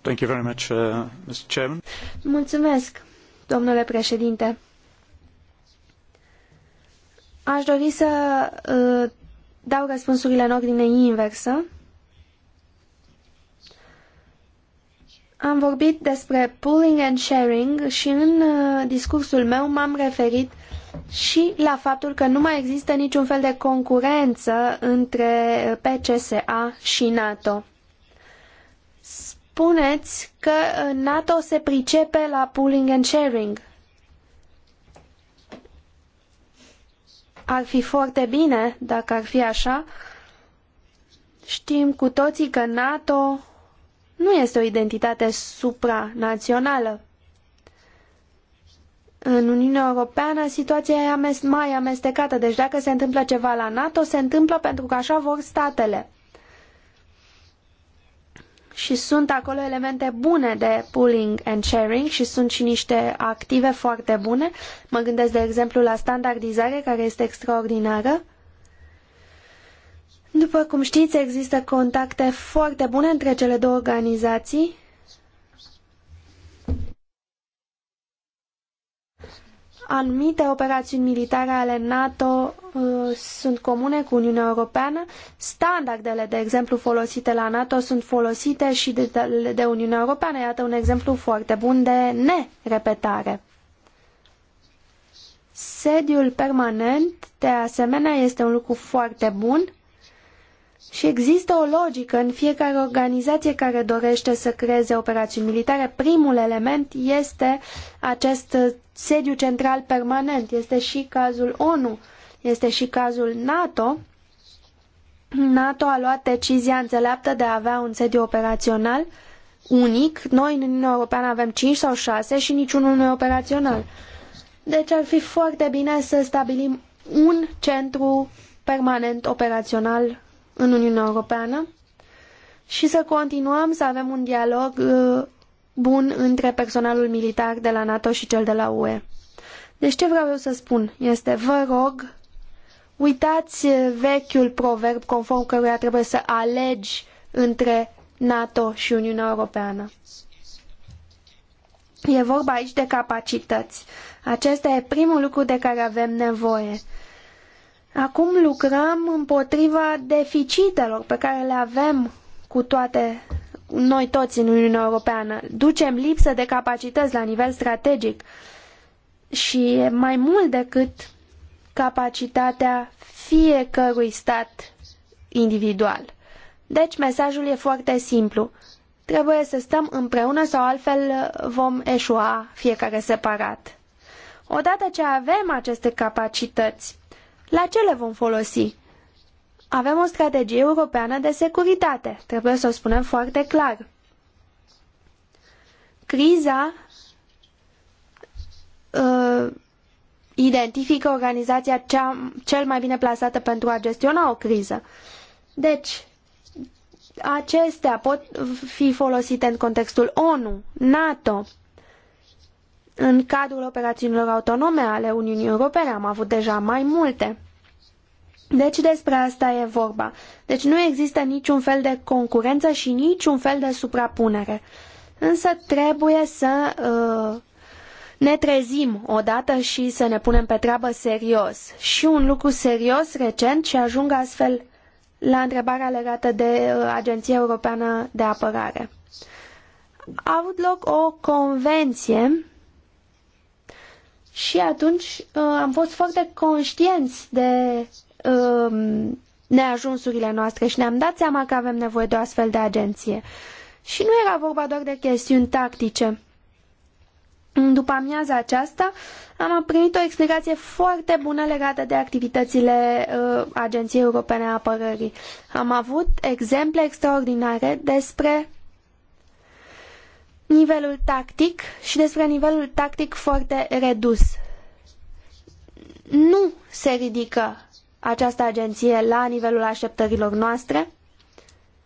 C: Thank you very much, uh, Mr. Chairman.
A: Mulțumesc, domnule președinte. Aș dori să uh, dau răspunsurile în ordine inversă. Am vorbit despre pooling and sharing și în uh, discursul meu m-am referit și la faptul că nu mai există niciun fel de concurență între PCSA și NATO. Spuneți că uh, NATO se pricepe la pooling and sharing. Ar fi foarte bine dacă ar fi așa. Știm cu toții că NATO nu este o identitate supranațională. În Uniunea Europeană situația e mai amestecată, deci dacă se întâmplă ceva la NATO, se întâmplă pentru că așa vor statele. Și sunt acolo elemente bune de pooling and sharing și sunt și niște active foarte bune. Mă gândesc, de exemplu, la standardizare, care este extraordinară după cum știți, există contacte foarte bune între cele două organizații. Anumite operațiuni militare ale NATO uh, sunt comune cu Uniunea Europeană. Standardele, de exemplu, folosite la NATO sunt folosite și de, de Uniunea Europeană. Iată un exemplu foarte bun de nerepetare. Sediul permanent, de asemenea, este un lucru foarte bun. Și există o logică în fiecare organizație care dorește să creeze operațiuni militare. Primul element este acest sediu central permanent. Este și cazul ONU, este și cazul NATO. NATO a luat decizia înțeleaptă de a avea un sediu operațional unic. Noi în Uniunea Europeană avem cinci sau 6 și niciunul nu e operațional. Deci ar fi foarte bine să stabilim un centru permanent operațional în Uniunea Europeană și să continuăm să avem un dialog uh, bun între personalul militar de la NATO și cel de la UE. Deci ce vreau eu să spun este, vă rog, uitați vechiul proverb conform căruia trebuie să alegi între NATO și Uniunea Europeană. E vorba aici de capacități. Acesta e primul lucru de care avem nevoie. Acum lucrăm împotriva deficitelor pe care le avem cu toate noi toți în Uniunea Europeană. Ducem lipsă de capacități la nivel strategic și mai mult decât capacitatea fiecărui stat individual. Deci mesajul e foarte simplu. Trebuie să stăm împreună sau altfel vom eșua fiecare separat. Odată ce avem aceste capacități, la ce le vom folosi? Avem o strategie europeană de securitate, trebuie să o spunem foarte clar. Criza uh, identifică organizația cea, cel mai bine plasată pentru a gestiona o criză. Deci, acestea pot fi folosite în contextul ONU, NATO, în cadrul operațiunilor autonome ale Uniunii Europene am avut deja mai multe. Deci despre asta e vorba. Deci nu există niciun fel de concurență și niciun fel de suprapunere. Însă trebuie să uh, ne trezim odată și să ne punem pe treabă serios. Și un lucru serios recent și ajung astfel la întrebarea legată de uh, Agenția Europeană de Apărare. A avut loc o convenție și atunci uh, am fost foarte conștienți de uh, neajunsurile noastre și ne-am dat seama că avem nevoie de o astfel de agenție. Și nu era vorba doar de chestiuni tactice. După amiaza aceasta am primit o explicație foarte bună legată de activitățile uh, Agenției Europene a Apărării. Am avut exemple extraordinare despre nivelul tactic și despre nivelul tactic foarte redus. Nu se ridică această agenție la nivelul așteptărilor noastre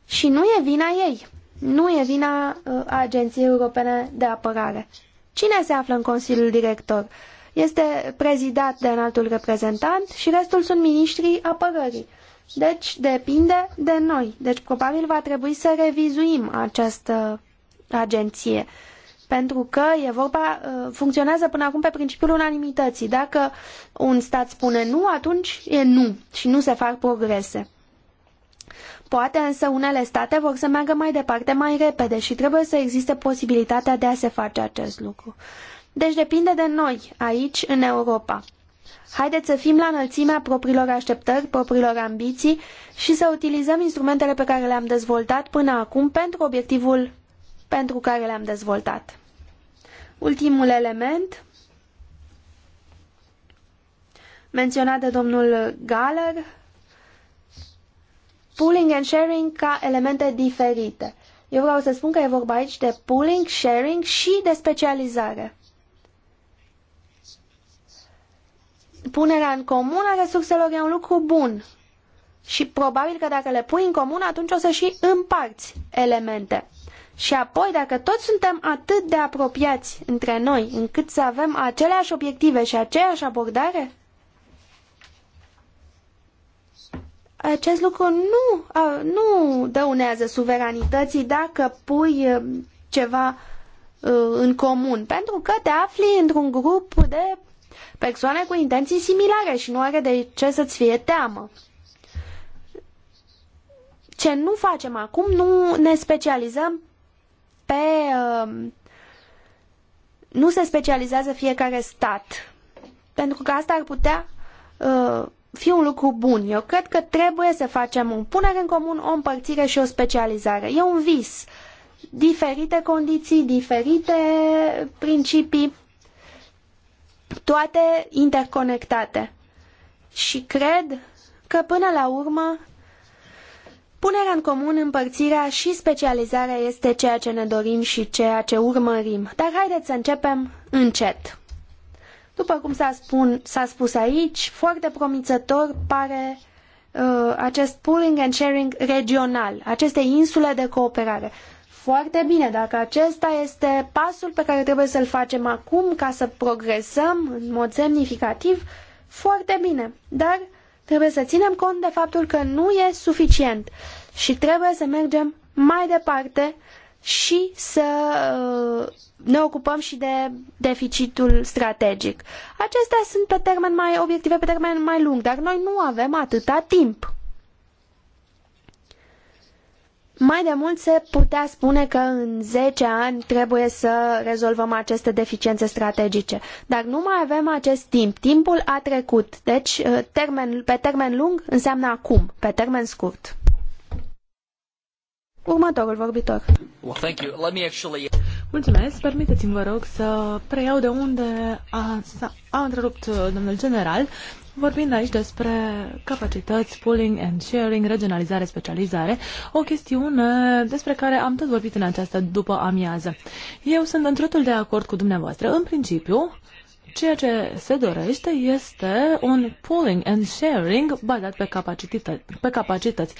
A: și nu e vina ei. Nu e vina uh, Agenției Europene de Apărare. Cine se află în Consiliul Director? Este prezidat de înaltul reprezentant și restul sunt miniștrii apărării. Deci depinde de noi. Deci probabil va trebui să revizuim această agenție. Pentru că e vorba, uh, funcționează până acum pe principiul unanimității. Dacă un stat spune nu, atunci e nu și nu se fac progrese. Poate însă unele state vor să meargă mai departe mai repede și trebuie să existe posibilitatea de a se face acest lucru. Deci depinde de noi, aici, în Europa. Haideți să fim la înălțimea propriilor așteptări, propriilor ambiții și să utilizăm instrumentele pe care le-am dezvoltat până acum pentru obiectivul pentru care le-am dezvoltat. Ultimul element menționat de domnul Galler, pooling and sharing ca elemente diferite. Eu vreau să spun că e vorba aici de pooling, sharing și de specializare. Punerea în comun a resurselor e un lucru bun. Și probabil că dacă le pui în comun, atunci o să și împarți elemente. Și apoi, dacă toți suntem atât de apropiați între noi, încât să avem aceleași obiective și aceeași abordare, acest lucru nu, nu dăunează suveranității dacă pui ceva în comun, pentru că te afli într-un grup de persoane cu intenții similare și nu are de ce să-ți fie teamă. Ce nu facem acum, nu ne specializăm pe... Um, nu se specializează fiecare stat. Pentru că asta ar putea uh, fi un lucru bun. Eu cred că trebuie să facem un punere în comun, o împărțire și o specializare. E un vis. Diferite condiții, diferite principii, toate interconectate. Și cred că până la urmă Punerea în comun, împărțirea și specializarea este ceea ce ne dorim și ceea ce urmărim. Dar haideți să începem încet. După cum s-a, spus aici, foarte promițător pare uh, acest pooling and sharing regional, aceste insule de cooperare. Foarte bine, dacă acesta este pasul pe care trebuie să-l facem acum ca să progresăm în mod semnificativ, foarte bine. Dar Trebuie să ținem cont de faptul că nu e suficient și trebuie să mergem mai departe și să uh, ne ocupăm și de deficitul strategic. Acestea sunt pe termen mai obiective pe termen mai lung, dar noi nu avem atâta timp. Mai de mult se putea spune că în zece ani trebuie să rezolvăm aceste deficiențe strategice, dar nu mai avem acest timp. Timpul a trecut, deci uh, termen, pe termen lung înseamnă acum, pe termen scurt. Următorul vorbitor.
C: Well,
A: Mulțumesc. Permiteți-mi, vă rog, să preiau de unde
C: a, a întrerupt uh, domnul general. Vorbind aici despre capacități, pooling and sharing, regionalizare, specializare, o chestiune despre care am tot vorbit în această după amiază. Eu sunt într de acord cu dumneavoastră. În principiu, ceea ce se dorește este un pooling and sharing bazat pe, capacită- pe capacități.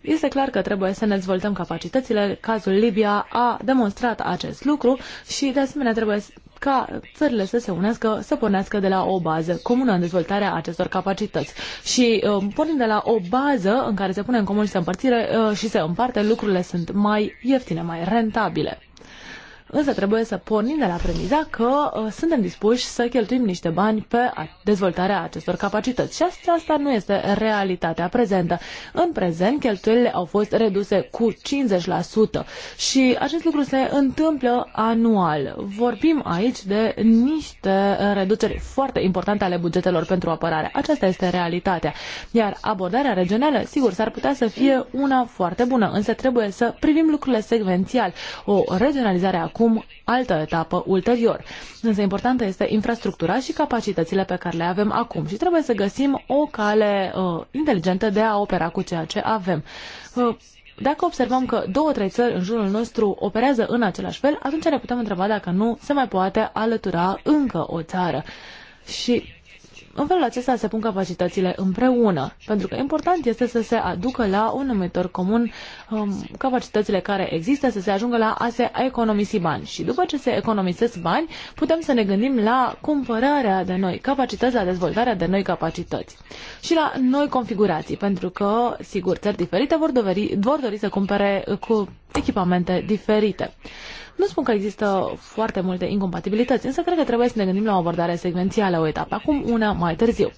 C: Este clar că trebuie să ne dezvoltăm capacitățile. Cazul Libia a demonstrat acest lucru și, de asemenea, trebuie ca țările să se unească, să pornească de la o bază comună în dezvoltarea acestor capacități. Și uh, pornind de la o bază în care se pune în comun și se, împărțire, uh, și se împarte, lucrurile sunt mai ieftine, mai rentabile. Însă trebuie să pornim de la premiza că uh, suntem dispuși să cheltuim niște bani pe dezvoltarea acestor capacități. Și asta, asta nu este realitatea prezentă. În prezent, cheltuielile au fost reduse cu 50% și acest lucru se întâmplă anual. Vorbim aici de niște reduceri foarte importante ale bugetelor pentru apărare. Aceasta este realitatea. Iar abordarea regională, sigur, s-ar putea să fie una foarte bună, însă trebuie să privim lucrurile secvențial. O regionalizare a acum altă etapă ulterior. Însă importantă este infrastructura și capacitățile pe care le avem acum și trebuie să găsim o cale uh, inteligentă de a opera cu ceea ce avem. Uh, dacă observăm că două, trei țări în jurul nostru operează în același fel, atunci ne putem întreba dacă nu se mai poate alătura încă o țară. Și în felul acesta se pun capacitățile împreună, pentru că important este să se aducă la un numitor comun um, capacitățile care există, să se ajungă la a se economisi bani. Și după ce se economisesc bani, putem să ne gândim la cumpărarea de noi capacități, la dezvoltarea de noi capacități și la noi configurații, pentru că, sigur, țări diferite vor, doveri, vor dori să cumpere cu echipamente diferite. Nu spun că există foarte multe incompatibilități, însă cred că trebuie să ne gândim la o abordare secvențială, o etapă acum, una mai târziu.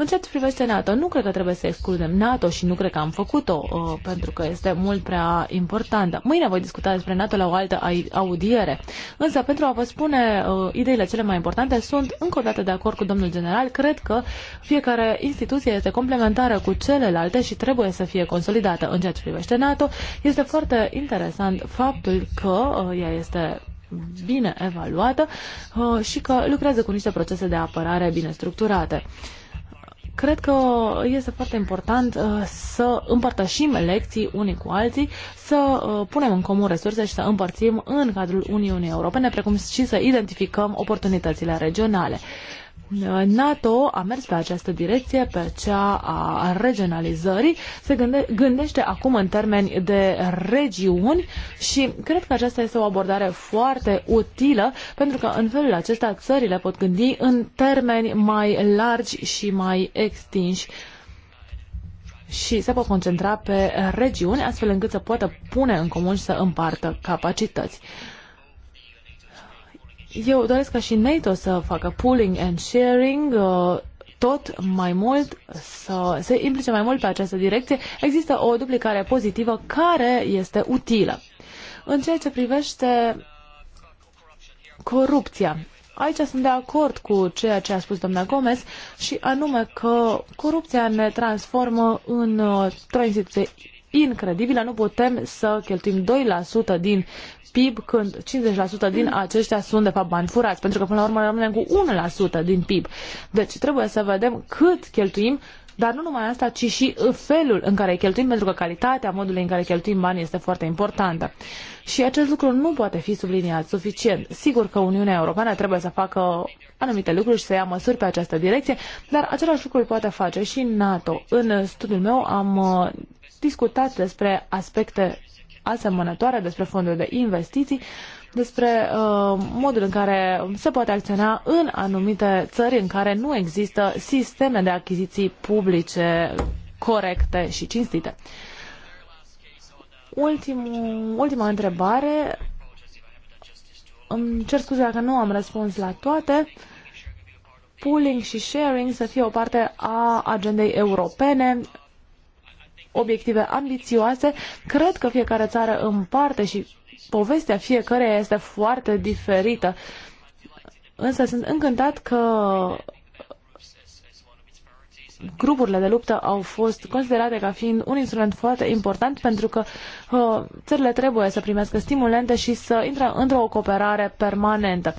C: În ceea ce privește NATO, nu cred că trebuie să excludem NATO și nu cred că am făcut-o uh, pentru că este mult prea importantă. Mâine voi discuta despre NATO la o altă audiere. Însă, pentru a vă spune uh, ideile cele mai importante, sunt încă o dată de acord cu domnul general. Cred că fiecare instituție este complementară cu celelalte și trebuie să fie consolidată. În ceea ce privește NATO, este foarte interesant faptul că uh, ea este bine evaluată uh, și că lucrează cu niște procese de apărare bine structurate. Uh, Cred că este foarte important uh, să împărtășim lecții unii cu alții, să uh, punem în comun resurse și să împărțim în cadrul Uniunii Europene, precum și să identificăm oportunitățile regionale. NATO a mers pe această direcție, pe cea a regionalizării, se gânde- gândește acum în termeni de regiuni și cred că aceasta este o abordare foarte utilă, pentru că în felul acesta țările pot gândi în termeni mai largi și mai extinși și se pot concentra pe regiuni, astfel încât să poată pune în comun și să împartă capacități. Eu doresc ca și NATO să facă pooling and sharing, uh, tot mai mult, să se implice mai mult pe această direcție. Există o duplicare pozitivă care este utilă. În ceea ce privește corupția, aici sunt de acord cu ceea ce a spus doamna Gomez și anume că corupția ne transformă în o uh, instituție incredibilă. Nu putem să cheltuim 2% din PIB când 50% din aceștia sunt de fapt bani furați, pentru că până la urmă rămânem cu 1% din PIB. Deci trebuie să vedem cât cheltuim dar nu numai asta, ci și felul în care cheltuim, pentru că calitatea modului în care cheltuim bani este foarte importantă. Și acest lucru nu poate fi subliniat suficient. Sigur că Uniunea Europeană trebuie să facă anumite lucruri și să ia măsuri pe această direcție, dar același lucru îl poate face și NATO. În studiul meu am discutat despre aspecte asemănătoare, despre fonduri de investiții, despre uh, modul în care se poate acționa în anumite țări în care nu există sisteme de achiziții publice corecte și cinstite. Ultim, ultima întrebare. Îmi cer scuze dacă nu am răspuns la toate. Pooling și sharing să fie o parte a agendei europene obiective ambițioase. Cred că fiecare țară în parte și povestea fiecăreia este foarte diferită. Însă sunt încântat că grupurile de luptă au fost considerate ca fiind un instrument foarte important pentru că uh, țările trebuie să primească stimulente și să intre într-o cooperare permanentă.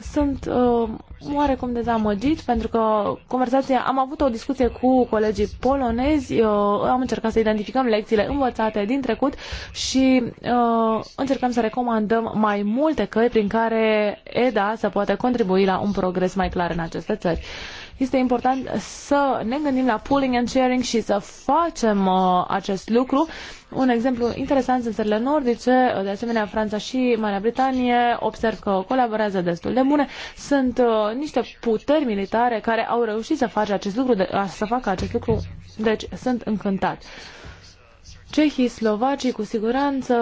C: Sunt uh, oarecum dezamăgit pentru că conversația, am avut o discuție cu colegii polonezi, uh, am încercat să identificăm lecțiile învățate din trecut și uh, încercăm să recomandăm mai multe căi prin care EDA să poate contribui la un progres mai clar în aceste țări. Uh, este important să ne gândim la pooling and sharing și să facem uh, acest lucru. Un exemplu interesant în țările nordice, de asemenea Franța și Marea Britanie, observ că colaborează destul de bune. Sunt uh, niște puteri militare care au reușit să, face acest lucru de, să facă acest lucru, deci sunt încântat. Cehii, Slovacii, cu siguranță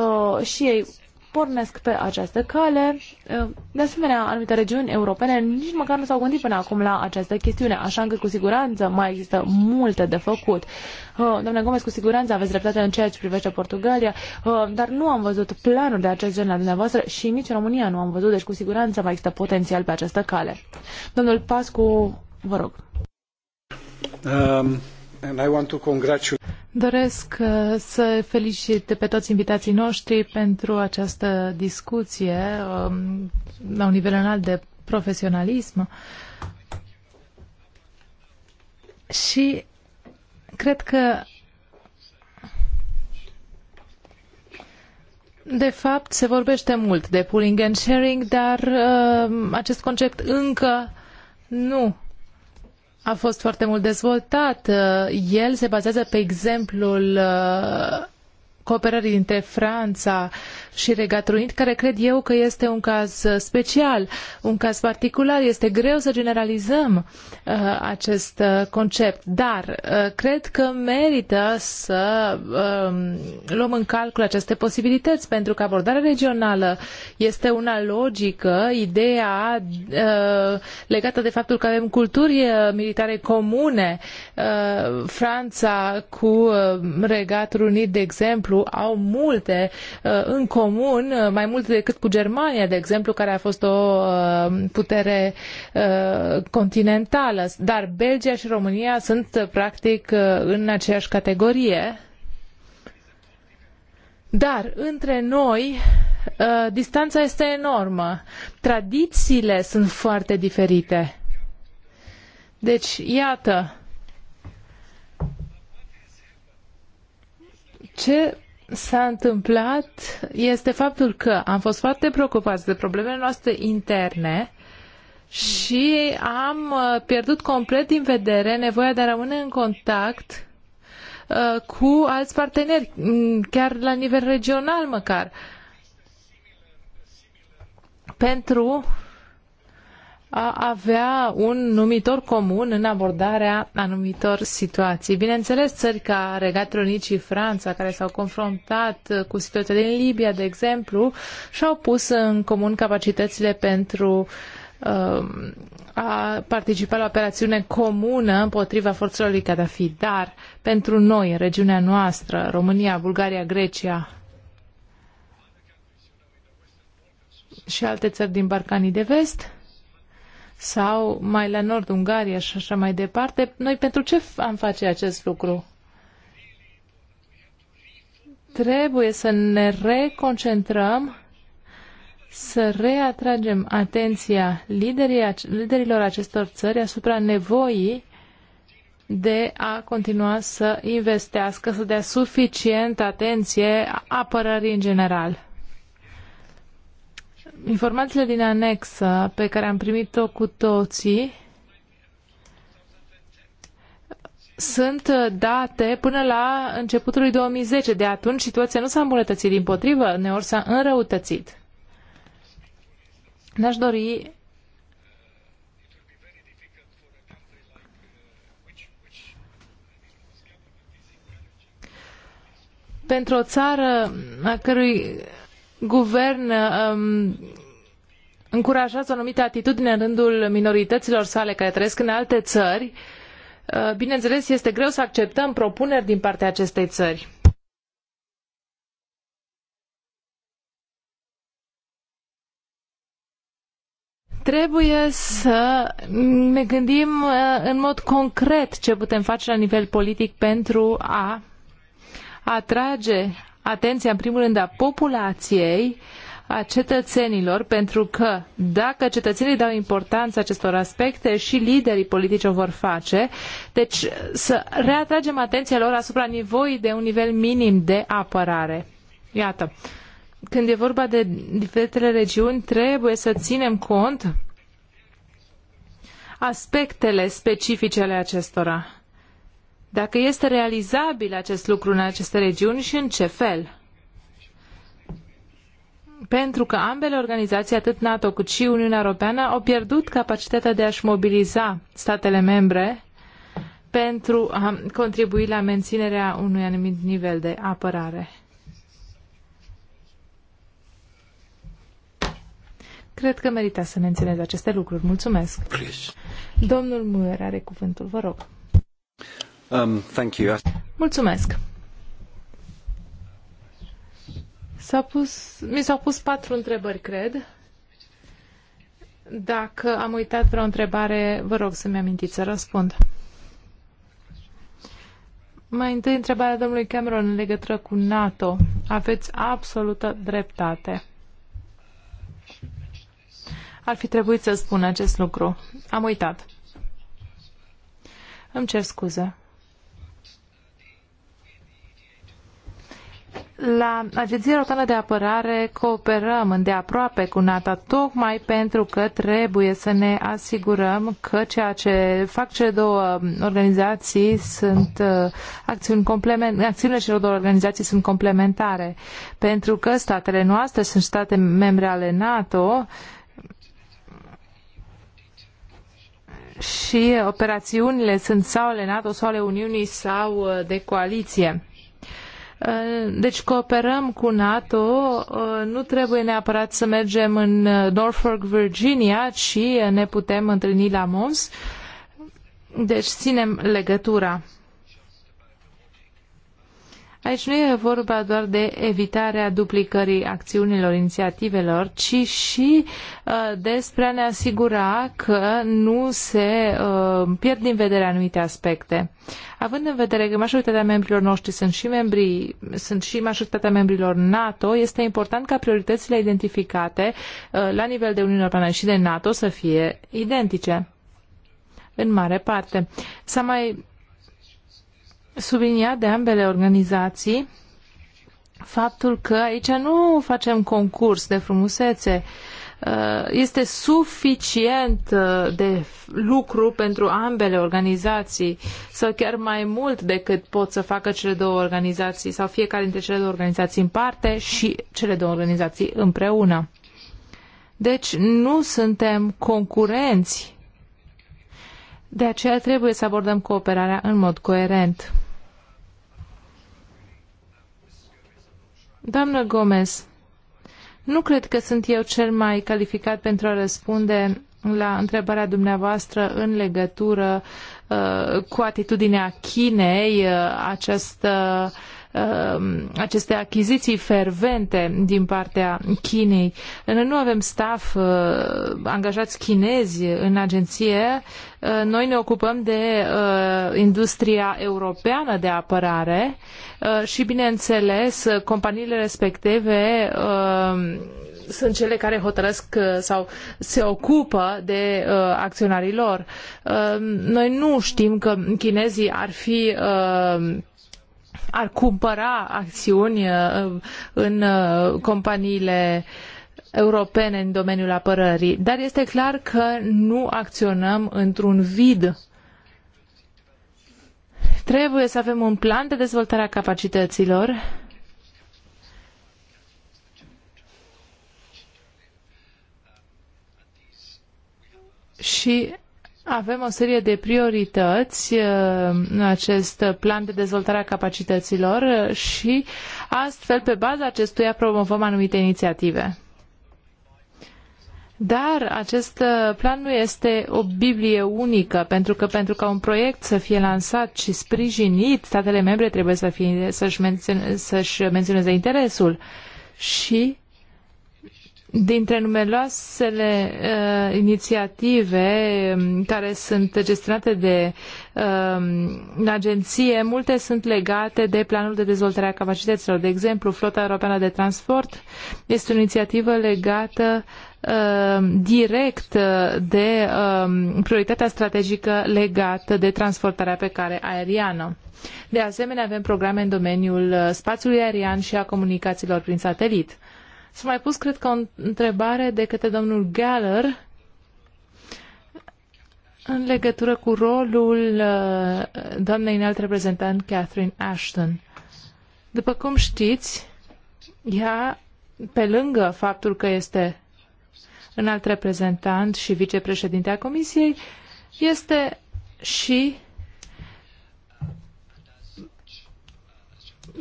C: și ei pornesc pe această cale. Uh, de asemenea, anumite regiuni europene nici măcar nu s-au gândit până acum la această chestiune, așa încât cu siguranță mai există multe de făcut. Uh, Doamne Gomez, cu siguranță aveți dreptate în ceea ce privește Portugalia, uh, dar nu am văzut planuri de acest gen la dumneavoastră și nici în România nu am văzut, deci cu siguranță mai există potențial pe această cale. Domnul Pascu, vă rog.
A: Um and I want to congratulate.
B: Doresc uh, să felicit pe toți invitații noștri pentru această discuție um, la un nivel înalt de profesionalism. Și cred că De fapt, se vorbește mult de pooling and sharing, dar uh, acest concept încă nu a fost foarte mult dezvoltat. Uh, el se bazează pe exemplul uh, cooperării dintre Franța și Regatul Unit, care cred eu că este un caz uh, special, un caz particular. Este greu să generalizăm uh, acest uh, concept, dar uh, cred că merită să um, luăm în calcul aceste posibilități, pentru că abordarea regională este una logică, ideea uh, legată de faptul că avem culturi uh, militare comune, Franța cu Regatul Unit, de exemplu, au multe în comun comun, uh, mai mult decât cu Germania, de exemplu, care a fost o uh, putere uh, continentală. Dar Belgia și România sunt practic în aceeași categorie. Dar între noi distanța este enormă. Tradițiile sunt foarte diferite. Deci, iată, ce s-a întâmplat este faptul că am fost foarte preocupați de problemele noastre interne și am uh, pierdut complet din vedere nevoia de a rămâne în contact uh, cu alți parteneri, mm, chiar la nivel regional măcar, pentru a avea un numitor comun în abordarea anumitor situații. Bineînțeles, țări ca Regatul Unit și Franța, care s-au confruntat cu situația din Libia, de exemplu, și-au pus în comun capacitățile pentru uh, a participa la operațiune comună împotriva forțelor lui Gaddafi. Dar pentru noi, în regiunea noastră, România, Bulgaria, Grecia, și alte țări din Barcanii de Vest, sau mai la nord Ungaria și așa mai departe, noi pentru ce am face acest lucru? Trebuie să ne reconcentrăm, să reatragem atenția liderii, liderilor acestor țări asupra nevoii de a continua să investească, să dea suficient atenție apărării în general informațiile din anexă pe care am primit-o cu toții sunt date până la începutul lui 2010. De atunci situația nu s-a îmbunătățit, din potrivă, neori s-a înrăutățit. N-aș dori pentru o țară a cărui guvern um, încurajează o anumită atitudine în rândul minorităților sale care trăiesc în alte țări, uh, bineînțeles, este greu să acceptăm propuneri din partea acestei țări. trebuie să ne gândim uh, în mod concret ce putem face la nivel politic pentru a atrage atenția în primul rând a populației, a cetățenilor, pentru că dacă cetățenii dau importanță acestor aspecte și liderii politici o vor face, deci să reatragem atenția lor asupra nivoii de un nivel minim de apărare. Iată, când e vorba de diferitele regiuni, trebuie să ținem cont aspectele specifice ale acestora. Dacă este realizabil acest lucru în aceste regiuni și în ce fel? Pentru că ambele organizații, atât NATO cât și Uniunea Europeană, au pierdut capacitatea de a-și mobiliza statele membre pentru a contribui la menținerea unui anumit nivel de apărare. Cred că merita să menționez aceste lucruri. Mulțumesc. Please. Domnul Muer are cuvântul, vă rog. Um, Mulțumesc. S-a pus, mi s-au pus patru întrebări, cred. Dacă am uitat vreo întrebare, vă rog să-mi amintiți să răspund. Mai întâi întrebarea domnului Cameron în legătură cu NATO. Aveți absolută dreptate. Ar fi trebuit să spun acest lucru. Am uitat. Îmi cer scuze. La Agenția Europeană de Apărare cooperăm îndeaproape cu NATO tocmai pentru că trebuie să ne asigurăm că ceea ce fac cele două organizații sunt uh, acțiuni complementare, acțiunile celor două organizații sunt complementare, pentru că statele noastre sunt state membre ale NATO și operațiunile sunt sau ale NATO sau ale Uniunii sau uh, de coaliție Uh, deci cooperăm cu NATO, uh, nu trebuie neapărat să mergem în uh, Norfolk, Virginia, ci ne putem întâlni la Mons. Deci ținem legătura. Aici nu e vorba doar de evitarea duplicării acțiunilor, inițiativelor, ci și uh, despre a ne asigura că nu se uh, pierd din vedere anumite aspecte. Având în vedere că majoritatea membrilor noștri sunt și, membrii, sunt și majoritatea membrilor NATO, este important ca prioritățile identificate uh, la nivel de Uniunea Europeană și de NATO să fie identice în mare parte. S-a mai subliniat de ambele organizații faptul că aici nu facem concurs de frumusețe. Uh, este suficient uh, de lucru pentru ambele organizații sau chiar mai mult decât pot să facă cele două organizații sau fiecare dintre cele două organizații în parte și cele două organizații împreună. Deci nu suntem concurenți. De aceea trebuie să abordăm cooperarea în mod coerent. Doamnă Gomez, nu cred că sunt eu cel mai calificat pentru a răspunde la întrebarea dumneavoastră în legătură uh, cu atitudinea Chinei, uh, această uh, Um, aceste achiziții fervente din partea Chinei. Noi nu avem staff uh, angajați chinezi în agenție. Uh, noi ne ocupăm de uh, industria europeană de apărare și, bineînțeles, companiile respective um, sunt cele care hotărăsc sau se ocupă de uh, acționarii lor. Uh, noi nu știm că chinezii ar fi uh, ar cumpăra acțiuni uh, uh, în uh, companiile europene în domeniul apărării, dar este clar că nu acționăm într-un vid. Trebuie să avem un plan de dezvoltare a capacităților și avem o serie de priorități uh, în acest plan de dezvoltare a capacităților uh, și astfel, pe baza acestuia, promovăm anumite inițiative. Dar acest uh, plan nu este o Biblie unică, pentru că pentru ca un proiect să fie lansat și sprijinit, statele membre trebuie să fie, și să-și menționeze interesul și Dintre numeroasele uh, inițiative um, care sunt gestionate de uh, agenție, multe sunt legate de planul de dezvoltare a capacităților. De exemplu, Flota Europeană de Transport este o inițiativă legată uh, direct de uh, prioritatea strategică legată de transportarea pe care aeriană. De asemenea, avem programe în domeniul uh, spațiului aerian și a comunicațiilor prin satelit. S-a mai pus, cred că, o întrebare de către domnul Galler în legătură cu rolul uh, doamnei înalt reprezentant Catherine Ashton. După cum știți, ea, pe lângă faptul că este înalt reprezentant și vicepreședinte a Comisiei, este și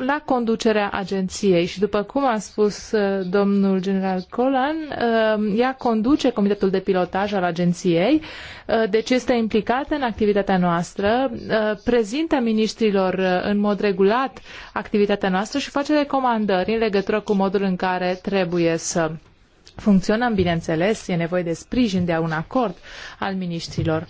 B: la conducerea agenției și după cum a spus uh, domnul general Colan, uh, ea conduce comitetul de pilotaj al agenției, uh, deci este implicată în activitatea noastră, prezintă ministrilor în mod regulat activitatea noastră și face recomandări în legătură cu modul în care trebuie să funcționăm, bineînțeles, e nevoie de sprijin, de un acord al ministrilor. Uh,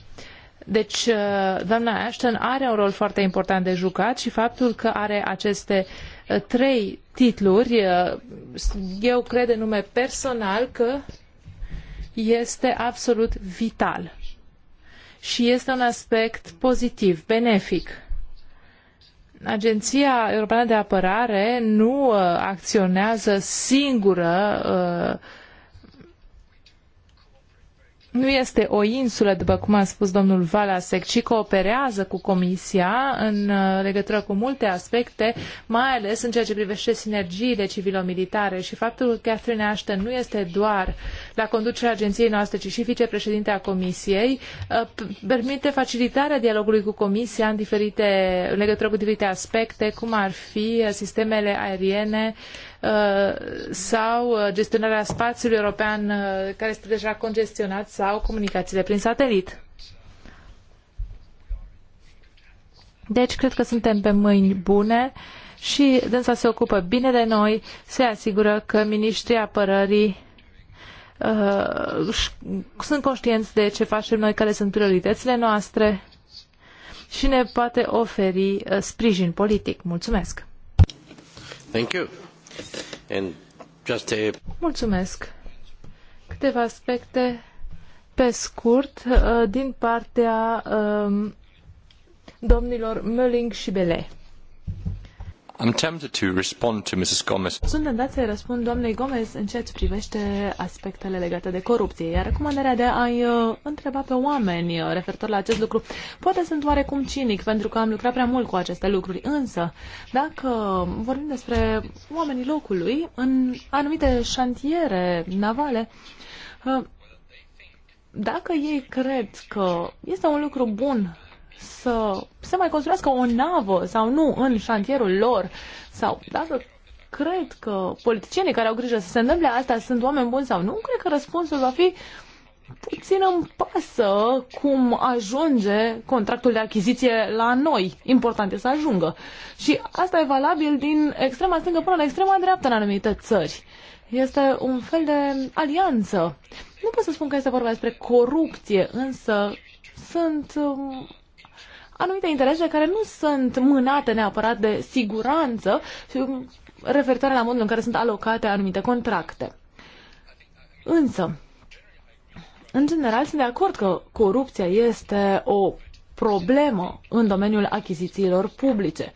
B: deci, uh, doamna Ashton are un rol foarte important de jucat și faptul că are aceste uh, trei titluri, uh, eu cred în nume personal că este absolut vital și este un aspect pozitiv, benefic. Agenția Europeană de Apărare nu acționează singură nu este o insulă, după cum a spus domnul Valasek, ci cooperează cu Comisia în uh, legătură cu multe aspecte, mai ales în ceea ce privește sinergiile civilo-militare și faptul că Catherine Ashton nu este doar la conducerea agenției noastre, ci și vicepreședintea Comisiei, uh, permite facilitarea dialogului cu Comisia în, diferite, în legătură cu diferite aspecte, cum ar fi uh, sistemele aeriene, Uh, sau uh, gestionarea spațiului european uh, care este deja congestionat sau comunicațiile prin satelit. Deci, cred că suntem pe mâini bune și dânsa se ocupă bine de noi, se asigură că ministrii apărării uh, sunt conștienți de ce facem noi, care sunt prioritățile noastre și ne poate oferi sprijin politic. Mulțumesc! Thank you. Mulțumesc. Câteva aspecte pe scurt uh, din partea um, domnilor Mölling și Belet. I'm tempted to respond to Mrs. Gomez.
C: Sunt tentat să-i răspund doamnei Gomez în ceea ce privește aspectele legate de corupție, iar recomandarea de a-i uh, întreba pe oameni uh, referitor la acest lucru. Poate sunt oarecum cinic, pentru că am lucrat prea mult cu aceste lucruri, însă dacă vorbim despre oamenii locului, în anumite șantiere navale, uh, dacă ei cred că este un lucru bun să se mai construiască o navă sau nu în șantierul lor, sau dacă cred că politicienii care au grijă să se întâmple asta sunt oameni buni sau nu, cred că răspunsul va fi puțin în pasă cum ajunge contractul de achiziție la noi. Important e să ajungă. Și asta e valabil din extrema stângă până la extrema dreaptă în anumite țări. Este un fel de alianță. Nu pot să spun că este vorba despre corupție, însă sunt um, anumite interese care nu sunt mânate neapărat de siguranță referitoare la modul în care sunt alocate anumite contracte. Însă, în general, sunt de acord că corupția este o problemă în domeniul achizițiilor publice.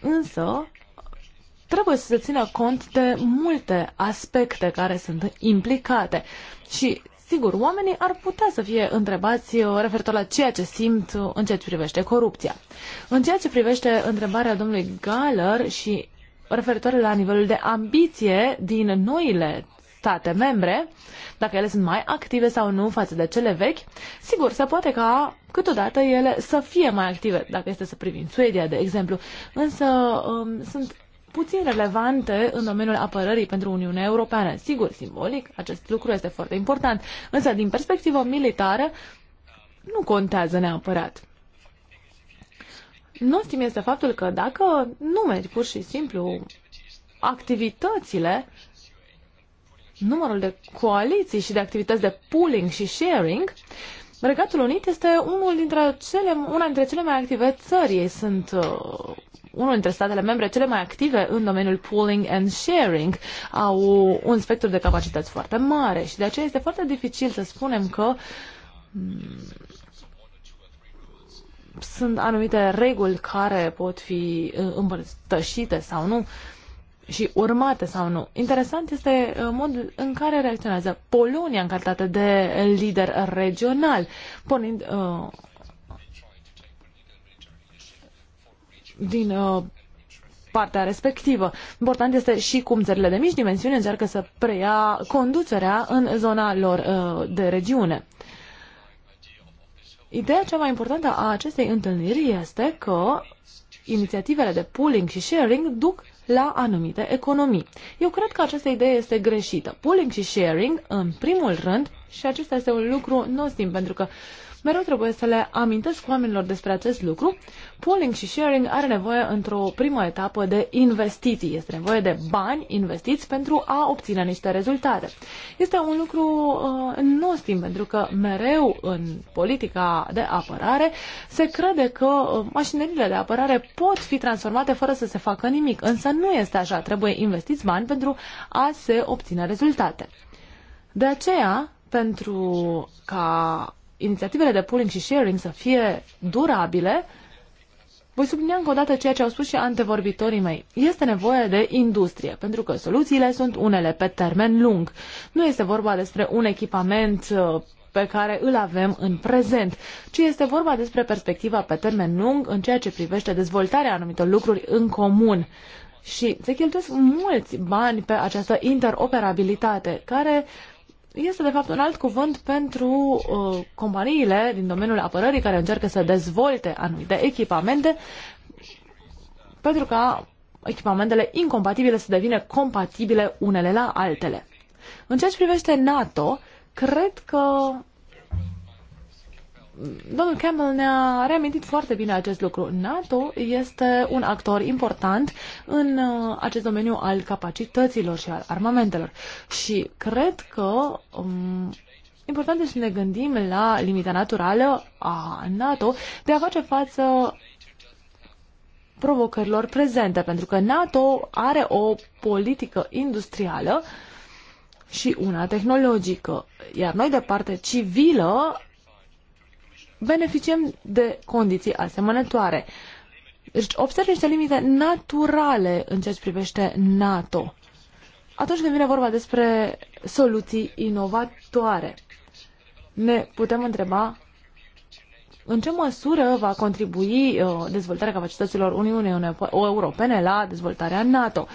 C: Însă, trebuie să se țină cont de multe aspecte care sunt implicate și Sigur, oamenii ar putea să fie întrebați uh, referitor la ceea ce simt uh, în ceea ce privește corupția. În ceea ce privește întrebarea domnului Galler și referitor la nivelul de ambiție din noile state membre, dacă ele sunt mai active sau nu față de cele vechi, sigur, se poate ca câteodată ele să fie mai active, dacă este să privim Suedia, de exemplu, însă um, sunt puțin relevante în domeniul apărării pentru Uniunea Europeană. Sigur, simbolic, acest lucru este foarte important, însă din perspectivă militară nu contează neapărat. Nostim este faptul că dacă numeri pur și simplu activitățile, numărul de coaliții și de activități de pooling și sharing, Regatul Unit este unul dintre cele, una dintre cele mai active țări. Ei sunt uh, unul dintre statele membre cele mai active în domeniul pooling and sharing. Au un spectru de capacități foarte mare și de aceea este foarte dificil să spunem că mm, sunt anumite reguli care pot fi uh, împărtășite sau nu și urmate sau nu. Interesant este uh, modul în care reacționează Polonia în calitate de lider regional, pornind uh, din uh, partea respectivă. Important este și cum țările de mici dimensiune încearcă să preia conducerea în zona lor uh, de regiune. Ideea cea mai importantă a acestei întâlniri este că inițiativele de pooling și sharing duc la anumite economii. Eu cred că această idee este greșită. Pooling și sharing, în primul rând, și acesta este un lucru nostim, pentru că uh, Mereu trebuie să le amintesc oamenilor despre acest lucru. Pooling și sharing are nevoie într-o primă etapă de investiții. Este nevoie de bani investiți pentru a obține niște rezultate. Este un lucru uh, nostru, pentru că mereu în politica de apărare se crede că uh, mașinările de apărare pot fi transformate fără să se facă nimic. Însă nu este așa. Trebuie investiți bani pentru a se obține rezultate. De aceea, pentru ca inițiativele de pooling și sharing să fie durabile, voi sublinia încă o dată ceea ce au spus și antevorbitorii mei. Este nevoie de industrie, pentru că soluțiile sunt unele pe termen lung. Nu este vorba despre un echipament uh, pe care îl avem în prezent, ci este vorba despre perspectiva pe termen lung în ceea ce privește dezvoltarea anumitor lucruri în comun. Și se cheltuiesc mulți bani pe această interoperabilitate, care uh, este de fapt un alt cuvânt pentru uh, companiile din domeniul apărării care încearcă să dezvolte anumite echipamente pentru ca echipamentele incompatibile să devină compatibile unele la altele. În ceea ce privește NATO, cred că Domnul Campbell ne-a reamintit foarte bine acest lucru. NATO este un actor important în uh, acest domeniu al capacităților și al armamentelor. Și cred că um, important este să ne gândim la limita naturală a NATO de a face față provocărilor prezente, pentru că NATO are o politică industrială și una tehnologică, iar noi de parte civilă beneficiem de condiții asemănătoare. Deci observ niște limite naturale în ceea ce privește NATO. Atunci când vine vorba despre soluții inovatoare, ne putem întreba în ce măsură va contribui uh, dezvoltarea capacităților Uniunii Europene la dezvoltarea NATO.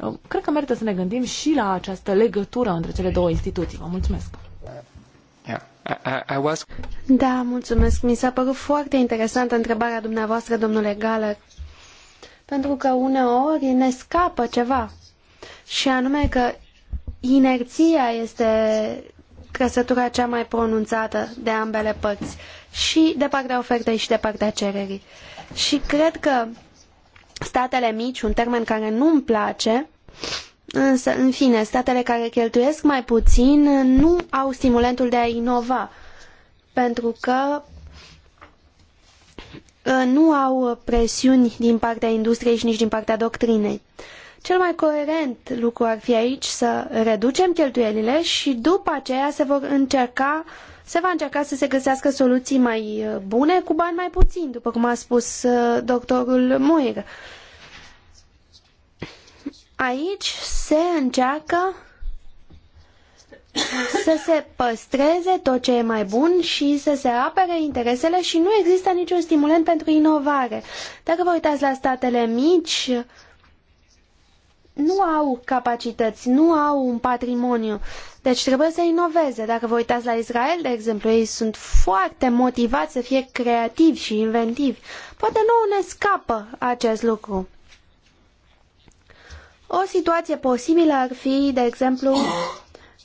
C: Uh, cred că merită să ne gândim și la
A: această legătură între cele două instituții. Vă mulțumesc!
B: I, I was...
A: Da, mulțumesc. Mi s-a părut foarte interesantă întrebarea dumneavoastră, domnule Galer. Pentru că uneori ne scapă ceva. Și anume că inerția este trăsătura cea mai pronunțată de ambele părți. Și de partea ofertei și de partea cererii. Și cred că statele mici, un termen care nu-mi place, uh, Însă, în fine, statele care cheltuiesc mai puțin nu au stimulentul de a inova, pentru că uh, nu au presiuni din partea industriei și nici din partea doctrinei. Cel mai coerent lucru ar fi aici să reducem cheltuielile și după aceea se vor încerca se va încerca să se găsească soluții mai uh, bune cu bani mai puțin, după cum a spus uh, doctorul Muir. Aici se încearcă să se păstreze tot ce e mai bun și să se apere interesele și nu există niciun stimulent pentru inovare. Dacă vă uitați la statele mici, nu au capacități, nu au un patrimoniu. Deci trebuie să inoveze. Dacă vă uitați la Israel, de exemplu, ei sunt foarte motivați să fie creativi și inventivi. Poate nu ne scapă acest lucru. O situație posibilă ar fi, de exemplu, oh.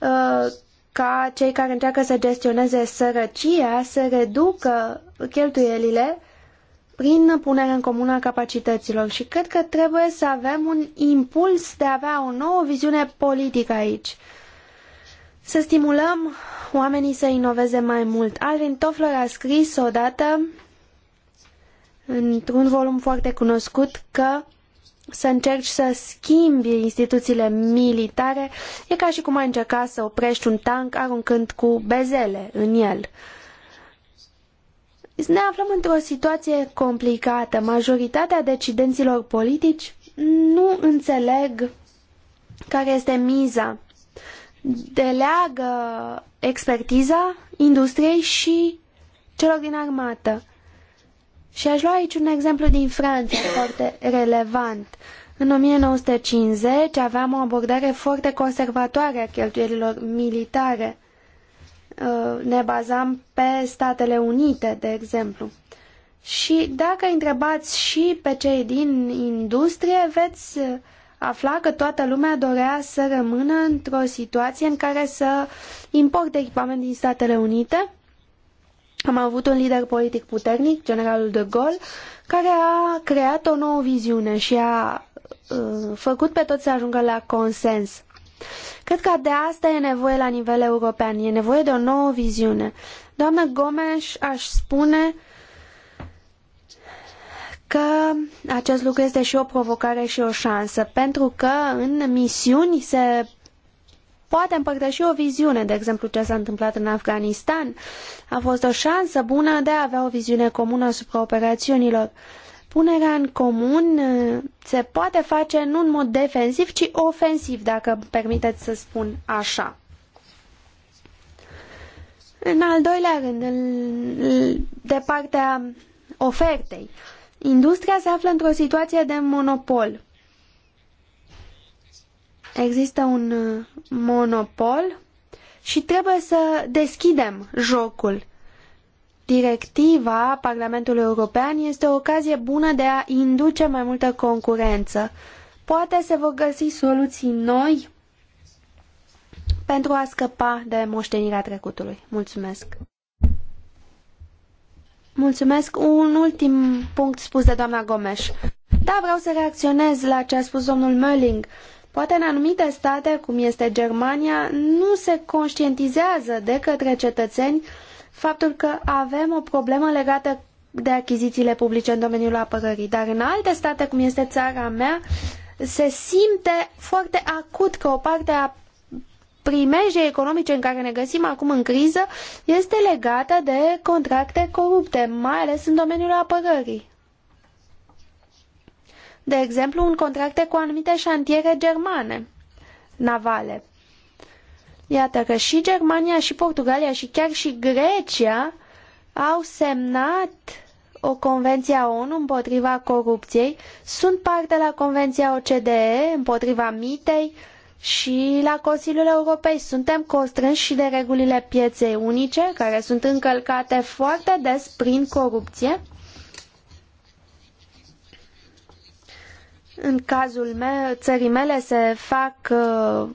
A: uh, ca cei care încearcă să gestioneze sărăcia să reducă cheltuielile prin punerea în comună a capacităților și cred că trebuie să avem un impuls de a avea o nouă viziune politică aici. Să stimulăm oamenii să inoveze mai mult. Alvin Toffler a scris odată într-un volum foarte cunoscut că să încerci să schimbi instituțiile militare, e ca și cum ai încerca să oprești un tank aruncând cu bezele în el. Ne aflăm într-o situație complicată. Majoritatea decidenților politici nu înțeleg care este miza. Deleagă expertiza industriei și celor din armată. Și aș lua aici un exemplu din Franța foarte relevant. În 1950 aveam o abordare foarte conservatoare a cheltuielilor militare. Uh, ne bazam pe Statele Unite, de exemplu. Și dacă întrebați și pe cei din industrie, veți afla că toată lumea dorea să rămână într-o situație în care să importe echipament din Statele Unite am avut un lider politic puternic, generalul de Gaulle, care a creat o nouă viziune și a uh, făcut pe toți să ajungă la consens. Cred că de asta e nevoie la nivel european, e nevoie de o nouă viziune. Doamna Gomes, aș spune că acest lucru este și o provocare și o șansă, pentru că în misiuni se poate împărtăși o viziune, de exemplu ce s-a întâmplat în Afganistan, a fost o șansă bună de a avea o viziune comună asupra operațiunilor. Punerea în comun uh, se poate face nu în mod defensiv, ci ofensiv, dacă permiteți să spun așa. În al doilea rând, de partea ofertei, industria se află într-o situație de monopol. Există un uh, monopol și trebuie să deschidem jocul. Directiva Parlamentului European este o ocazie bună de a induce mai multă concurență. Poate se vor găsi soluții noi pentru a scăpa de moștenirea trecutului. Mulțumesc! Mulțumesc! Un ultim punct spus de doamna Gomes. Da, vreau să reacționez la ce a spus domnul Mölling. Poate în anumite state, cum este Germania, nu se conștientizează de către cetățeni faptul că avem o problemă legată de achizițiile publice în domeniul apărării. Dar în alte state, cum este țara mea, se simte foarte acut că o parte a primejei economice în care ne găsim acum în criză este legată de contracte corupte, mai ales în domeniul apărării de exemplu, în contracte cu anumite șantiere germane navale. Iată că și Germania, și Portugalia, și chiar și Grecia au semnat o convenție a ONU împotriva corupției, sunt parte la convenția OCDE împotriva mitei și la Consiliul Europei. Suntem constrânși și de regulile pieței unice, care sunt încălcate foarte des prin corupție În cazul meu, țării mele se fac uh,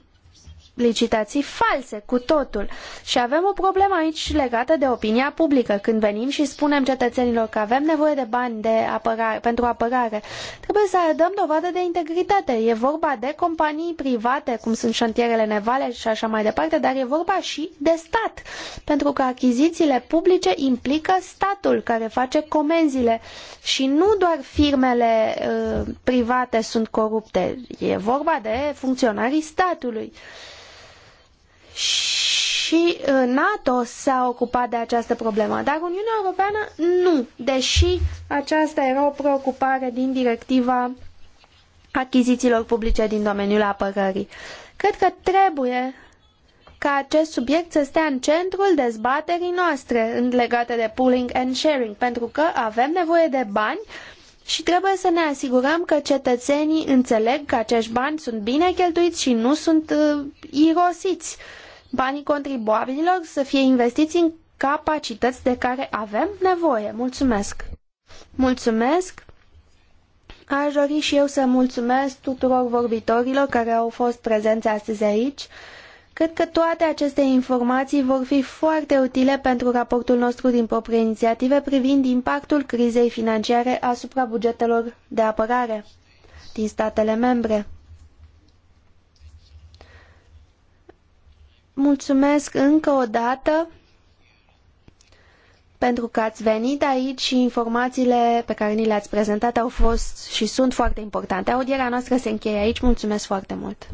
A: licitații false cu totul. Și avem o problemă aici legată de opinia publică. Când venim și spunem cetățenilor că avem nevoie de bani de apărare, pentru apărare, trebuie să dăm dovadă de integritate. E vorba de companii private, cum sunt șantierele nevale și așa mai departe, dar e vorba și de stat. Pentru că achizițiile publice implică statul care face comenzile și nu doar firmele uh, private sunt corupte. E vorba de funcționarii statului și uh, NATO s-a ocupat de această problemă, dar Uniunea Europeană nu, deși aceasta era o preocupare din directiva achizițiilor publice din domeniul apărării. Cred că trebuie ca acest subiect să stea în centrul dezbaterii noastre legate de pooling and sharing, pentru că avem nevoie de bani și trebuie să ne asigurăm că cetățenii înțeleg că acești bani sunt bine cheltuiți și nu sunt uh, irosiți. Uh, banii contribuabililor să fie investiți în capacități de care avem nevoie. Mulțumesc! Mulțumesc! Aș dori și eu să mulțumesc tuturor vorbitorilor care au fost prezenți astăzi aici. Cred că toate aceste informații vor fi foarte utile pentru raportul nostru din proprie inițiative privind impactul crizei financiare asupra bugetelor de apărare din statele membre. Mulțumesc încă o dată pentru că ați venit aici și informațiile pe care ni le-ați prezentat au fost și sunt foarte importante. Audierea noastră se încheie aici. Mulțumesc foarte mult!